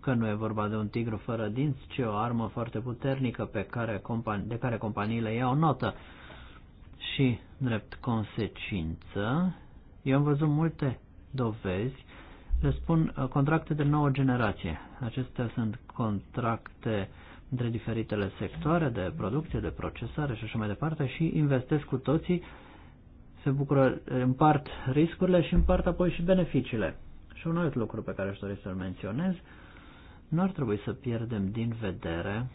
că nu e vorba de un tigru fără dinți, ci o armă foarte puternică pe care de care companiile iau notă. Și, drept consecință, eu am văzut multe dovezi, le spun uh, contracte de nouă generație. Acestea sunt contracte între diferitele sectoare de producție, de procesare și așa mai departe și investesc cu toții se bucură, împart riscurile și împart apoi și beneficiile. Și un alt lucru pe care aș dori să-l menționez, nu ar trebui să pierdem din vedere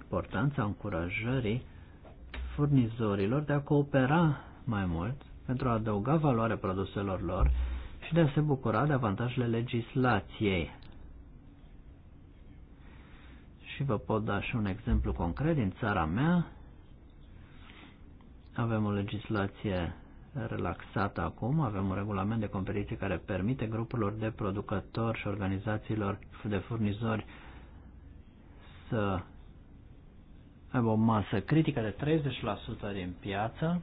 importanța încurajării furnizorilor de a coopera mai mult pentru a adăuga valoare produselor lor și de a se bucura de avantajele legislației. Și vă pot da și un exemplu concret din țara mea, avem o legislație relaxată acum, avem un regulament de competiție care permite grupurilor de producători și organizațiilor de furnizori să aibă o masă critică de 30% din piață.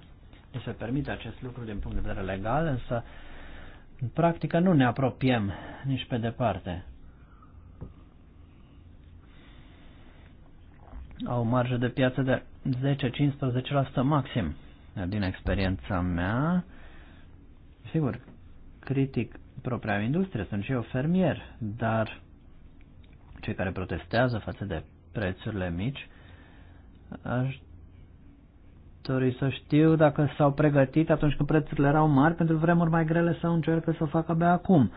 Nu se permite acest lucru din punct de vedere legal, însă în practică nu ne apropiem nici pe departe. Au marjă de piață de 10-15% maxim. Din experiența mea, sigur, critic propria industrie, sunt și eu fermier, dar cei care protestează față de prețurile mici, aș dori să știu dacă s-au pregătit atunci când prețurile erau mari pentru vremuri mai grele sau încearcă să o facă abia acum. Uh,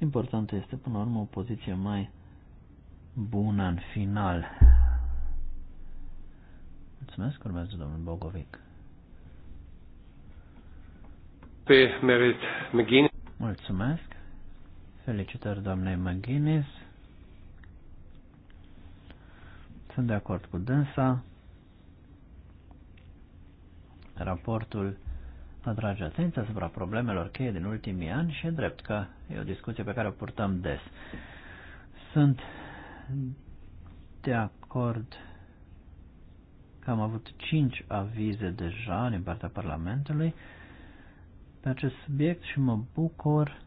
Importantă este, până la urmă, o poziție mai bună în final. Mulțumesc, urmează domnul Bogovic. Pe merit McGinnis. Mulțumesc. Felicitări doamnei McGinnis. Sunt de acord cu dânsa. Raportul atrage atenția asupra problemelor cheie din ultimii ani și e drept că e o discuție pe care o purtăm des. Sunt de acord că am avut cinci avize deja din partea Parlamentului pe acest subiect și mă bucur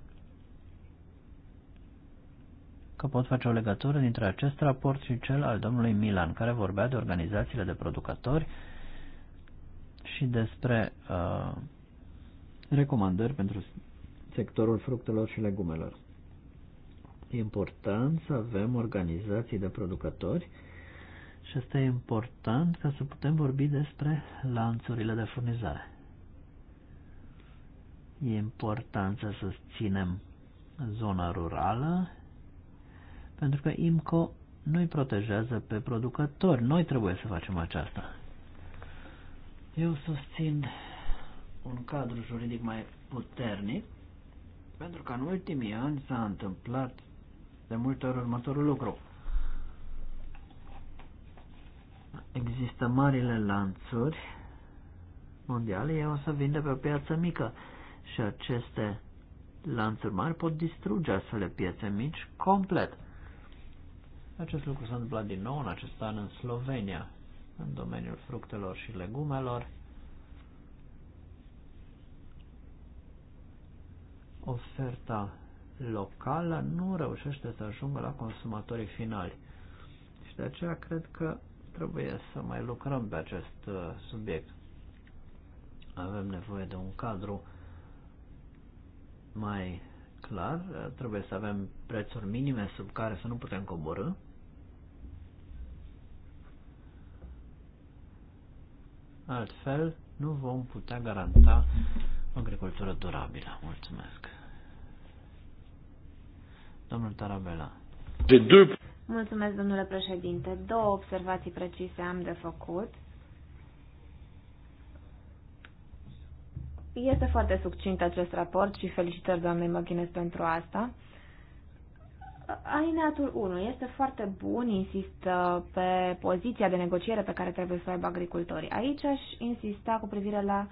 că pot face o legătură dintre acest raport și cel al domnului Milan, care vorbea de organizațiile de producători și despre uh, recomandări pentru sectorul fructelor și legumelor. E important să avem organizații de producători și asta e important ca să putem vorbi despre lanțurile de furnizare. E important să susținem zona rurală pentru că IMCO nu îi protejează pe producători. Noi trebuie să facem aceasta. Eu susțin un cadru juridic mai puternic, pentru că în ultimii ani s-a întâmplat de multe ori următorul lucru. Există marile lanțuri mondiale, ei o să vinde pe o piață mică și aceste lanțuri mari pot distruge astfel de piețe mici complet. Acest lucru s-a întâmplat din nou în acest an în Slovenia, în domeniul fructelor și legumelor. oferta locală nu reușește să ajungă la consumatorii finali. Și de aceea cred că trebuie să mai lucrăm pe acest uh, subiect. Avem nevoie de un cadru mai clar, trebuie să avem prețuri minime sub care să nu putem coborâ. Altfel, nu vom putea garanta agricultură durabilă. Mulțumesc. Domnul Tarabela. Mulțumesc, domnule președinte. Două observații precise am de făcut. Este foarte succint acest raport și felicitări doamnei Măghines pentru asta. Alineatul 1 este foarte bun, insistă pe poziția de negociere pe care trebuie să o aibă agricultorii. Aici aș insista cu privire la uh,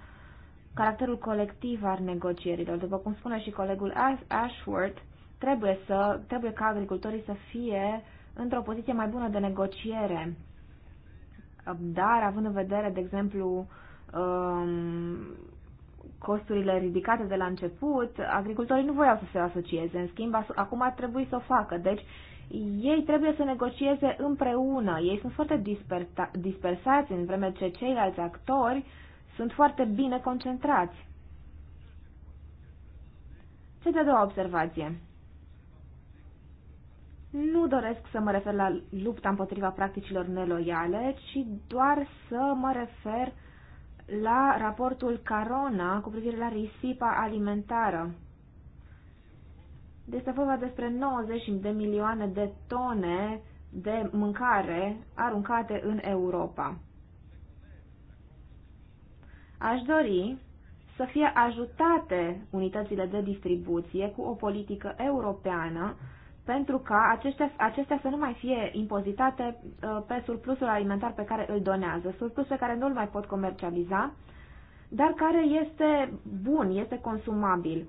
caracterul colectiv al negocierilor. După cum spune și colegul Ashworth, trebuie, să, trebuie ca agricultorii să fie într-o poziție mai bună de negociere. Dar, având în vedere, de exemplu, um, costurile ridicate de la început, agricultorii nu voiau să se asocieze. În schimb, acum ar trebui să o facă. Deci, ei trebuie să negocieze împreună. Ei sunt foarte dispersați în vreme ce ceilalți actori uh, sunt foarte bine concentrați. Ce de doua observație. Nu doresc să mă refer la lupta împotriva practicilor neloiale, ci doar să mă refer la raportul Carona cu privire la risipa alimentară. Este vorba despre 90 de milioane de tone de mâncare aruncate în Europa. Aș dori să fie ajutate unitățile de distribuție cu o politică europeană pentru ca acestea, acestea să nu mai fie impozitate uh, pe surplusul alimentar pe care îl donează, surplus pe care nu îl mai pot comercializa, dar care este bun, este consumabil.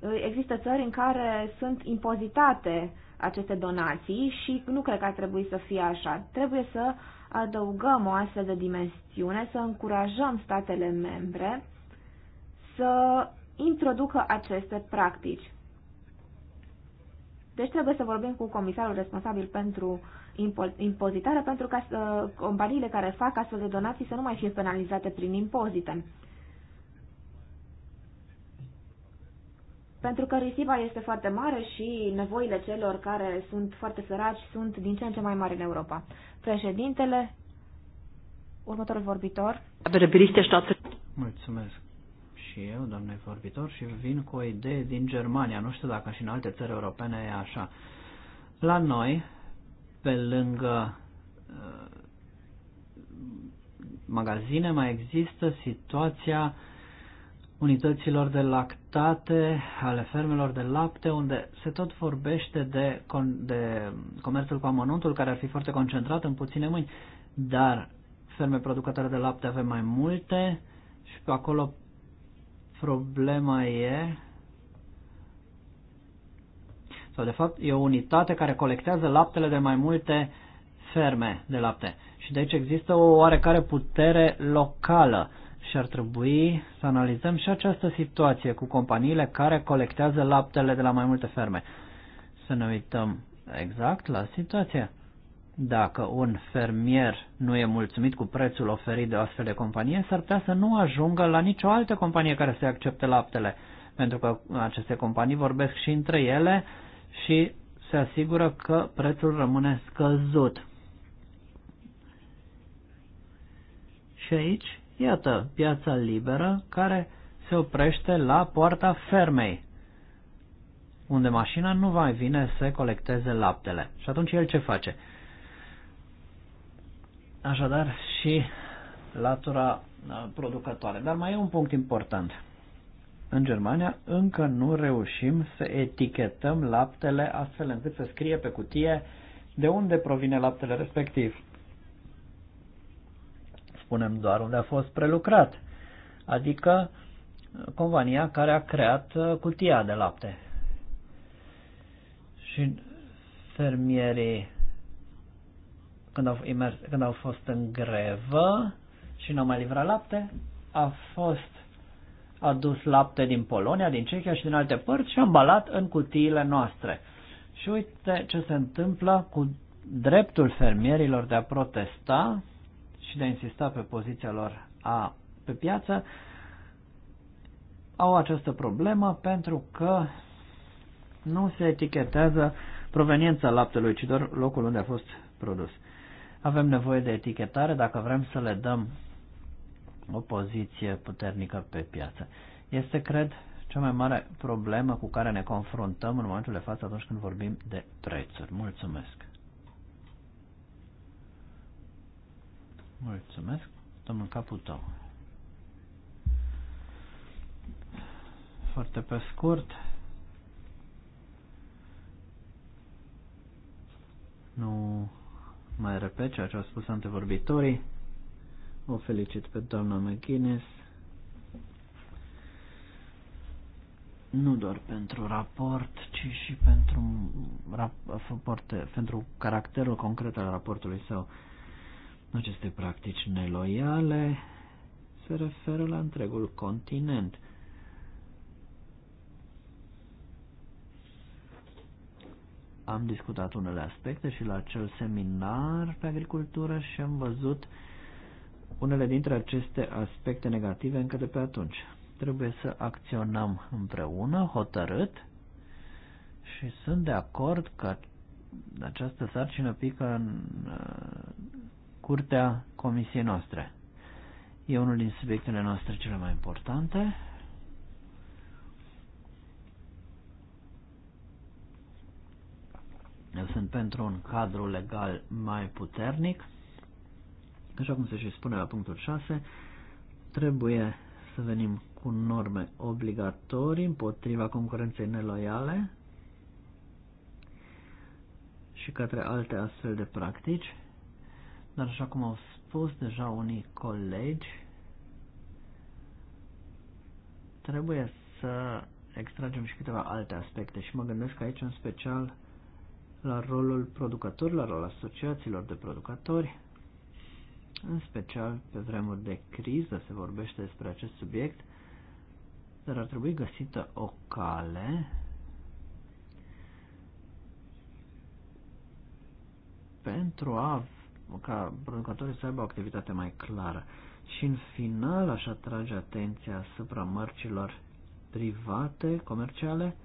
Uh, există țări în care sunt impozitate aceste donații și nu cred că ar trebui să fie așa. Trebuie să adăugăm o astfel de dimensiune, să încurajăm statele membre să introducă aceste practici. Deci trebuie să vorbim cu comisarul responsabil pentru impozitare pentru ca uh, companiile care fac astfel de donații să nu mai fie penalizate prin impozite. pentru că risipa este foarte mare și nevoile celor care sunt foarte săraci sunt din ce în ce mai mari în Europa. Președintele, următorul vorbitor. Mulțumesc și eu, domnule vorbitor, și vin cu o idee din Germania. Nu știu dacă și în alte țări europene e așa. La noi, pe lângă uh, magazine, mai există situația unităților de lactate, ale fermelor de lapte, unde se tot vorbește de, de comerțul cu amănuntul, care ar fi foarte concentrat în puține mâini, dar ferme producătoare de lapte avem mai multe și pe acolo problema e sau de fapt e o unitate care colectează laptele de mai multe ferme de lapte. Și deci există o oarecare putere locală și ar trebui să analizăm și această situație cu companiile care colectează laptele de la mai multe ferme. Să ne uităm exact la situație. Dacă un fermier nu e mulțumit cu prețul oferit de o astfel de companie, s-ar putea să nu ajungă la nicio altă companie care să accepte laptele, pentru că aceste companii vorbesc și între ele și se asigură că prețul rămâne scăzut. Și aici Iată piața liberă care se oprește la poarta fermei, unde mașina nu mai vine să colecteze laptele. Și atunci el ce face? Așadar și latura uh, producătoare. Dar mai e un punct important. În Germania încă nu reușim să etichetăm laptele astfel încât să scrie pe cutie de unde provine laptele respectiv spunem doar unde a fost prelucrat, adică compania care a creat uh, cutia de lapte. Și fermierii, când au, imers, când au fost în grevă și nu au mai livrat lapte, a fost adus lapte din Polonia, din Cehia și din alte părți și ambalat în cutiile noastre. Și uite ce se întâmplă cu dreptul fermierilor de a protesta și de a insista pe poziția lor a, pe piață, au această problemă pentru că nu se etichetează proveniența laptelui, ci doar locul unde a fost produs. Avem nevoie de etichetare dacă vrem să le dăm o poziție puternică pe piață. Este, cred, cea mai mare problemă cu care ne confruntăm în momentul de față atunci când vorbim de prețuri. Mulțumesc! Mulțumesc, domnul Caputo. Foarte pe scurt, nu mai repet ceea ce au spus antevorbitorii. O felicit pe doamna McGuinness. Nu doar pentru raport, ci și pentru, rap, pentru caracterul concret al raportului său. Aceste practici neloiale se referă la întregul continent. Am discutat unele aspecte și la acel seminar pe agricultură și am văzut unele dintre aceste aspecte negative încă de pe atunci. Trebuie să acționăm împreună, hotărât, și sunt de acord că această sarcină pică în curtea comisiei noastre. E unul din subiectele noastre cele mai importante. Eu sunt pentru un cadru legal mai puternic. Așa cum se și spune la punctul 6, trebuie să venim cu norme obligatorii împotriva concurenței neloiale și către alte astfel de practici. Dar așa cum au spus deja unii colegi, trebuie să extragem și câteva alte aspecte și mă gândesc aici în special la rolul producătorilor, la rolul asociațiilor de producători, în special pe vremuri de criză se vorbește despre acest subiect, dar ar trebui găsită o cale pentru a ca producătorii să aibă o activitate mai clară. Și în final aș atrage atenția asupra mărcilor private, comerciale,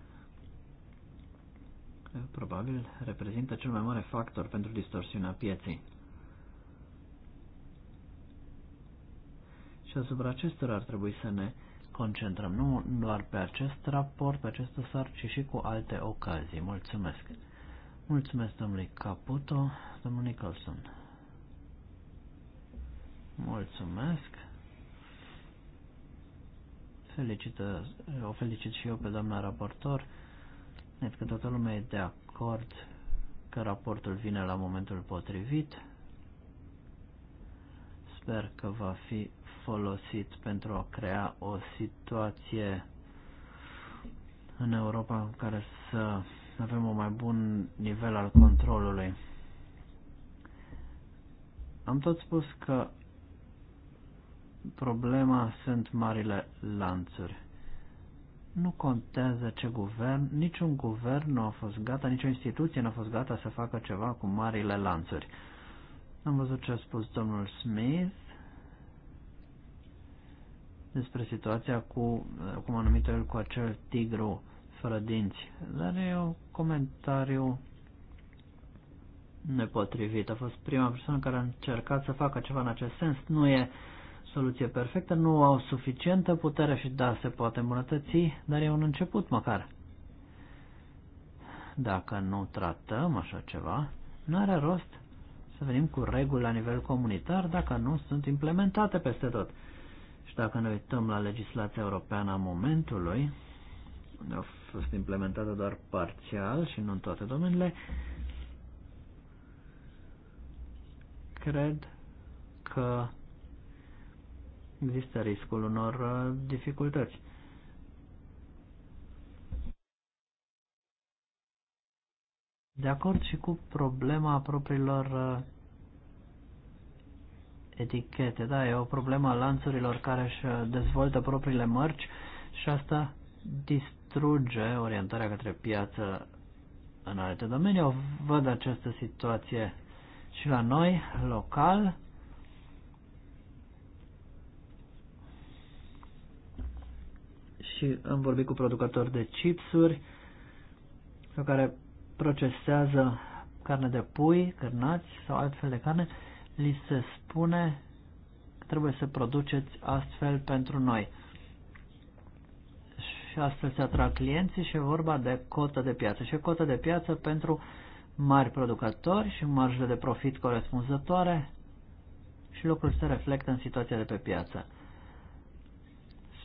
probabil reprezintă cel mai mare factor pentru distorsiunea pieței. Și asupra acestor ar trebui să ne concentrăm, nu doar pe acest raport, pe acest dosar, ci și cu alte ocazii. Mulțumesc! Mulțumesc domnului Caputo, domnul Nicholson. Mulțumesc. Felicită, o felicit și eu pe doamna raportor. Cred că toată lumea e de acord că raportul vine la momentul potrivit. Sper că va fi folosit pentru a crea o situație în Europa în care să avem un mai bun nivel al controlului. Am tot spus că problema sunt marile lanțuri. Nu contează ce guvern, niciun guvern nu a fost gata, nicio instituție nu a fost gata să facă ceva cu marile lanțuri. Am văzut ce a spus domnul Smith despre situația cu, cum a numit el, cu acel tigru fără dinți. Dar e un comentariu nepotrivit. A fost prima persoană care a încercat să facă ceva în acest sens. Nu e uh, soluție perfectă, nu au suficientă putere și da, se poate îmbunătăți, dar e un început măcar. Dacă nu tratăm așa ceva, nu are rost să venim cu reguli la nivel comunitar dacă nu sunt implementate peste tot. Și dacă ne uităm la legislația europeană a momentului, unde au fost implementate doar parțial și nu în toate domeniile, cred că există riscul unor uh, dificultăți. De acord și cu problema propriilor uh, etichete, da, e o problemă a lanțurilor care își uh, dezvoltă propriile mărci și asta distruge orientarea către piață în alte domenii. O văd această situație și la noi, local, și am vorbit cu producători de chipsuri sau care procesează carne de pui, cărnați sau altfel de carne, li se spune că trebuie să produceți astfel pentru noi. Și astfel se atrag clienții și e vorba de cotă de piață. Și cotă de piață pentru mari producători și marjele de profit corespunzătoare și lucrul se reflectă în situația de pe piață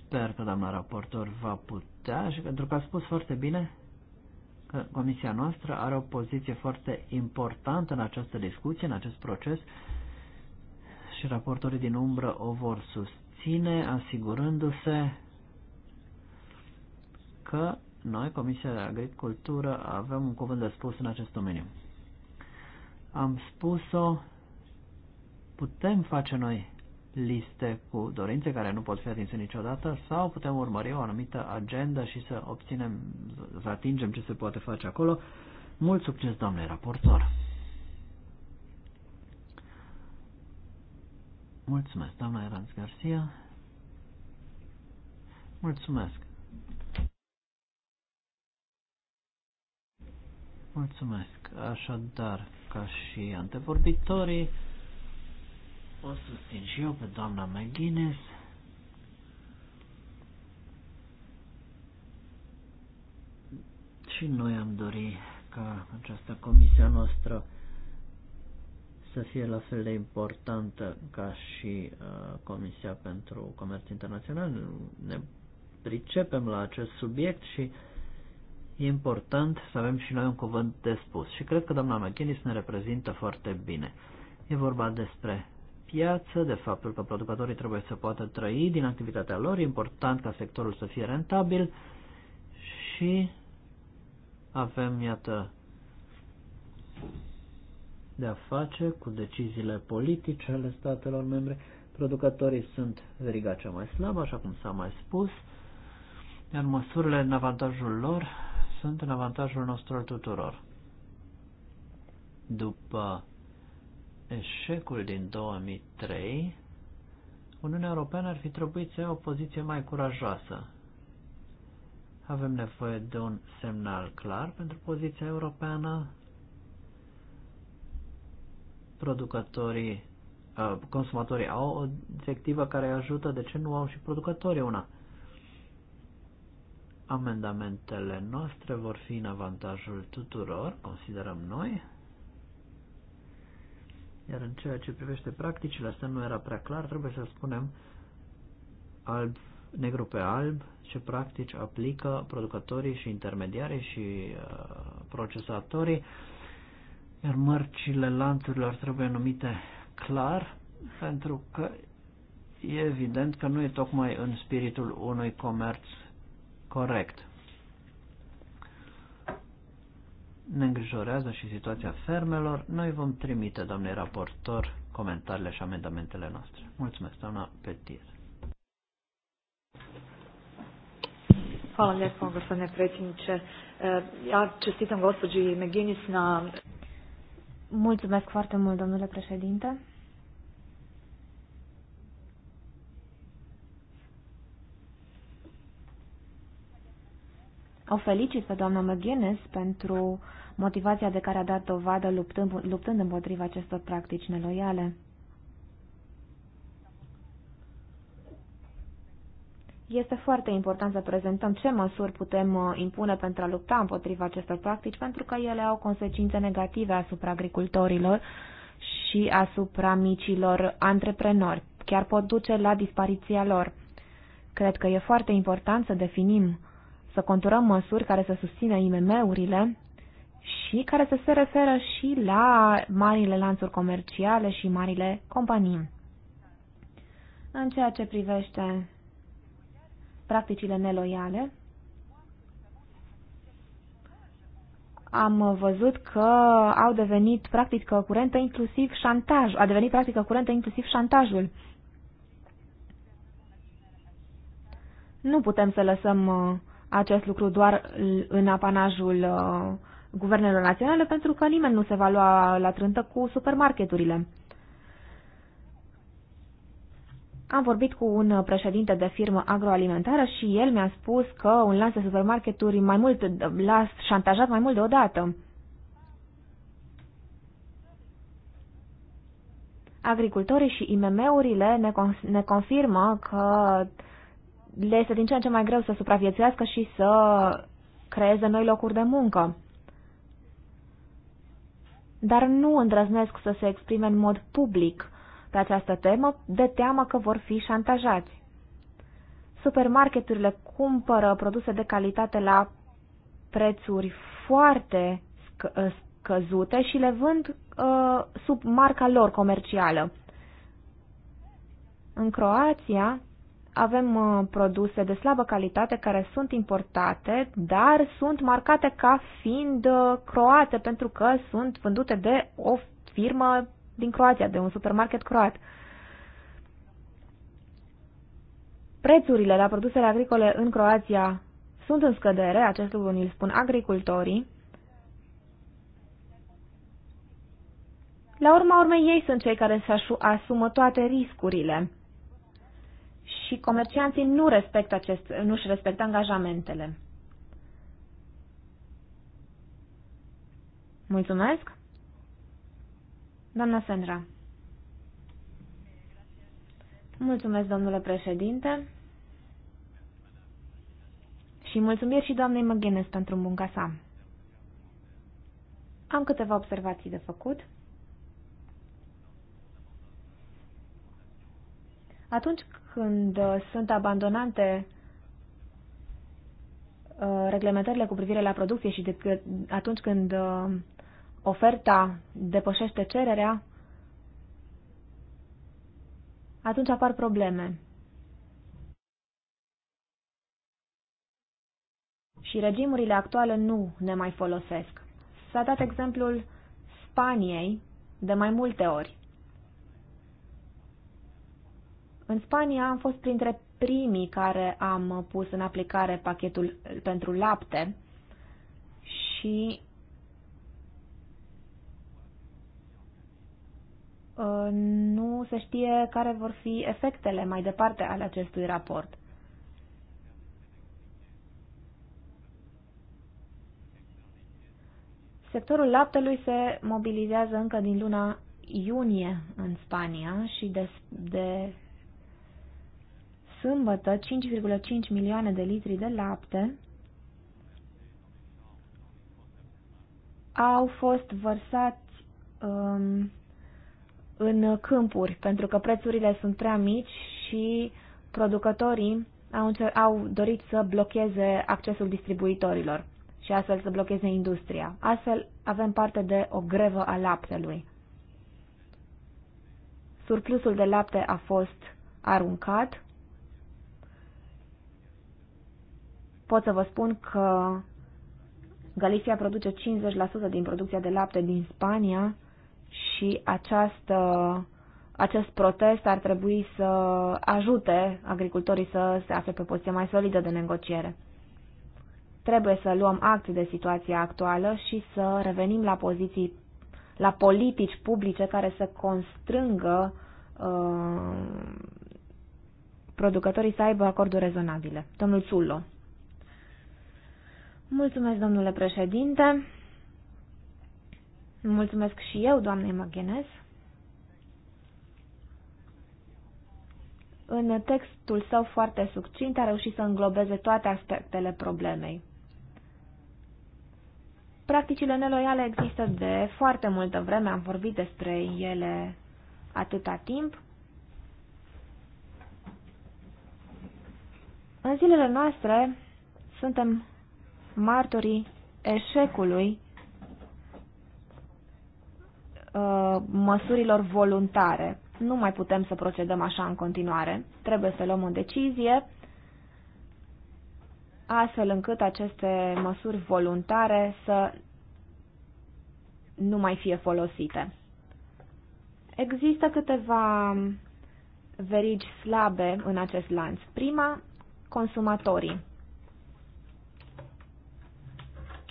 sper că doamna raportor va putea și pentru că a spus foarte bine că comisia noastră are o poziție foarte importantă în această discuție, în acest proces și raportorii din umbră o vor susține asigurându-se că noi, Comisia de Agricultură, avem un cuvânt de spus în acest domeniu. Am spus-o, putem face noi liste cu dorințe care nu pot fi atinse niciodată sau putem urmări o anumită agenda și să obținem, să atingem ce se poate face acolo. Mult succes, doamne raportor! Mulțumesc, doamna Eranz Garcia. Mulțumesc. Mulțumesc. Așadar, ca și antevorbitorii, o susțin și eu pe doamna McGuinness. Și noi am dorit ca această comisia noastră să fie la fel de importantă ca și uh, Comisia pentru Comerț Internațional. Ne pricepem la acest subiect și e important să avem și noi un cuvânt de spus. Și cred că doamna McKinnis ne reprezintă foarte bine. E vorba despre piață, de faptul că producătorii trebuie să poată trăi din activitatea lor, important ca sectorul să fie rentabil și avem, iată, de a face cu deciziile politice ale statelor membre. Producătorii sunt veriga cea mai slabă, așa cum s-a mai spus, iar măsurile în avantajul lor sunt în avantajul nostru al tuturor. După eșecul din 2003, Uniunea Europeană ar fi trebuit să ia o poziție mai curajoasă. Avem nevoie de un semnal clar pentru poziția europeană. Producătorii, uh, consumatorii au o directivă care îi ajută, de ce nu au și producătorii una? Amendamentele noastre vor fi în avantajul tuturor, considerăm noi. Iar în ceea ce privește practicile, asta nu era prea clar, trebuie să spunem alb, negru pe alb ce practici aplică producătorii și intermediarii și uh, procesatorii, iar mărcile lanțurilor trebuie numite clar, pentru că e evident că nu e tocmai în spiritul unui comerț corect. ne îngrijorează și situația fermelor, noi vom trimite, domnule raportor, comentariile și amendamentele noastre. Mulțumesc, doamna Petir. Hvala lijepo, gospodine predsjedniče. Ja čestitam gospođi na... Mulțumesc foarte mult, domnule președinte. O felicit pe doamna McGuinness pentru motivația de care a dat dovadă luptând, luptând împotriva acestor practici neloiale. Este foarte important să prezentăm ce măsuri putem uh, impune pentru a lupta împotriva acestor practici, pentru că ele au consecințe negative asupra agricultorilor și asupra micilor antreprenori. Chiar pot duce la dispariția lor. Cred că e foarte important să definim să conturăm măsuri care să susțină IMM-urile și care să se referă și la marile lanțuri comerciale și marile companii. În ceea ce privește practicile neloiale, am văzut că au devenit practică curentă inclusiv șantaj, a devenit practică curentă inclusiv șantajul. Nu putem să lăsăm uh, acest lucru doar în apanajul uh, guvernelor naționale, pentru că nimeni nu se va lua la trântă cu supermarketurile. Am vorbit cu un președinte de firmă agroalimentară și el mi-a spus că un lanț de supermarketuri mai mult l-a șantajat mai mult deodată. Agricultorii și IMM-urile ne, con- ne confirmă că le este din ce în ce mai greu să supraviețuiască și să creeze noi locuri de muncă. Dar nu îndrăznesc să se exprime în mod public pe această temă, de teamă că vor fi șantajați. Supermarketurile cumpără produse de calitate la prețuri foarte ă, scăzute și le vând uh, sub marca lor comercială. În Croația, avem uh, produse de slabă calitate care sunt importate, dar sunt marcate ca fiind uh, croate pentru că sunt vândute de o firmă din Croația, de un supermarket croat. Prețurile la produsele agricole în Croația sunt în scădere, acest lucru îl spun agricultorii. La urma urmei, ei sunt cei care își asumă toate riscurile și comercianții nu respectă acest, nu își respectă angajamentele. Mulțumesc. Doamna Sandra. Mulțumesc, domnule președinte. Și mulțumiri și doamnei McGuinness pentru munca sa. Am câteva observații de făcut. Atunci când uh, sunt abandonate uh, reglementările cu privire la producție și de, atunci când uh, oferta depășește cererea, atunci apar probleme. Și regimurile actuale nu ne mai folosesc. S-a dat exemplul Spaniei de mai multe ori. În Spania am fost printre primii care am pus în aplicare pachetul uh, pentru lapte și uh, nu se știe care vor fi efectele mai departe ale acestui raport. Sectorul laptelui se mobilizează încă din luna iunie în Spania și de, de sâmbătă 5,5 milioane de litri de lapte au fost vărsați um, în câmpuri, pentru că prețurile sunt prea mici și producătorii au, au dorit să blocheze accesul distribuitorilor și astfel să blocheze industria. Astfel avem parte de o grevă a laptelui. Surplusul de lapte a fost aruncat pot să vă spun că Galicia produce 50% din producția de lapte din Spania și această, acest protest ar trebui să ajute agricultorii să se afle pe poziție mai solidă de negociere. Trebuie să luăm act de situația actuală și să revenim la poziții, la politici publice care să constrângă uh, producătorii să aibă acorduri rezonabile. Domnul Țullo. Mulțumesc, domnule președinte. Mulțumesc și eu, doamnei Măghenes. În textul său foarte succint a reușit să înglobeze toate aspectele problemei. Practicile neloiale există de foarte multă vreme, am vorbit despre ele atâta timp. În zilele noastre suntem martorii eșecului uh, măsurilor voluntare. Nu mai putem să procedăm așa în continuare. Trebuie să luăm o decizie astfel încât aceste măsuri voluntare să nu mai fie folosite. Există câteva verigi slabe în acest lanț. Prima, consumatorii.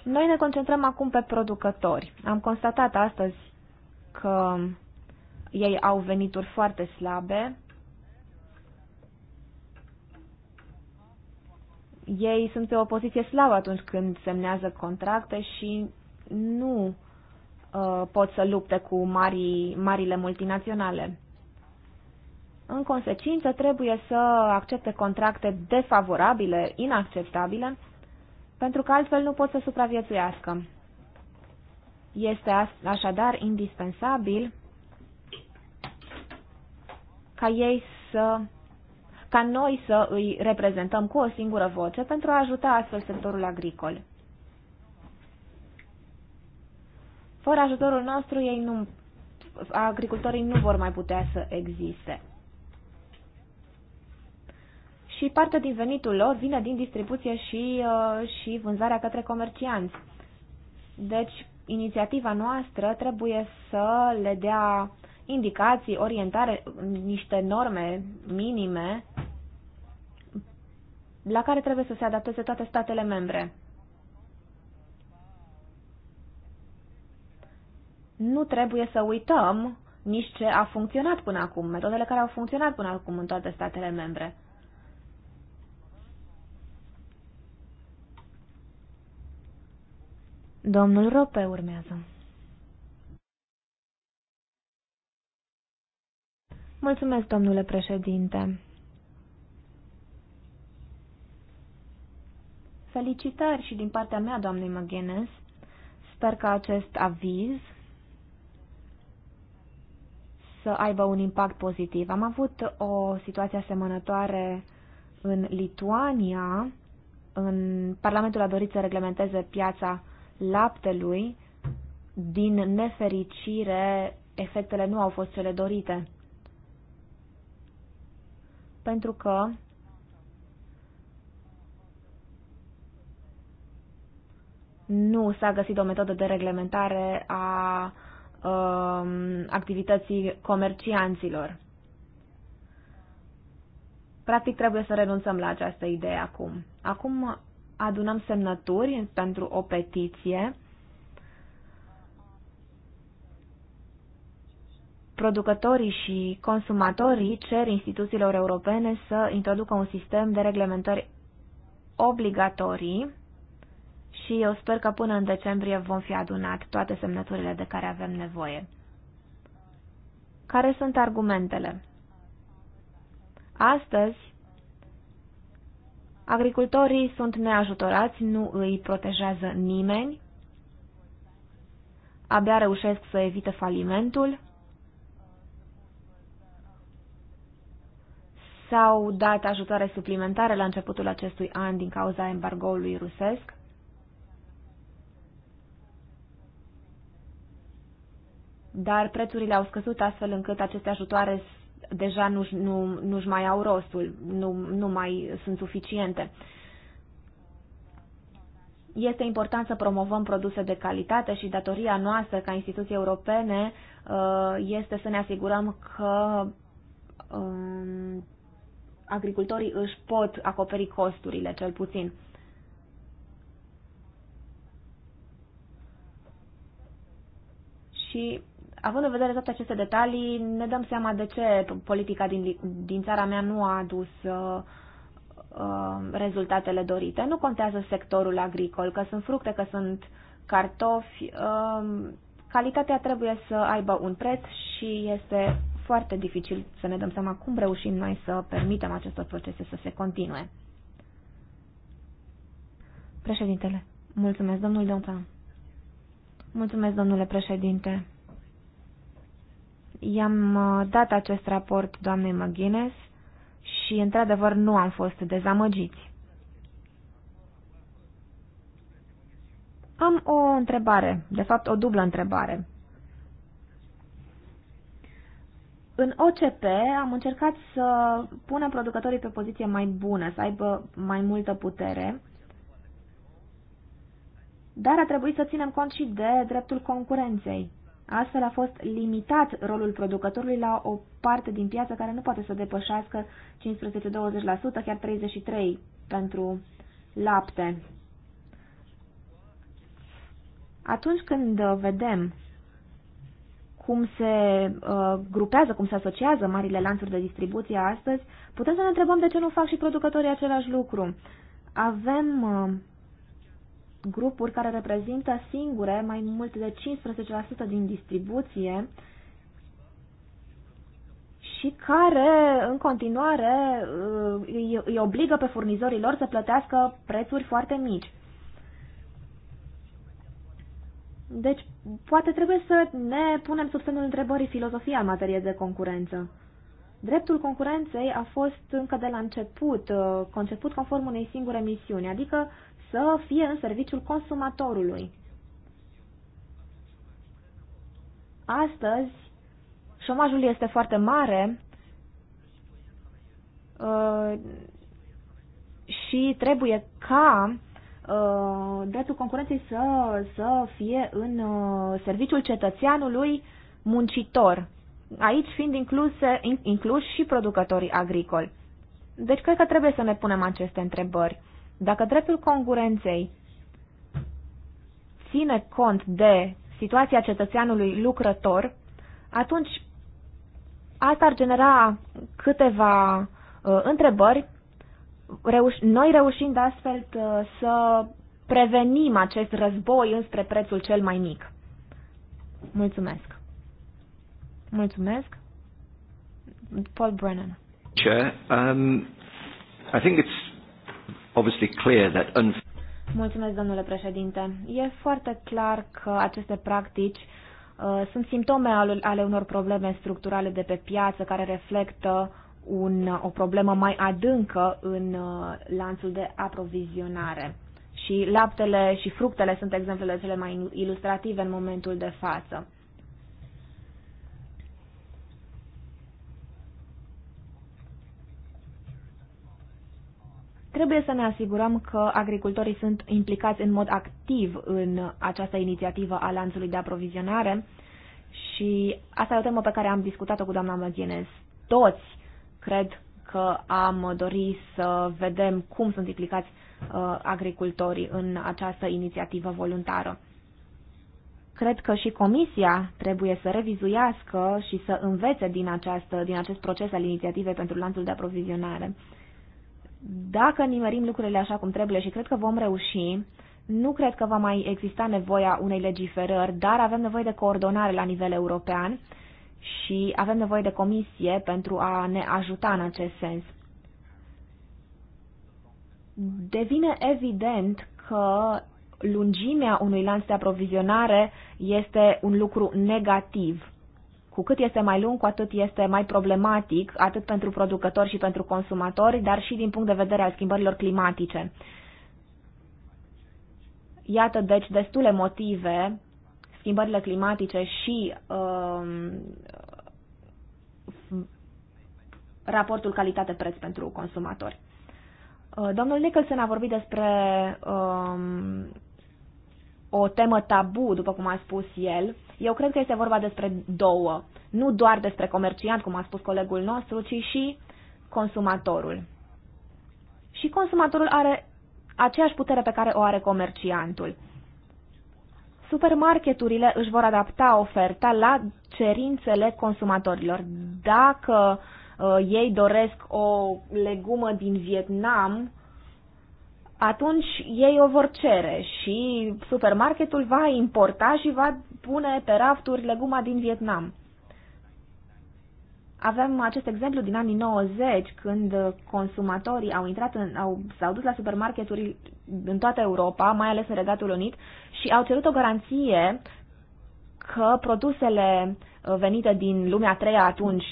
Noi ne concentrăm acum pe producători. Am constatat astăzi că ei au venituri foarte slabe. Ei sunt pe o poziție slabă atunci când semnează contracte și nu uh, pot să lupte cu marii, marile multinaționale. În consecință, trebuie să accepte contracte defavorabile, inacceptabile, pentru că altfel nu pot să supraviețuiască. Este așadar indispensabil ca ei să ca noi să îi reprezentăm cu o singură voce pentru a ajuta astfel sectorul agricol. Fără ajutorul nostru, ei nu, agricultorii nu vor mai putea să existe și parte din venitul lor vine din distribuție și, uh, și vânzarea către comercianți. Deci, inițiativa noastră trebuie să le dea indicații, orientare, niște norme minime la care trebuie să se adapteze toate statele membre. Nu trebuie să uităm nici ce a funcționat până acum, metodele care au funcționat până acum în toate statele membre. Domnul Rope urmează. Mulțumesc, domnule președinte. Felicitări și din partea mea, doamnei McGuinness. Sper că acest aviz să aibă un impact pozitiv. Am avut o situație asemănătoare în Lituania. În Parlamentul a dorit să reglementeze piața laptelui, din nefericire, efectele nu au fost cele dorite. Pentru că nu s-a găsit o metodă de reglementare a um, activității comercianților. Practic trebuie să renunțăm la această idee acum. Acum adunăm semnături pentru o petiție producătorii și consumatorii cer instituțiilor europene să introducă un sistem de reglementări obligatorii și eu sper că până în decembrie vom fi adunat toate semnăturile de care avem nevoie. Care sunt argumentele? Astăzi Agricultorii sunt neajutorați, nu îi protejează nimeni, abia reușesc să evite falimentul, s-au dat ajutoare suplimentare la începutul acestui an din cauza embargoului rusesc. Dar prețurile au scăzut astfel încât aceste ajutoare deja nu nu, nu nu-și mai au rostul, nu, nu mai sunt suficiente. Este important să promovăm produse de calitate și datoria noastră ca instituții europene uh, este să ne asigurăm că um, agricultorii își pot acoperi costurile, cel puțin. Și Având în vedere toate aceste detalii, ne dăm seama de ce politica din, din țara mea nu a adus uh, uh, rezultatele dorite. Nu contează sectorul agricol, că sunt fructe, că sunt cartofi. Uh, calitatea trebuie să aibă un preț și este foarte dificil să ne dăm seama cum reușim noi să permitem acestor procese să se continue. Președintele, mulțumesc, domnul Dompan. Mulțumesc, domnule președinte. I-am uh, dat acest raport doamnei McGuinness și, într-adevăr, nu am fost dezamăgiți. Am o întrebare, de fapt o dublă întrebare. În OCP am încercat să punem producătorii pe poziție mai bună, să aibă mai multă putere, dar a trebuit să ținem cont și de dreptul concurenței. Astfel a fost limitat rolul producătorului la o parte din piață care nu poate să depășească 15-20%, chiar 33% pentru lapte. Atunci când vedem cum se uh, grupează, cum se asociază marile lanțuri de distribuție astăzi, putem să ne întrebăm de ce nu fac și producătorii același lucru. Avem uh, grupuri care reprezintă singure mai mult de 15% din distribuție și care în continuare îi, îi obligă pe furnizorii lor să plătească prețuri foarte mici. Deci, poate trebuie să ne punem sub semnul întrebării filozofia în materie de concurență. Dreptul concurenței a fost încă de la început uh, conceput conform unei singure misiuni, adică să fie în serviciul consumatorului. Astăzi, șomajul este foarte mare uh, și trebuie ca uh, dreptul concurenței să, să fie în uh, serviciul cetățeanului muncitor, aici fiind incluse, inclus și producătorii agricoli. Deci cred că trebuie să ne punem aceste întrebări. Dacă dreptul concurenței ține cont de situația cetățeanului lucrător, atunci asta ar genera câteva uh, întrebări, reuș- noi reușind astfel uh, să prevenim acest război înspre prețul cel mai mic. Mulțumesc. Mulțumesc. Paul Brennan. Chair, um, I think it's obviously clear that Mulțumesc, domnule președinte. E foarte clar că aceste practici uh, sunt simptome ale unor probleme structurale de pe piață care reflectă un, o problemă mai adâncă în uh, lanțul de aprovizionare. Și laptele și fructele sunt exemplele cele mai ilustrative în momentul de față. Trebuie să ne asigurăm că agricultorii sunt implicați în mod activ în această inițiativă a lanțului de aprovizionare și asta e o temă pe care am discutat-o cu doamna Măghinez. Toți cred că am dorit să vedem cum sunt implicați uh, agricultorii în această inițiativă voluntară. Cred că și Comisia trebuie să revizuiască și să învețe din, această, din acest proces al inițiativei pentru lanțul de aprovizionare. Dacă nimerim lucrurile așa cum trebuie și cred că vom reuși, nu cred că va mai exista nevoia unei legiferări, dar avem nevoie de coordonare la nivel european și avem nevoie de comisie pentru a ne ajuta în acest sens. Devine evident că lungimea unui lanț de aprovizionare este un lucru negativ cu cât este mai lung, cu atât este mai problematic, atât pentru producători și pentru consumatori, dar și din punct de vedere al schimbărilor climatice. Iată, deci, destule motive, schimbările climatice și uh, raportul calitate-preț pentru consumatori. Uh, domnul Nicholson a vorbit despre uh, o temă tabu, după cum a spus el, eu cred că este vorba despre două. Nu doar despre comerciant, cum a spus colegul nostru, ci și consumatorul. Și consumatorul are aceeași putere pe care o are comerciantul. Supermarketurile își vor adapta oferta la cerințele consumatorilor. Dacă uh, ei doresc o legumă din Vietnam, atunci ei o vor cere și supermarketul va importa și va pune pe rafturi leguma din Vietnam. Avem acest exemplu din anii 90, când consumatorii au intrat în, au, s-au dus la supermarketuri în toată Europa, mai ales în Regatul Unit, și au cerut o garanție că produsele venite din lumea treia atunci,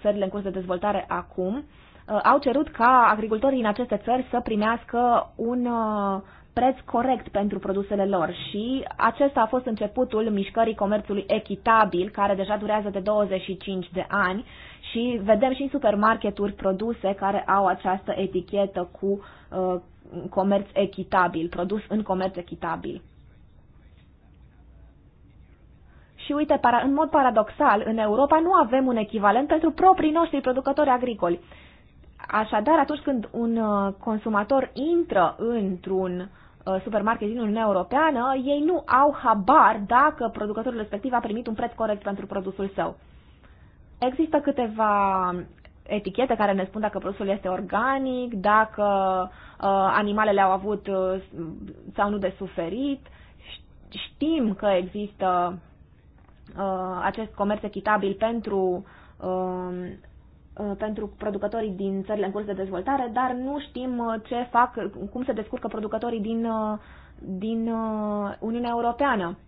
țările în curs de dezvoltare acum, Uh, au cerut ca agricultorii în aceste țări să primească un uh, preț corect pentru produsele lor și acesta a fost începutul mișcării comerțului echitabil, care deja durează de 25 de ani și vedem și în supermarketuri produse care au această etichetă cu uh, comerț echitabil, produs în comerț echitabil. Și uite, para, în mod paradoxal, în Europa nu avem un echivalent pentru proprii noștri producători agricoli. Așadar, atunci când un uh, consumator intră într-un uh, supermarket din Uniunea Europeană, ei nu au habar dacă producătorul respectiv a primit un preț corect pentru produsul său. Există câteva etichete care ne spun dacă produsul este organic, dacă uh, animalele au avut uh, sau nu de suferit. Știm că există uh, acest comerț echitabil pentru uh, Uh, pentru producătorii din țările în curs de dezvoltare, dar nu știm uh, ce fac, cum se descurcă producătorii din, uh, din Uniunea Europeană.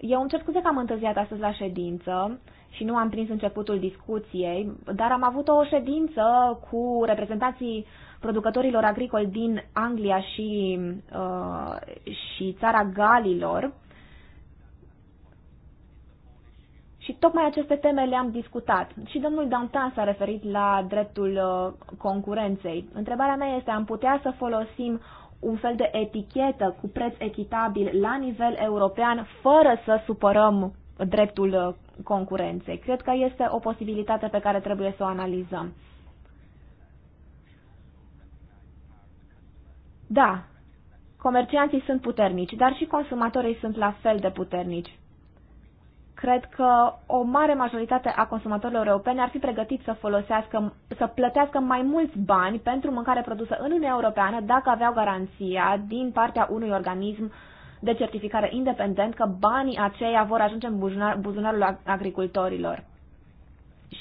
Eu îmi cer scuze că am întârziat astăzi la ședință și nu am prins începutul discuției, dar am avut o ședință cu reprezentanții producătorilor agricoli din Anglia și, uh, și țara Galilor Și tocmai aceste teme le-am discutat. Și domnul Dantan s-a referit la dreptul uh, concurenței. Întrebarea mea este, am putea să folosim un fel de etichetă cu preț echitabil la nivel european fără să supărăm dreptul uh, concurenței. Cred că este o posibilitate pe care trebuie să o analizăm. Da, comercianții sunt puternici, dar și consumatorii sunt la fel de puternici cred că o mare majoritate a consumatorilor europeni ar fi pregătit să folosească, să plătească mai mulți bani pentru mâncare produsă în Uniunea Europeană dacă aveau garanția din partea unui organism de certificare independent că banii aceia vor ajunge în buzunar, buzunarul agricultorilor.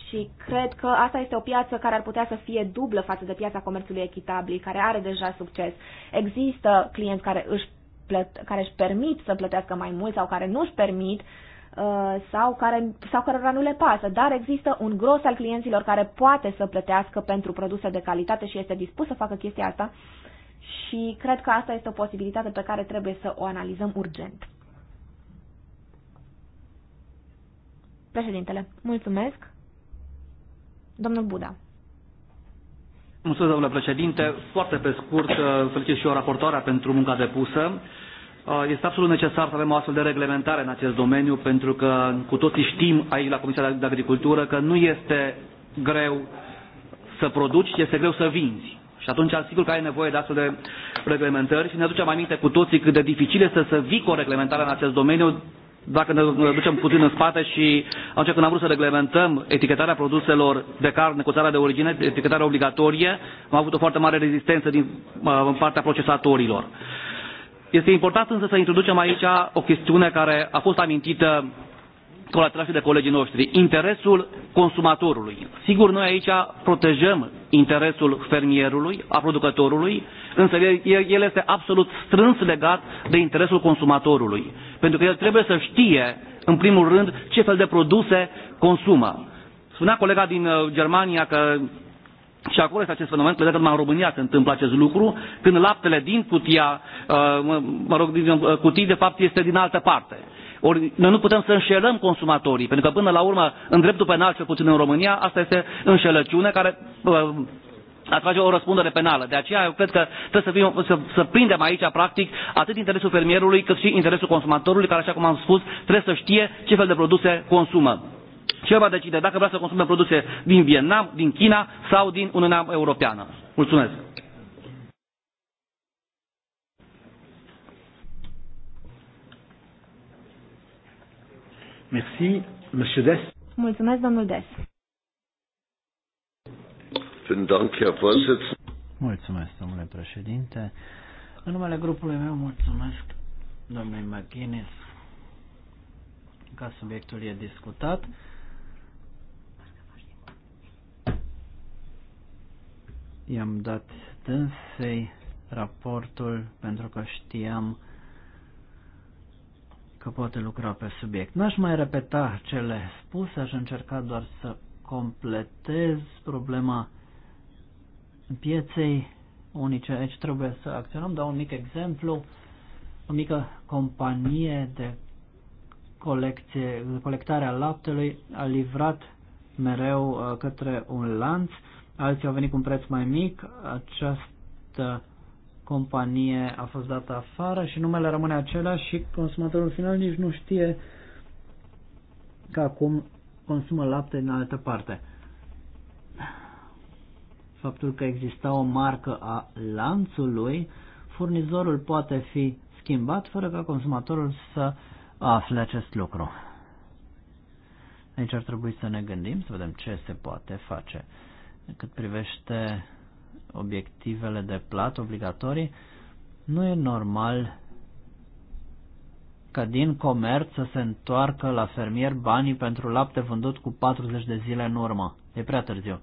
Și cred că asta este o piață care ar putea să fie dublă față de piața comerțului echitabil, care are deja succes. Există clienți care își plăt, care își permit să plătească mai mult sau care nu își permit Uh, sau care, sau cărora nu le pasă, dar există un gros al clienților care poate să plătească pentru produse de calitate și este dispus să facă chestia asta și cred că asta este o posibilitate pe care trebuie să o analizăm urgent. Președintele, mulțumesc. Domnul Buda. Mulțumesc, domnule președinte. Foarte pe scurt, felicit și eu raportoarea pentru munca depusă. Uh, este absolut necesar să avem o astfel de reglementare în acest domeniu, pentru că cu toții știm aici la Comisia de Agricultură că nu este greu să produci, este greu să vinzi. Și atunci, sigur că ai nevoie de astfel de reglementări și ne aducem aminte cu toții cât de dificil este să vii cu o reglementare în acest domeniu dacă ne ducem puțin în spate și atunci când am vrut să reglementăm etichetarea produselor de carne cu țara de origine, etichetarea obligatorie, am avut o foarte mare rezistență din uh, partea procesatorilor. Este important însă să introducem aici o chestiune care a fost amintită colateral de colegii noștri, interesul consumatorului. Sigur, noi aici protejăm interesul fermierului, a producătorului, însă el este absolut strâns legat de interesul consumatorului, pentru că el trebuie să știe, în primul rând, ce fel de produse consumă. Spunea colega din uh, Germania că și acolo este acest fenomen, cred că numai în România se întâmplă acest lucru, când laptele din cutia, uh, mă rog, din uh, cutii, de fapt, este din altă parte. Ori noi nu putem să înșelăm consumatorii, pentru că până la urmă, în dreptul penal, cel puțin în România, asta este înșelăciune care uh, atrage o răspundere penală. De aceea eu cred că trebuie să, fim, să, să prindem aici, practic, atât interesul fermierului cât și interesul consumatorului, care, așa cum am spus, trebuie să știe ce fel de produse consumă cel va decide dacă vrea să consume produse din Vietnam, din China sau din Uniunea Europeană. Mulțumesc! Merci, Monsieur Des. Mulțumesc, domnul Des. Mulțumesc, domnule președinte. În numele grupului meu mulțumesc domnului McGuinness ca subiectul e discutat. i-am dat dânsei raportul pentru că știam că poate lucra pe subiect. N-aș mai repeta cele spuse, aș încerca doar să completez problema pieței unice. Aici trebuie să acționăm, dau un mic exemplu. O mică companie de colecție, colectare a laptelui a livrat mereu uh, către un lanț alții au venit cu un preț mai mic, această companie a fost dată afară și numele rămâne același și consumatorul final nici nu știe că acum consumă lapte în altă parte. Faptul că exista o marcă a lanțului, furnizorul poate fi schimbat fără ca consumatorul să afle acest lucru. Aici ar trebui să ne gândim, să vedem ce se poate face cât privește obiectivele de plată obligatorii, nu e normal că din comerț să se întoarcă la fermier banii pentru lapte vândut cu 40 de zile în urmă. E prea târziu.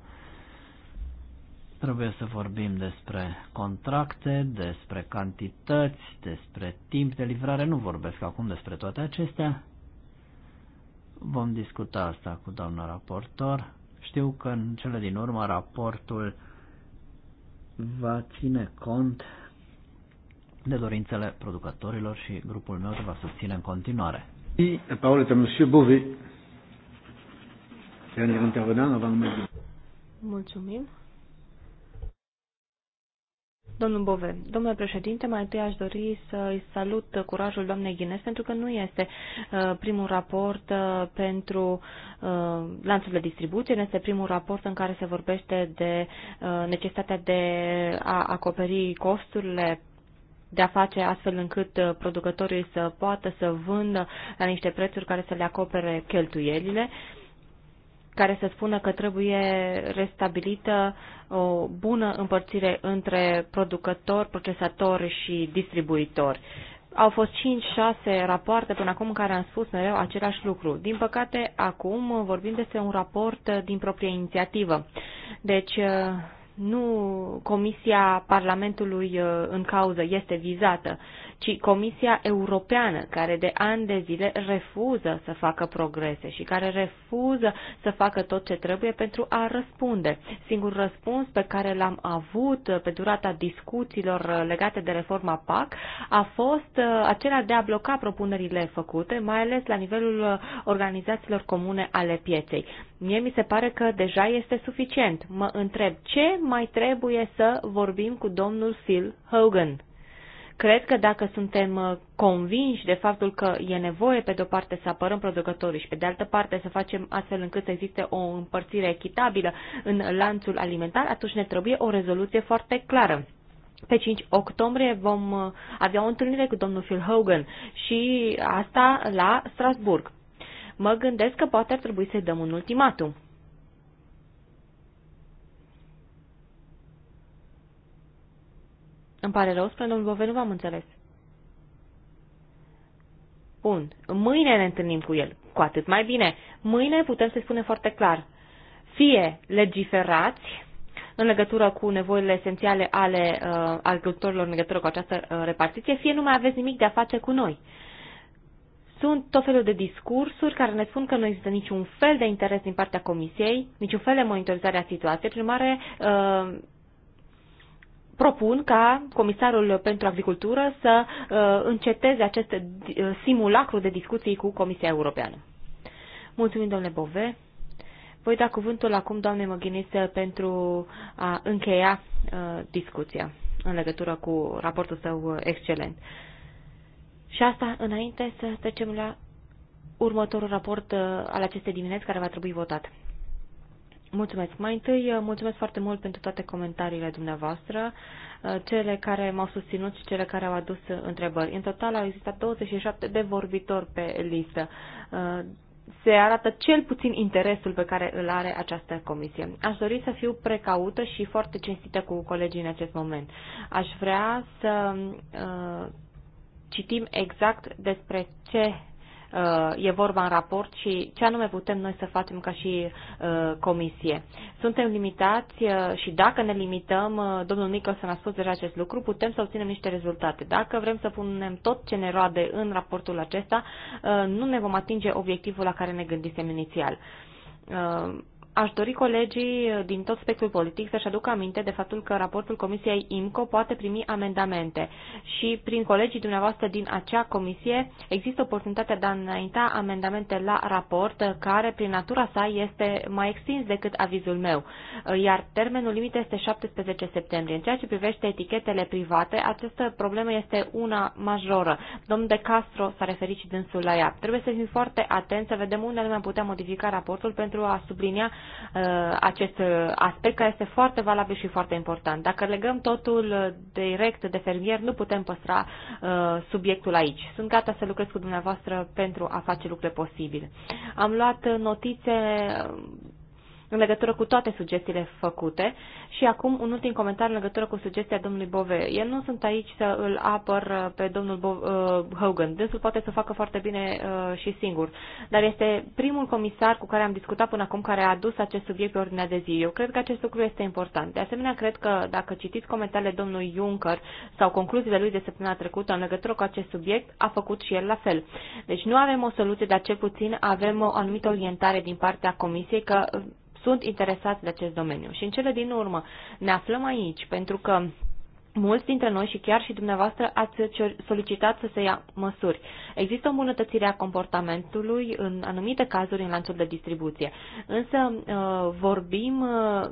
Trebuie să vorbim despre contracte, despre cantități, despre timp de livrare. Nu vorbesc acum despre toate acestea. Vom discuta asta cu doamna raportor. Știu că în cele din urmă raportul va ține cont de dorințele producătorilor și grupul meu te va susține în continuare. Parole este Monsieur Beauvais. Mulțumim. Domnul Bove, domnule președinte, mai întâi aș dori să-i salut curajul doamnei Ghines pentru că nu este uh, primul raport uh, pentru uh, lanțul de distribuție, este primul raport în care se vorbește de necesitatea de a acoperi costurile de a face astfel încât producătorii să poată să vândă la niște prețuri care să le acopere cheltuielile. Uh, care să spună că trebuie restabilită o bună împărțire între producători, procesatori și distribuitori. Au fost 5-6 rapoarte până acum care am spus mereu același lucru. Din păcate, acum vorbim despre un raport din proprie inițiativă. Deci, uh, nu Comisia Parlamentului uh, în cauză este vizată, ci Comisia Europeană, care de ani de zile refuză să facă progrese și care refuză să facă tot ce trebuie pentru a răspunde. Singurul răspuns pe care l-am avut pe durata discuțiilor legate de reforma PAC a fost uh, acela de a bloca propunerile făcute, mai ales la nivelul uh, organizațiilor comune ale pieței. Mie mi se pare că deja este suficient. Mă întreb ce mai trebuie să vorbim cu domnul Phil Hogan. Cred că dacă suntem uh, convinși de faptul că e nevoie, pe de-o parte, să apărăm producătorii și, pe de altă parte, să facem astfel încât să existe o împărțire echitabilă în lanțul alimentar, atunci ne trebuie o rezoluție foarte clară. Pe 5 octombrie vom uh, avea o întâlnire cu domnul Phil Hogan și asta la Strasburg. Mă gândesc că poate ar trebui să-i dăm un ultimatum. Îmi pare rău, spre domnul Bove, nu v-am înțeles. Bun, mâine ne întâlnim cu el, cu atât mai bine. Mâine putem să spunem foarte clar, fie legiferați în legătură cu nevoile esențiale ale uh, agricultorilor în legătură cu această uh, repartiție, fie nu mai aveți nimic de a face cu noi. Sunt tot felul de discursuri care ne spun că nu există niciun fel de interes din partea Comisiei, niciun fel de monitorizare a situației, prin urmare uh, propun ca Comisarul pentru Agricultură să uh, înceteze acest uh, simulacru de discuții cu Comisia Europeană. Mulțumim, domnule Bove. Voi da cuvântul acum, doamne Măghinise, pentru a încheia uh, discuția în legătură cu raportul său excelent. Și asta înainte să trecem la următorul raport al acestei dimineți care va trebui votat. Mulțumesc. Mai întâi, uh, mulțumesc foarte mult pentru toate comentariile dumneavoastră, uh, cele care m-au susținut și cele care au adus uh, întrebări. În total au existat 27 de vorbitori pe listă. Se arată cel puțin interesul pe care îl are această comisie. Aș dori să fiu precaută și foarte cinstită cu colegii în acest moment. Aș vrea să citim exact despre ce Uh, e vorba în raport și ce anume putem noi să facem ca și uh, comisie. Suntem limitați uh, și dacă ne limităm, domnul Nicholson a spus deja acest lucru, putem să obținem niște rezultate. Dacă vrem să punem tot ce ne roade în raportul acesta, nu ne vom atinge obiectivul la care ne gândisem inițial Aș dori colegii uh, din tot spectrul politic să-și aducă aminte de faptul că raportul Comisiei IMCO poate primi amendamente și prin colegii dumneavoastră din acea comisie există oportunitatea de a înainta amendamente la raport uh, care prin natura sa este mai extins decât avizul meu, uh, iar termenul limit este 17 septembrie. În ceea ce privește etichetele private, această problemă este una majoră. Domnul De Castro s-a referit și dânsul la ea. Trebuie să fim foarte atenți să vedem unde anume am putea modifica raportul pentru a sublinia Uh, acest aspect care este foarte valabil și foarte important. Dacă legăm totul direct de fermier, nu putem păstra uh, subiectul aici. Sunt gata să lucrez cu dumneavoastră pentru a face lucrurile posibile. Am luat notițe în legătură cu toate sugestiile făcute. Și acum un ultim comentariu în legătură cu sugestia domnului Bove. Eu nu sunt aici să îl apăr uh, pe domnul Bo- uh, Hogan. Dânsul poate să facă foarte bine uh, și singur. Dar este primul comisar cu care am discutat până acum care a adus acest subiect pe ordinea de zi. Eu cred că acest lucru este important. De asemenea, cred că dacă citiți comentariile domnului Juncker sau concluziile lui de săptămâna trecută în legătură cu acest subiect, a făcut și el la fel. Deci nu avem o soluție, dar cel puțin avem o anumită orientare din partea Comisiei că sunt interesați de acest domeniu. Și în cele din urmă ne aflăm aici pentru că Mulți dintre noi și chiar și dumneavoastră ați solicitat să se ia măsuri. Există o îmbunătățire a comportamentului în anumite cazuri în lanțul de distribuție, însă uh, vorbim uh,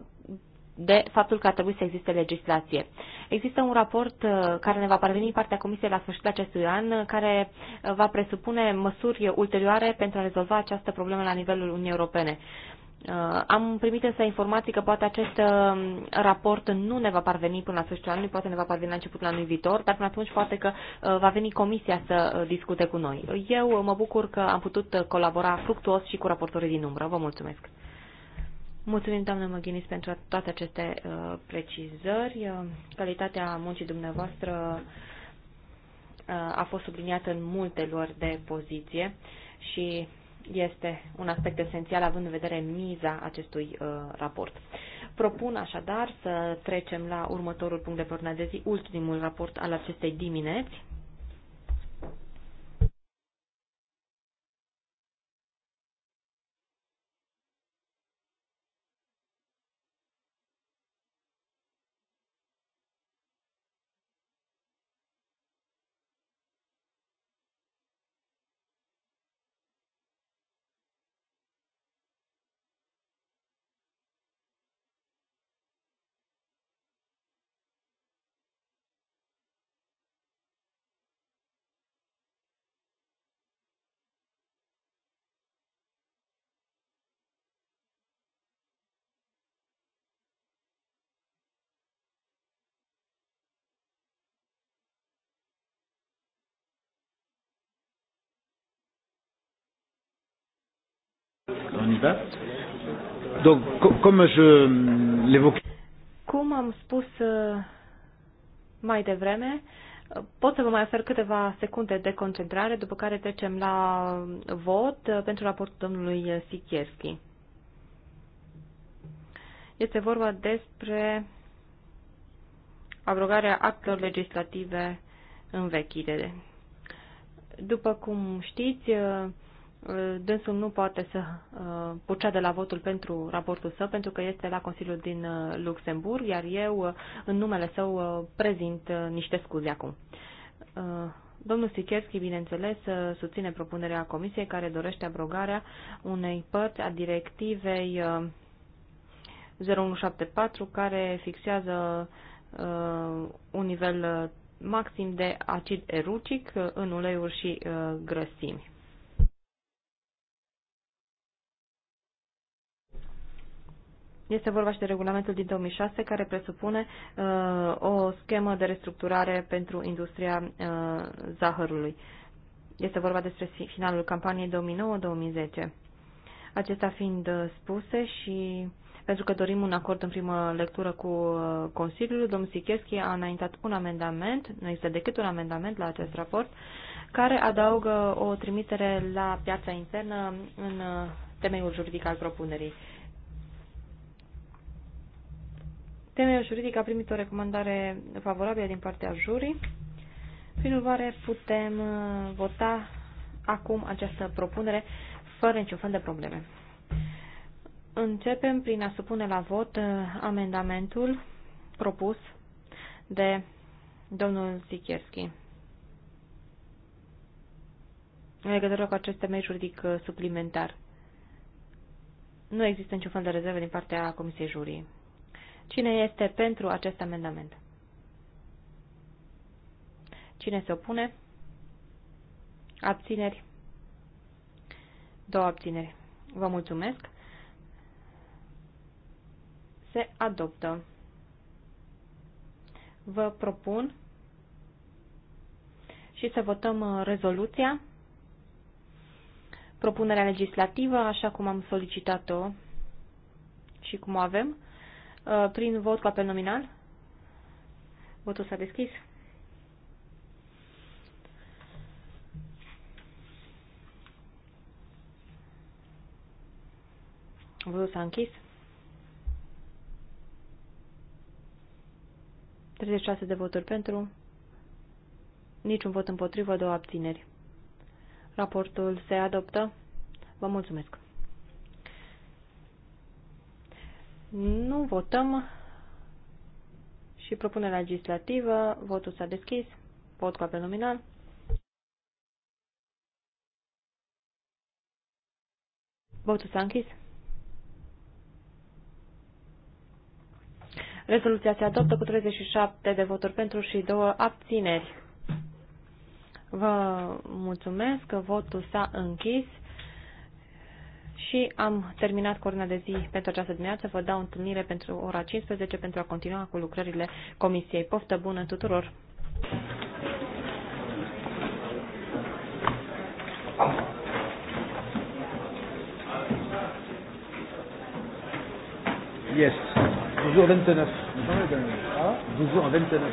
de faptul că ar trebui să existe legislație. Există un raport uh, care ne va parveni în partea Comisiei la sfârșitul acestui an, care va presupune măsuri ulterioare pentru a rezolva această problemă la nivelul Uniunii Europene. Uh, am primit însă informații că poate acest uh, raport nu ne va parveni până la sfârșitul anului, poate ne va parveni la începutul anului viitor, dar până atunci poate că uh, va veni comisia să discute cu noi. Eu mă bucur că am putut colabora fructuos și cu raportorii din umbră. Vă mulțumesc! Mulțumim, doamnă Măghinis, pentru toate aceste uh, precizări. Calitatea muncii dumneavoastră uh, a fost subliniată în multe luări de poziție și este un aspect esențial având în vedere miza acestui uh, raport. Propun așadar să trecem la următorul punct de pornă de zi, ultimul raport al acestei dimineți, On y va Donc, comme je l'évoquais... Cum am spus uh, mai devreme, uh, pot să vă mai ofer câteva secunde de concentrare, după care trecem la vot uh, pentru raportul domnului Sikierski. Este vorba despre abrogarea actelor legislative învechite. După cum știți, Ă, dânsul nu poate să ă, de la votul pentru raportul său, pentru că este la Consiliul din ă, Luxemburg, iar eu, în numele său, prezint niște scuze acum. Domnul Sikerski, bineînțeles, susține propunerea Comisiei care dorește abrogarea unei părți a directivei 0174 care fixează un nivel maxim de acid erucic în uleiuri și grăsimi. Este vorba și de regulamentul din 2006 care presupune uh, o schemă de restructurare pentru industria uh, zahărului. Este vorba despre finalul campaniei 2009-2010. Acestea fiind uh, spuse și pentru că dorim un acord în primă lectură cu uh, Consiliul, domnul Sicheschi a înaintat un amendament, nu există decât un amendament la acest raport, care adaugă o trimitere la piața internă în uh, temeiul juridic al propunerii. Temeiul juridic a primit o recomandare favorabilă din partea jurii. Prin urmare, putem uh, vota acum această propunere fără niciun fel de probleme. Începem prin a supune la vot uh, amendamentul propus de domnul Sikierski. În legătură cu acest temei juridic uh, suplimentar, nu există niciun fel de rezervă din partea Comisiei Jurii. Cine este pentru acest amendament? Cine se opune? Abțineri. Două abțineri. Vă mulțumesc. Se adoptă. Vă propun și să votăm uh, rezoluția, propunerea legislativă, așa cum am solicitat-o și cum o avem. Uh, prin vot cu apel nominal. Votul s-a deschis. Votul s-a închis. 36 de voturi pentru, niciun vot împotrivă, două abțineri. Raportul se adoptă. Vă mulțumesc! Nu votăm și propunerea legislativă. Votul s-a deschis. Vot cu apel nominal. Votul s-a închis. Rezoluția se adoptă cu 37 de voturi pentru și două abțineri. Vă mulțumesc că votul s-a închis și am terminat corona de zi pentru această dimineață. Vă dau întâlnire pentru ora 15 pentru a continua cu lucrările comisiei. Poftă bună tuturor! Yes. 12 29 12 29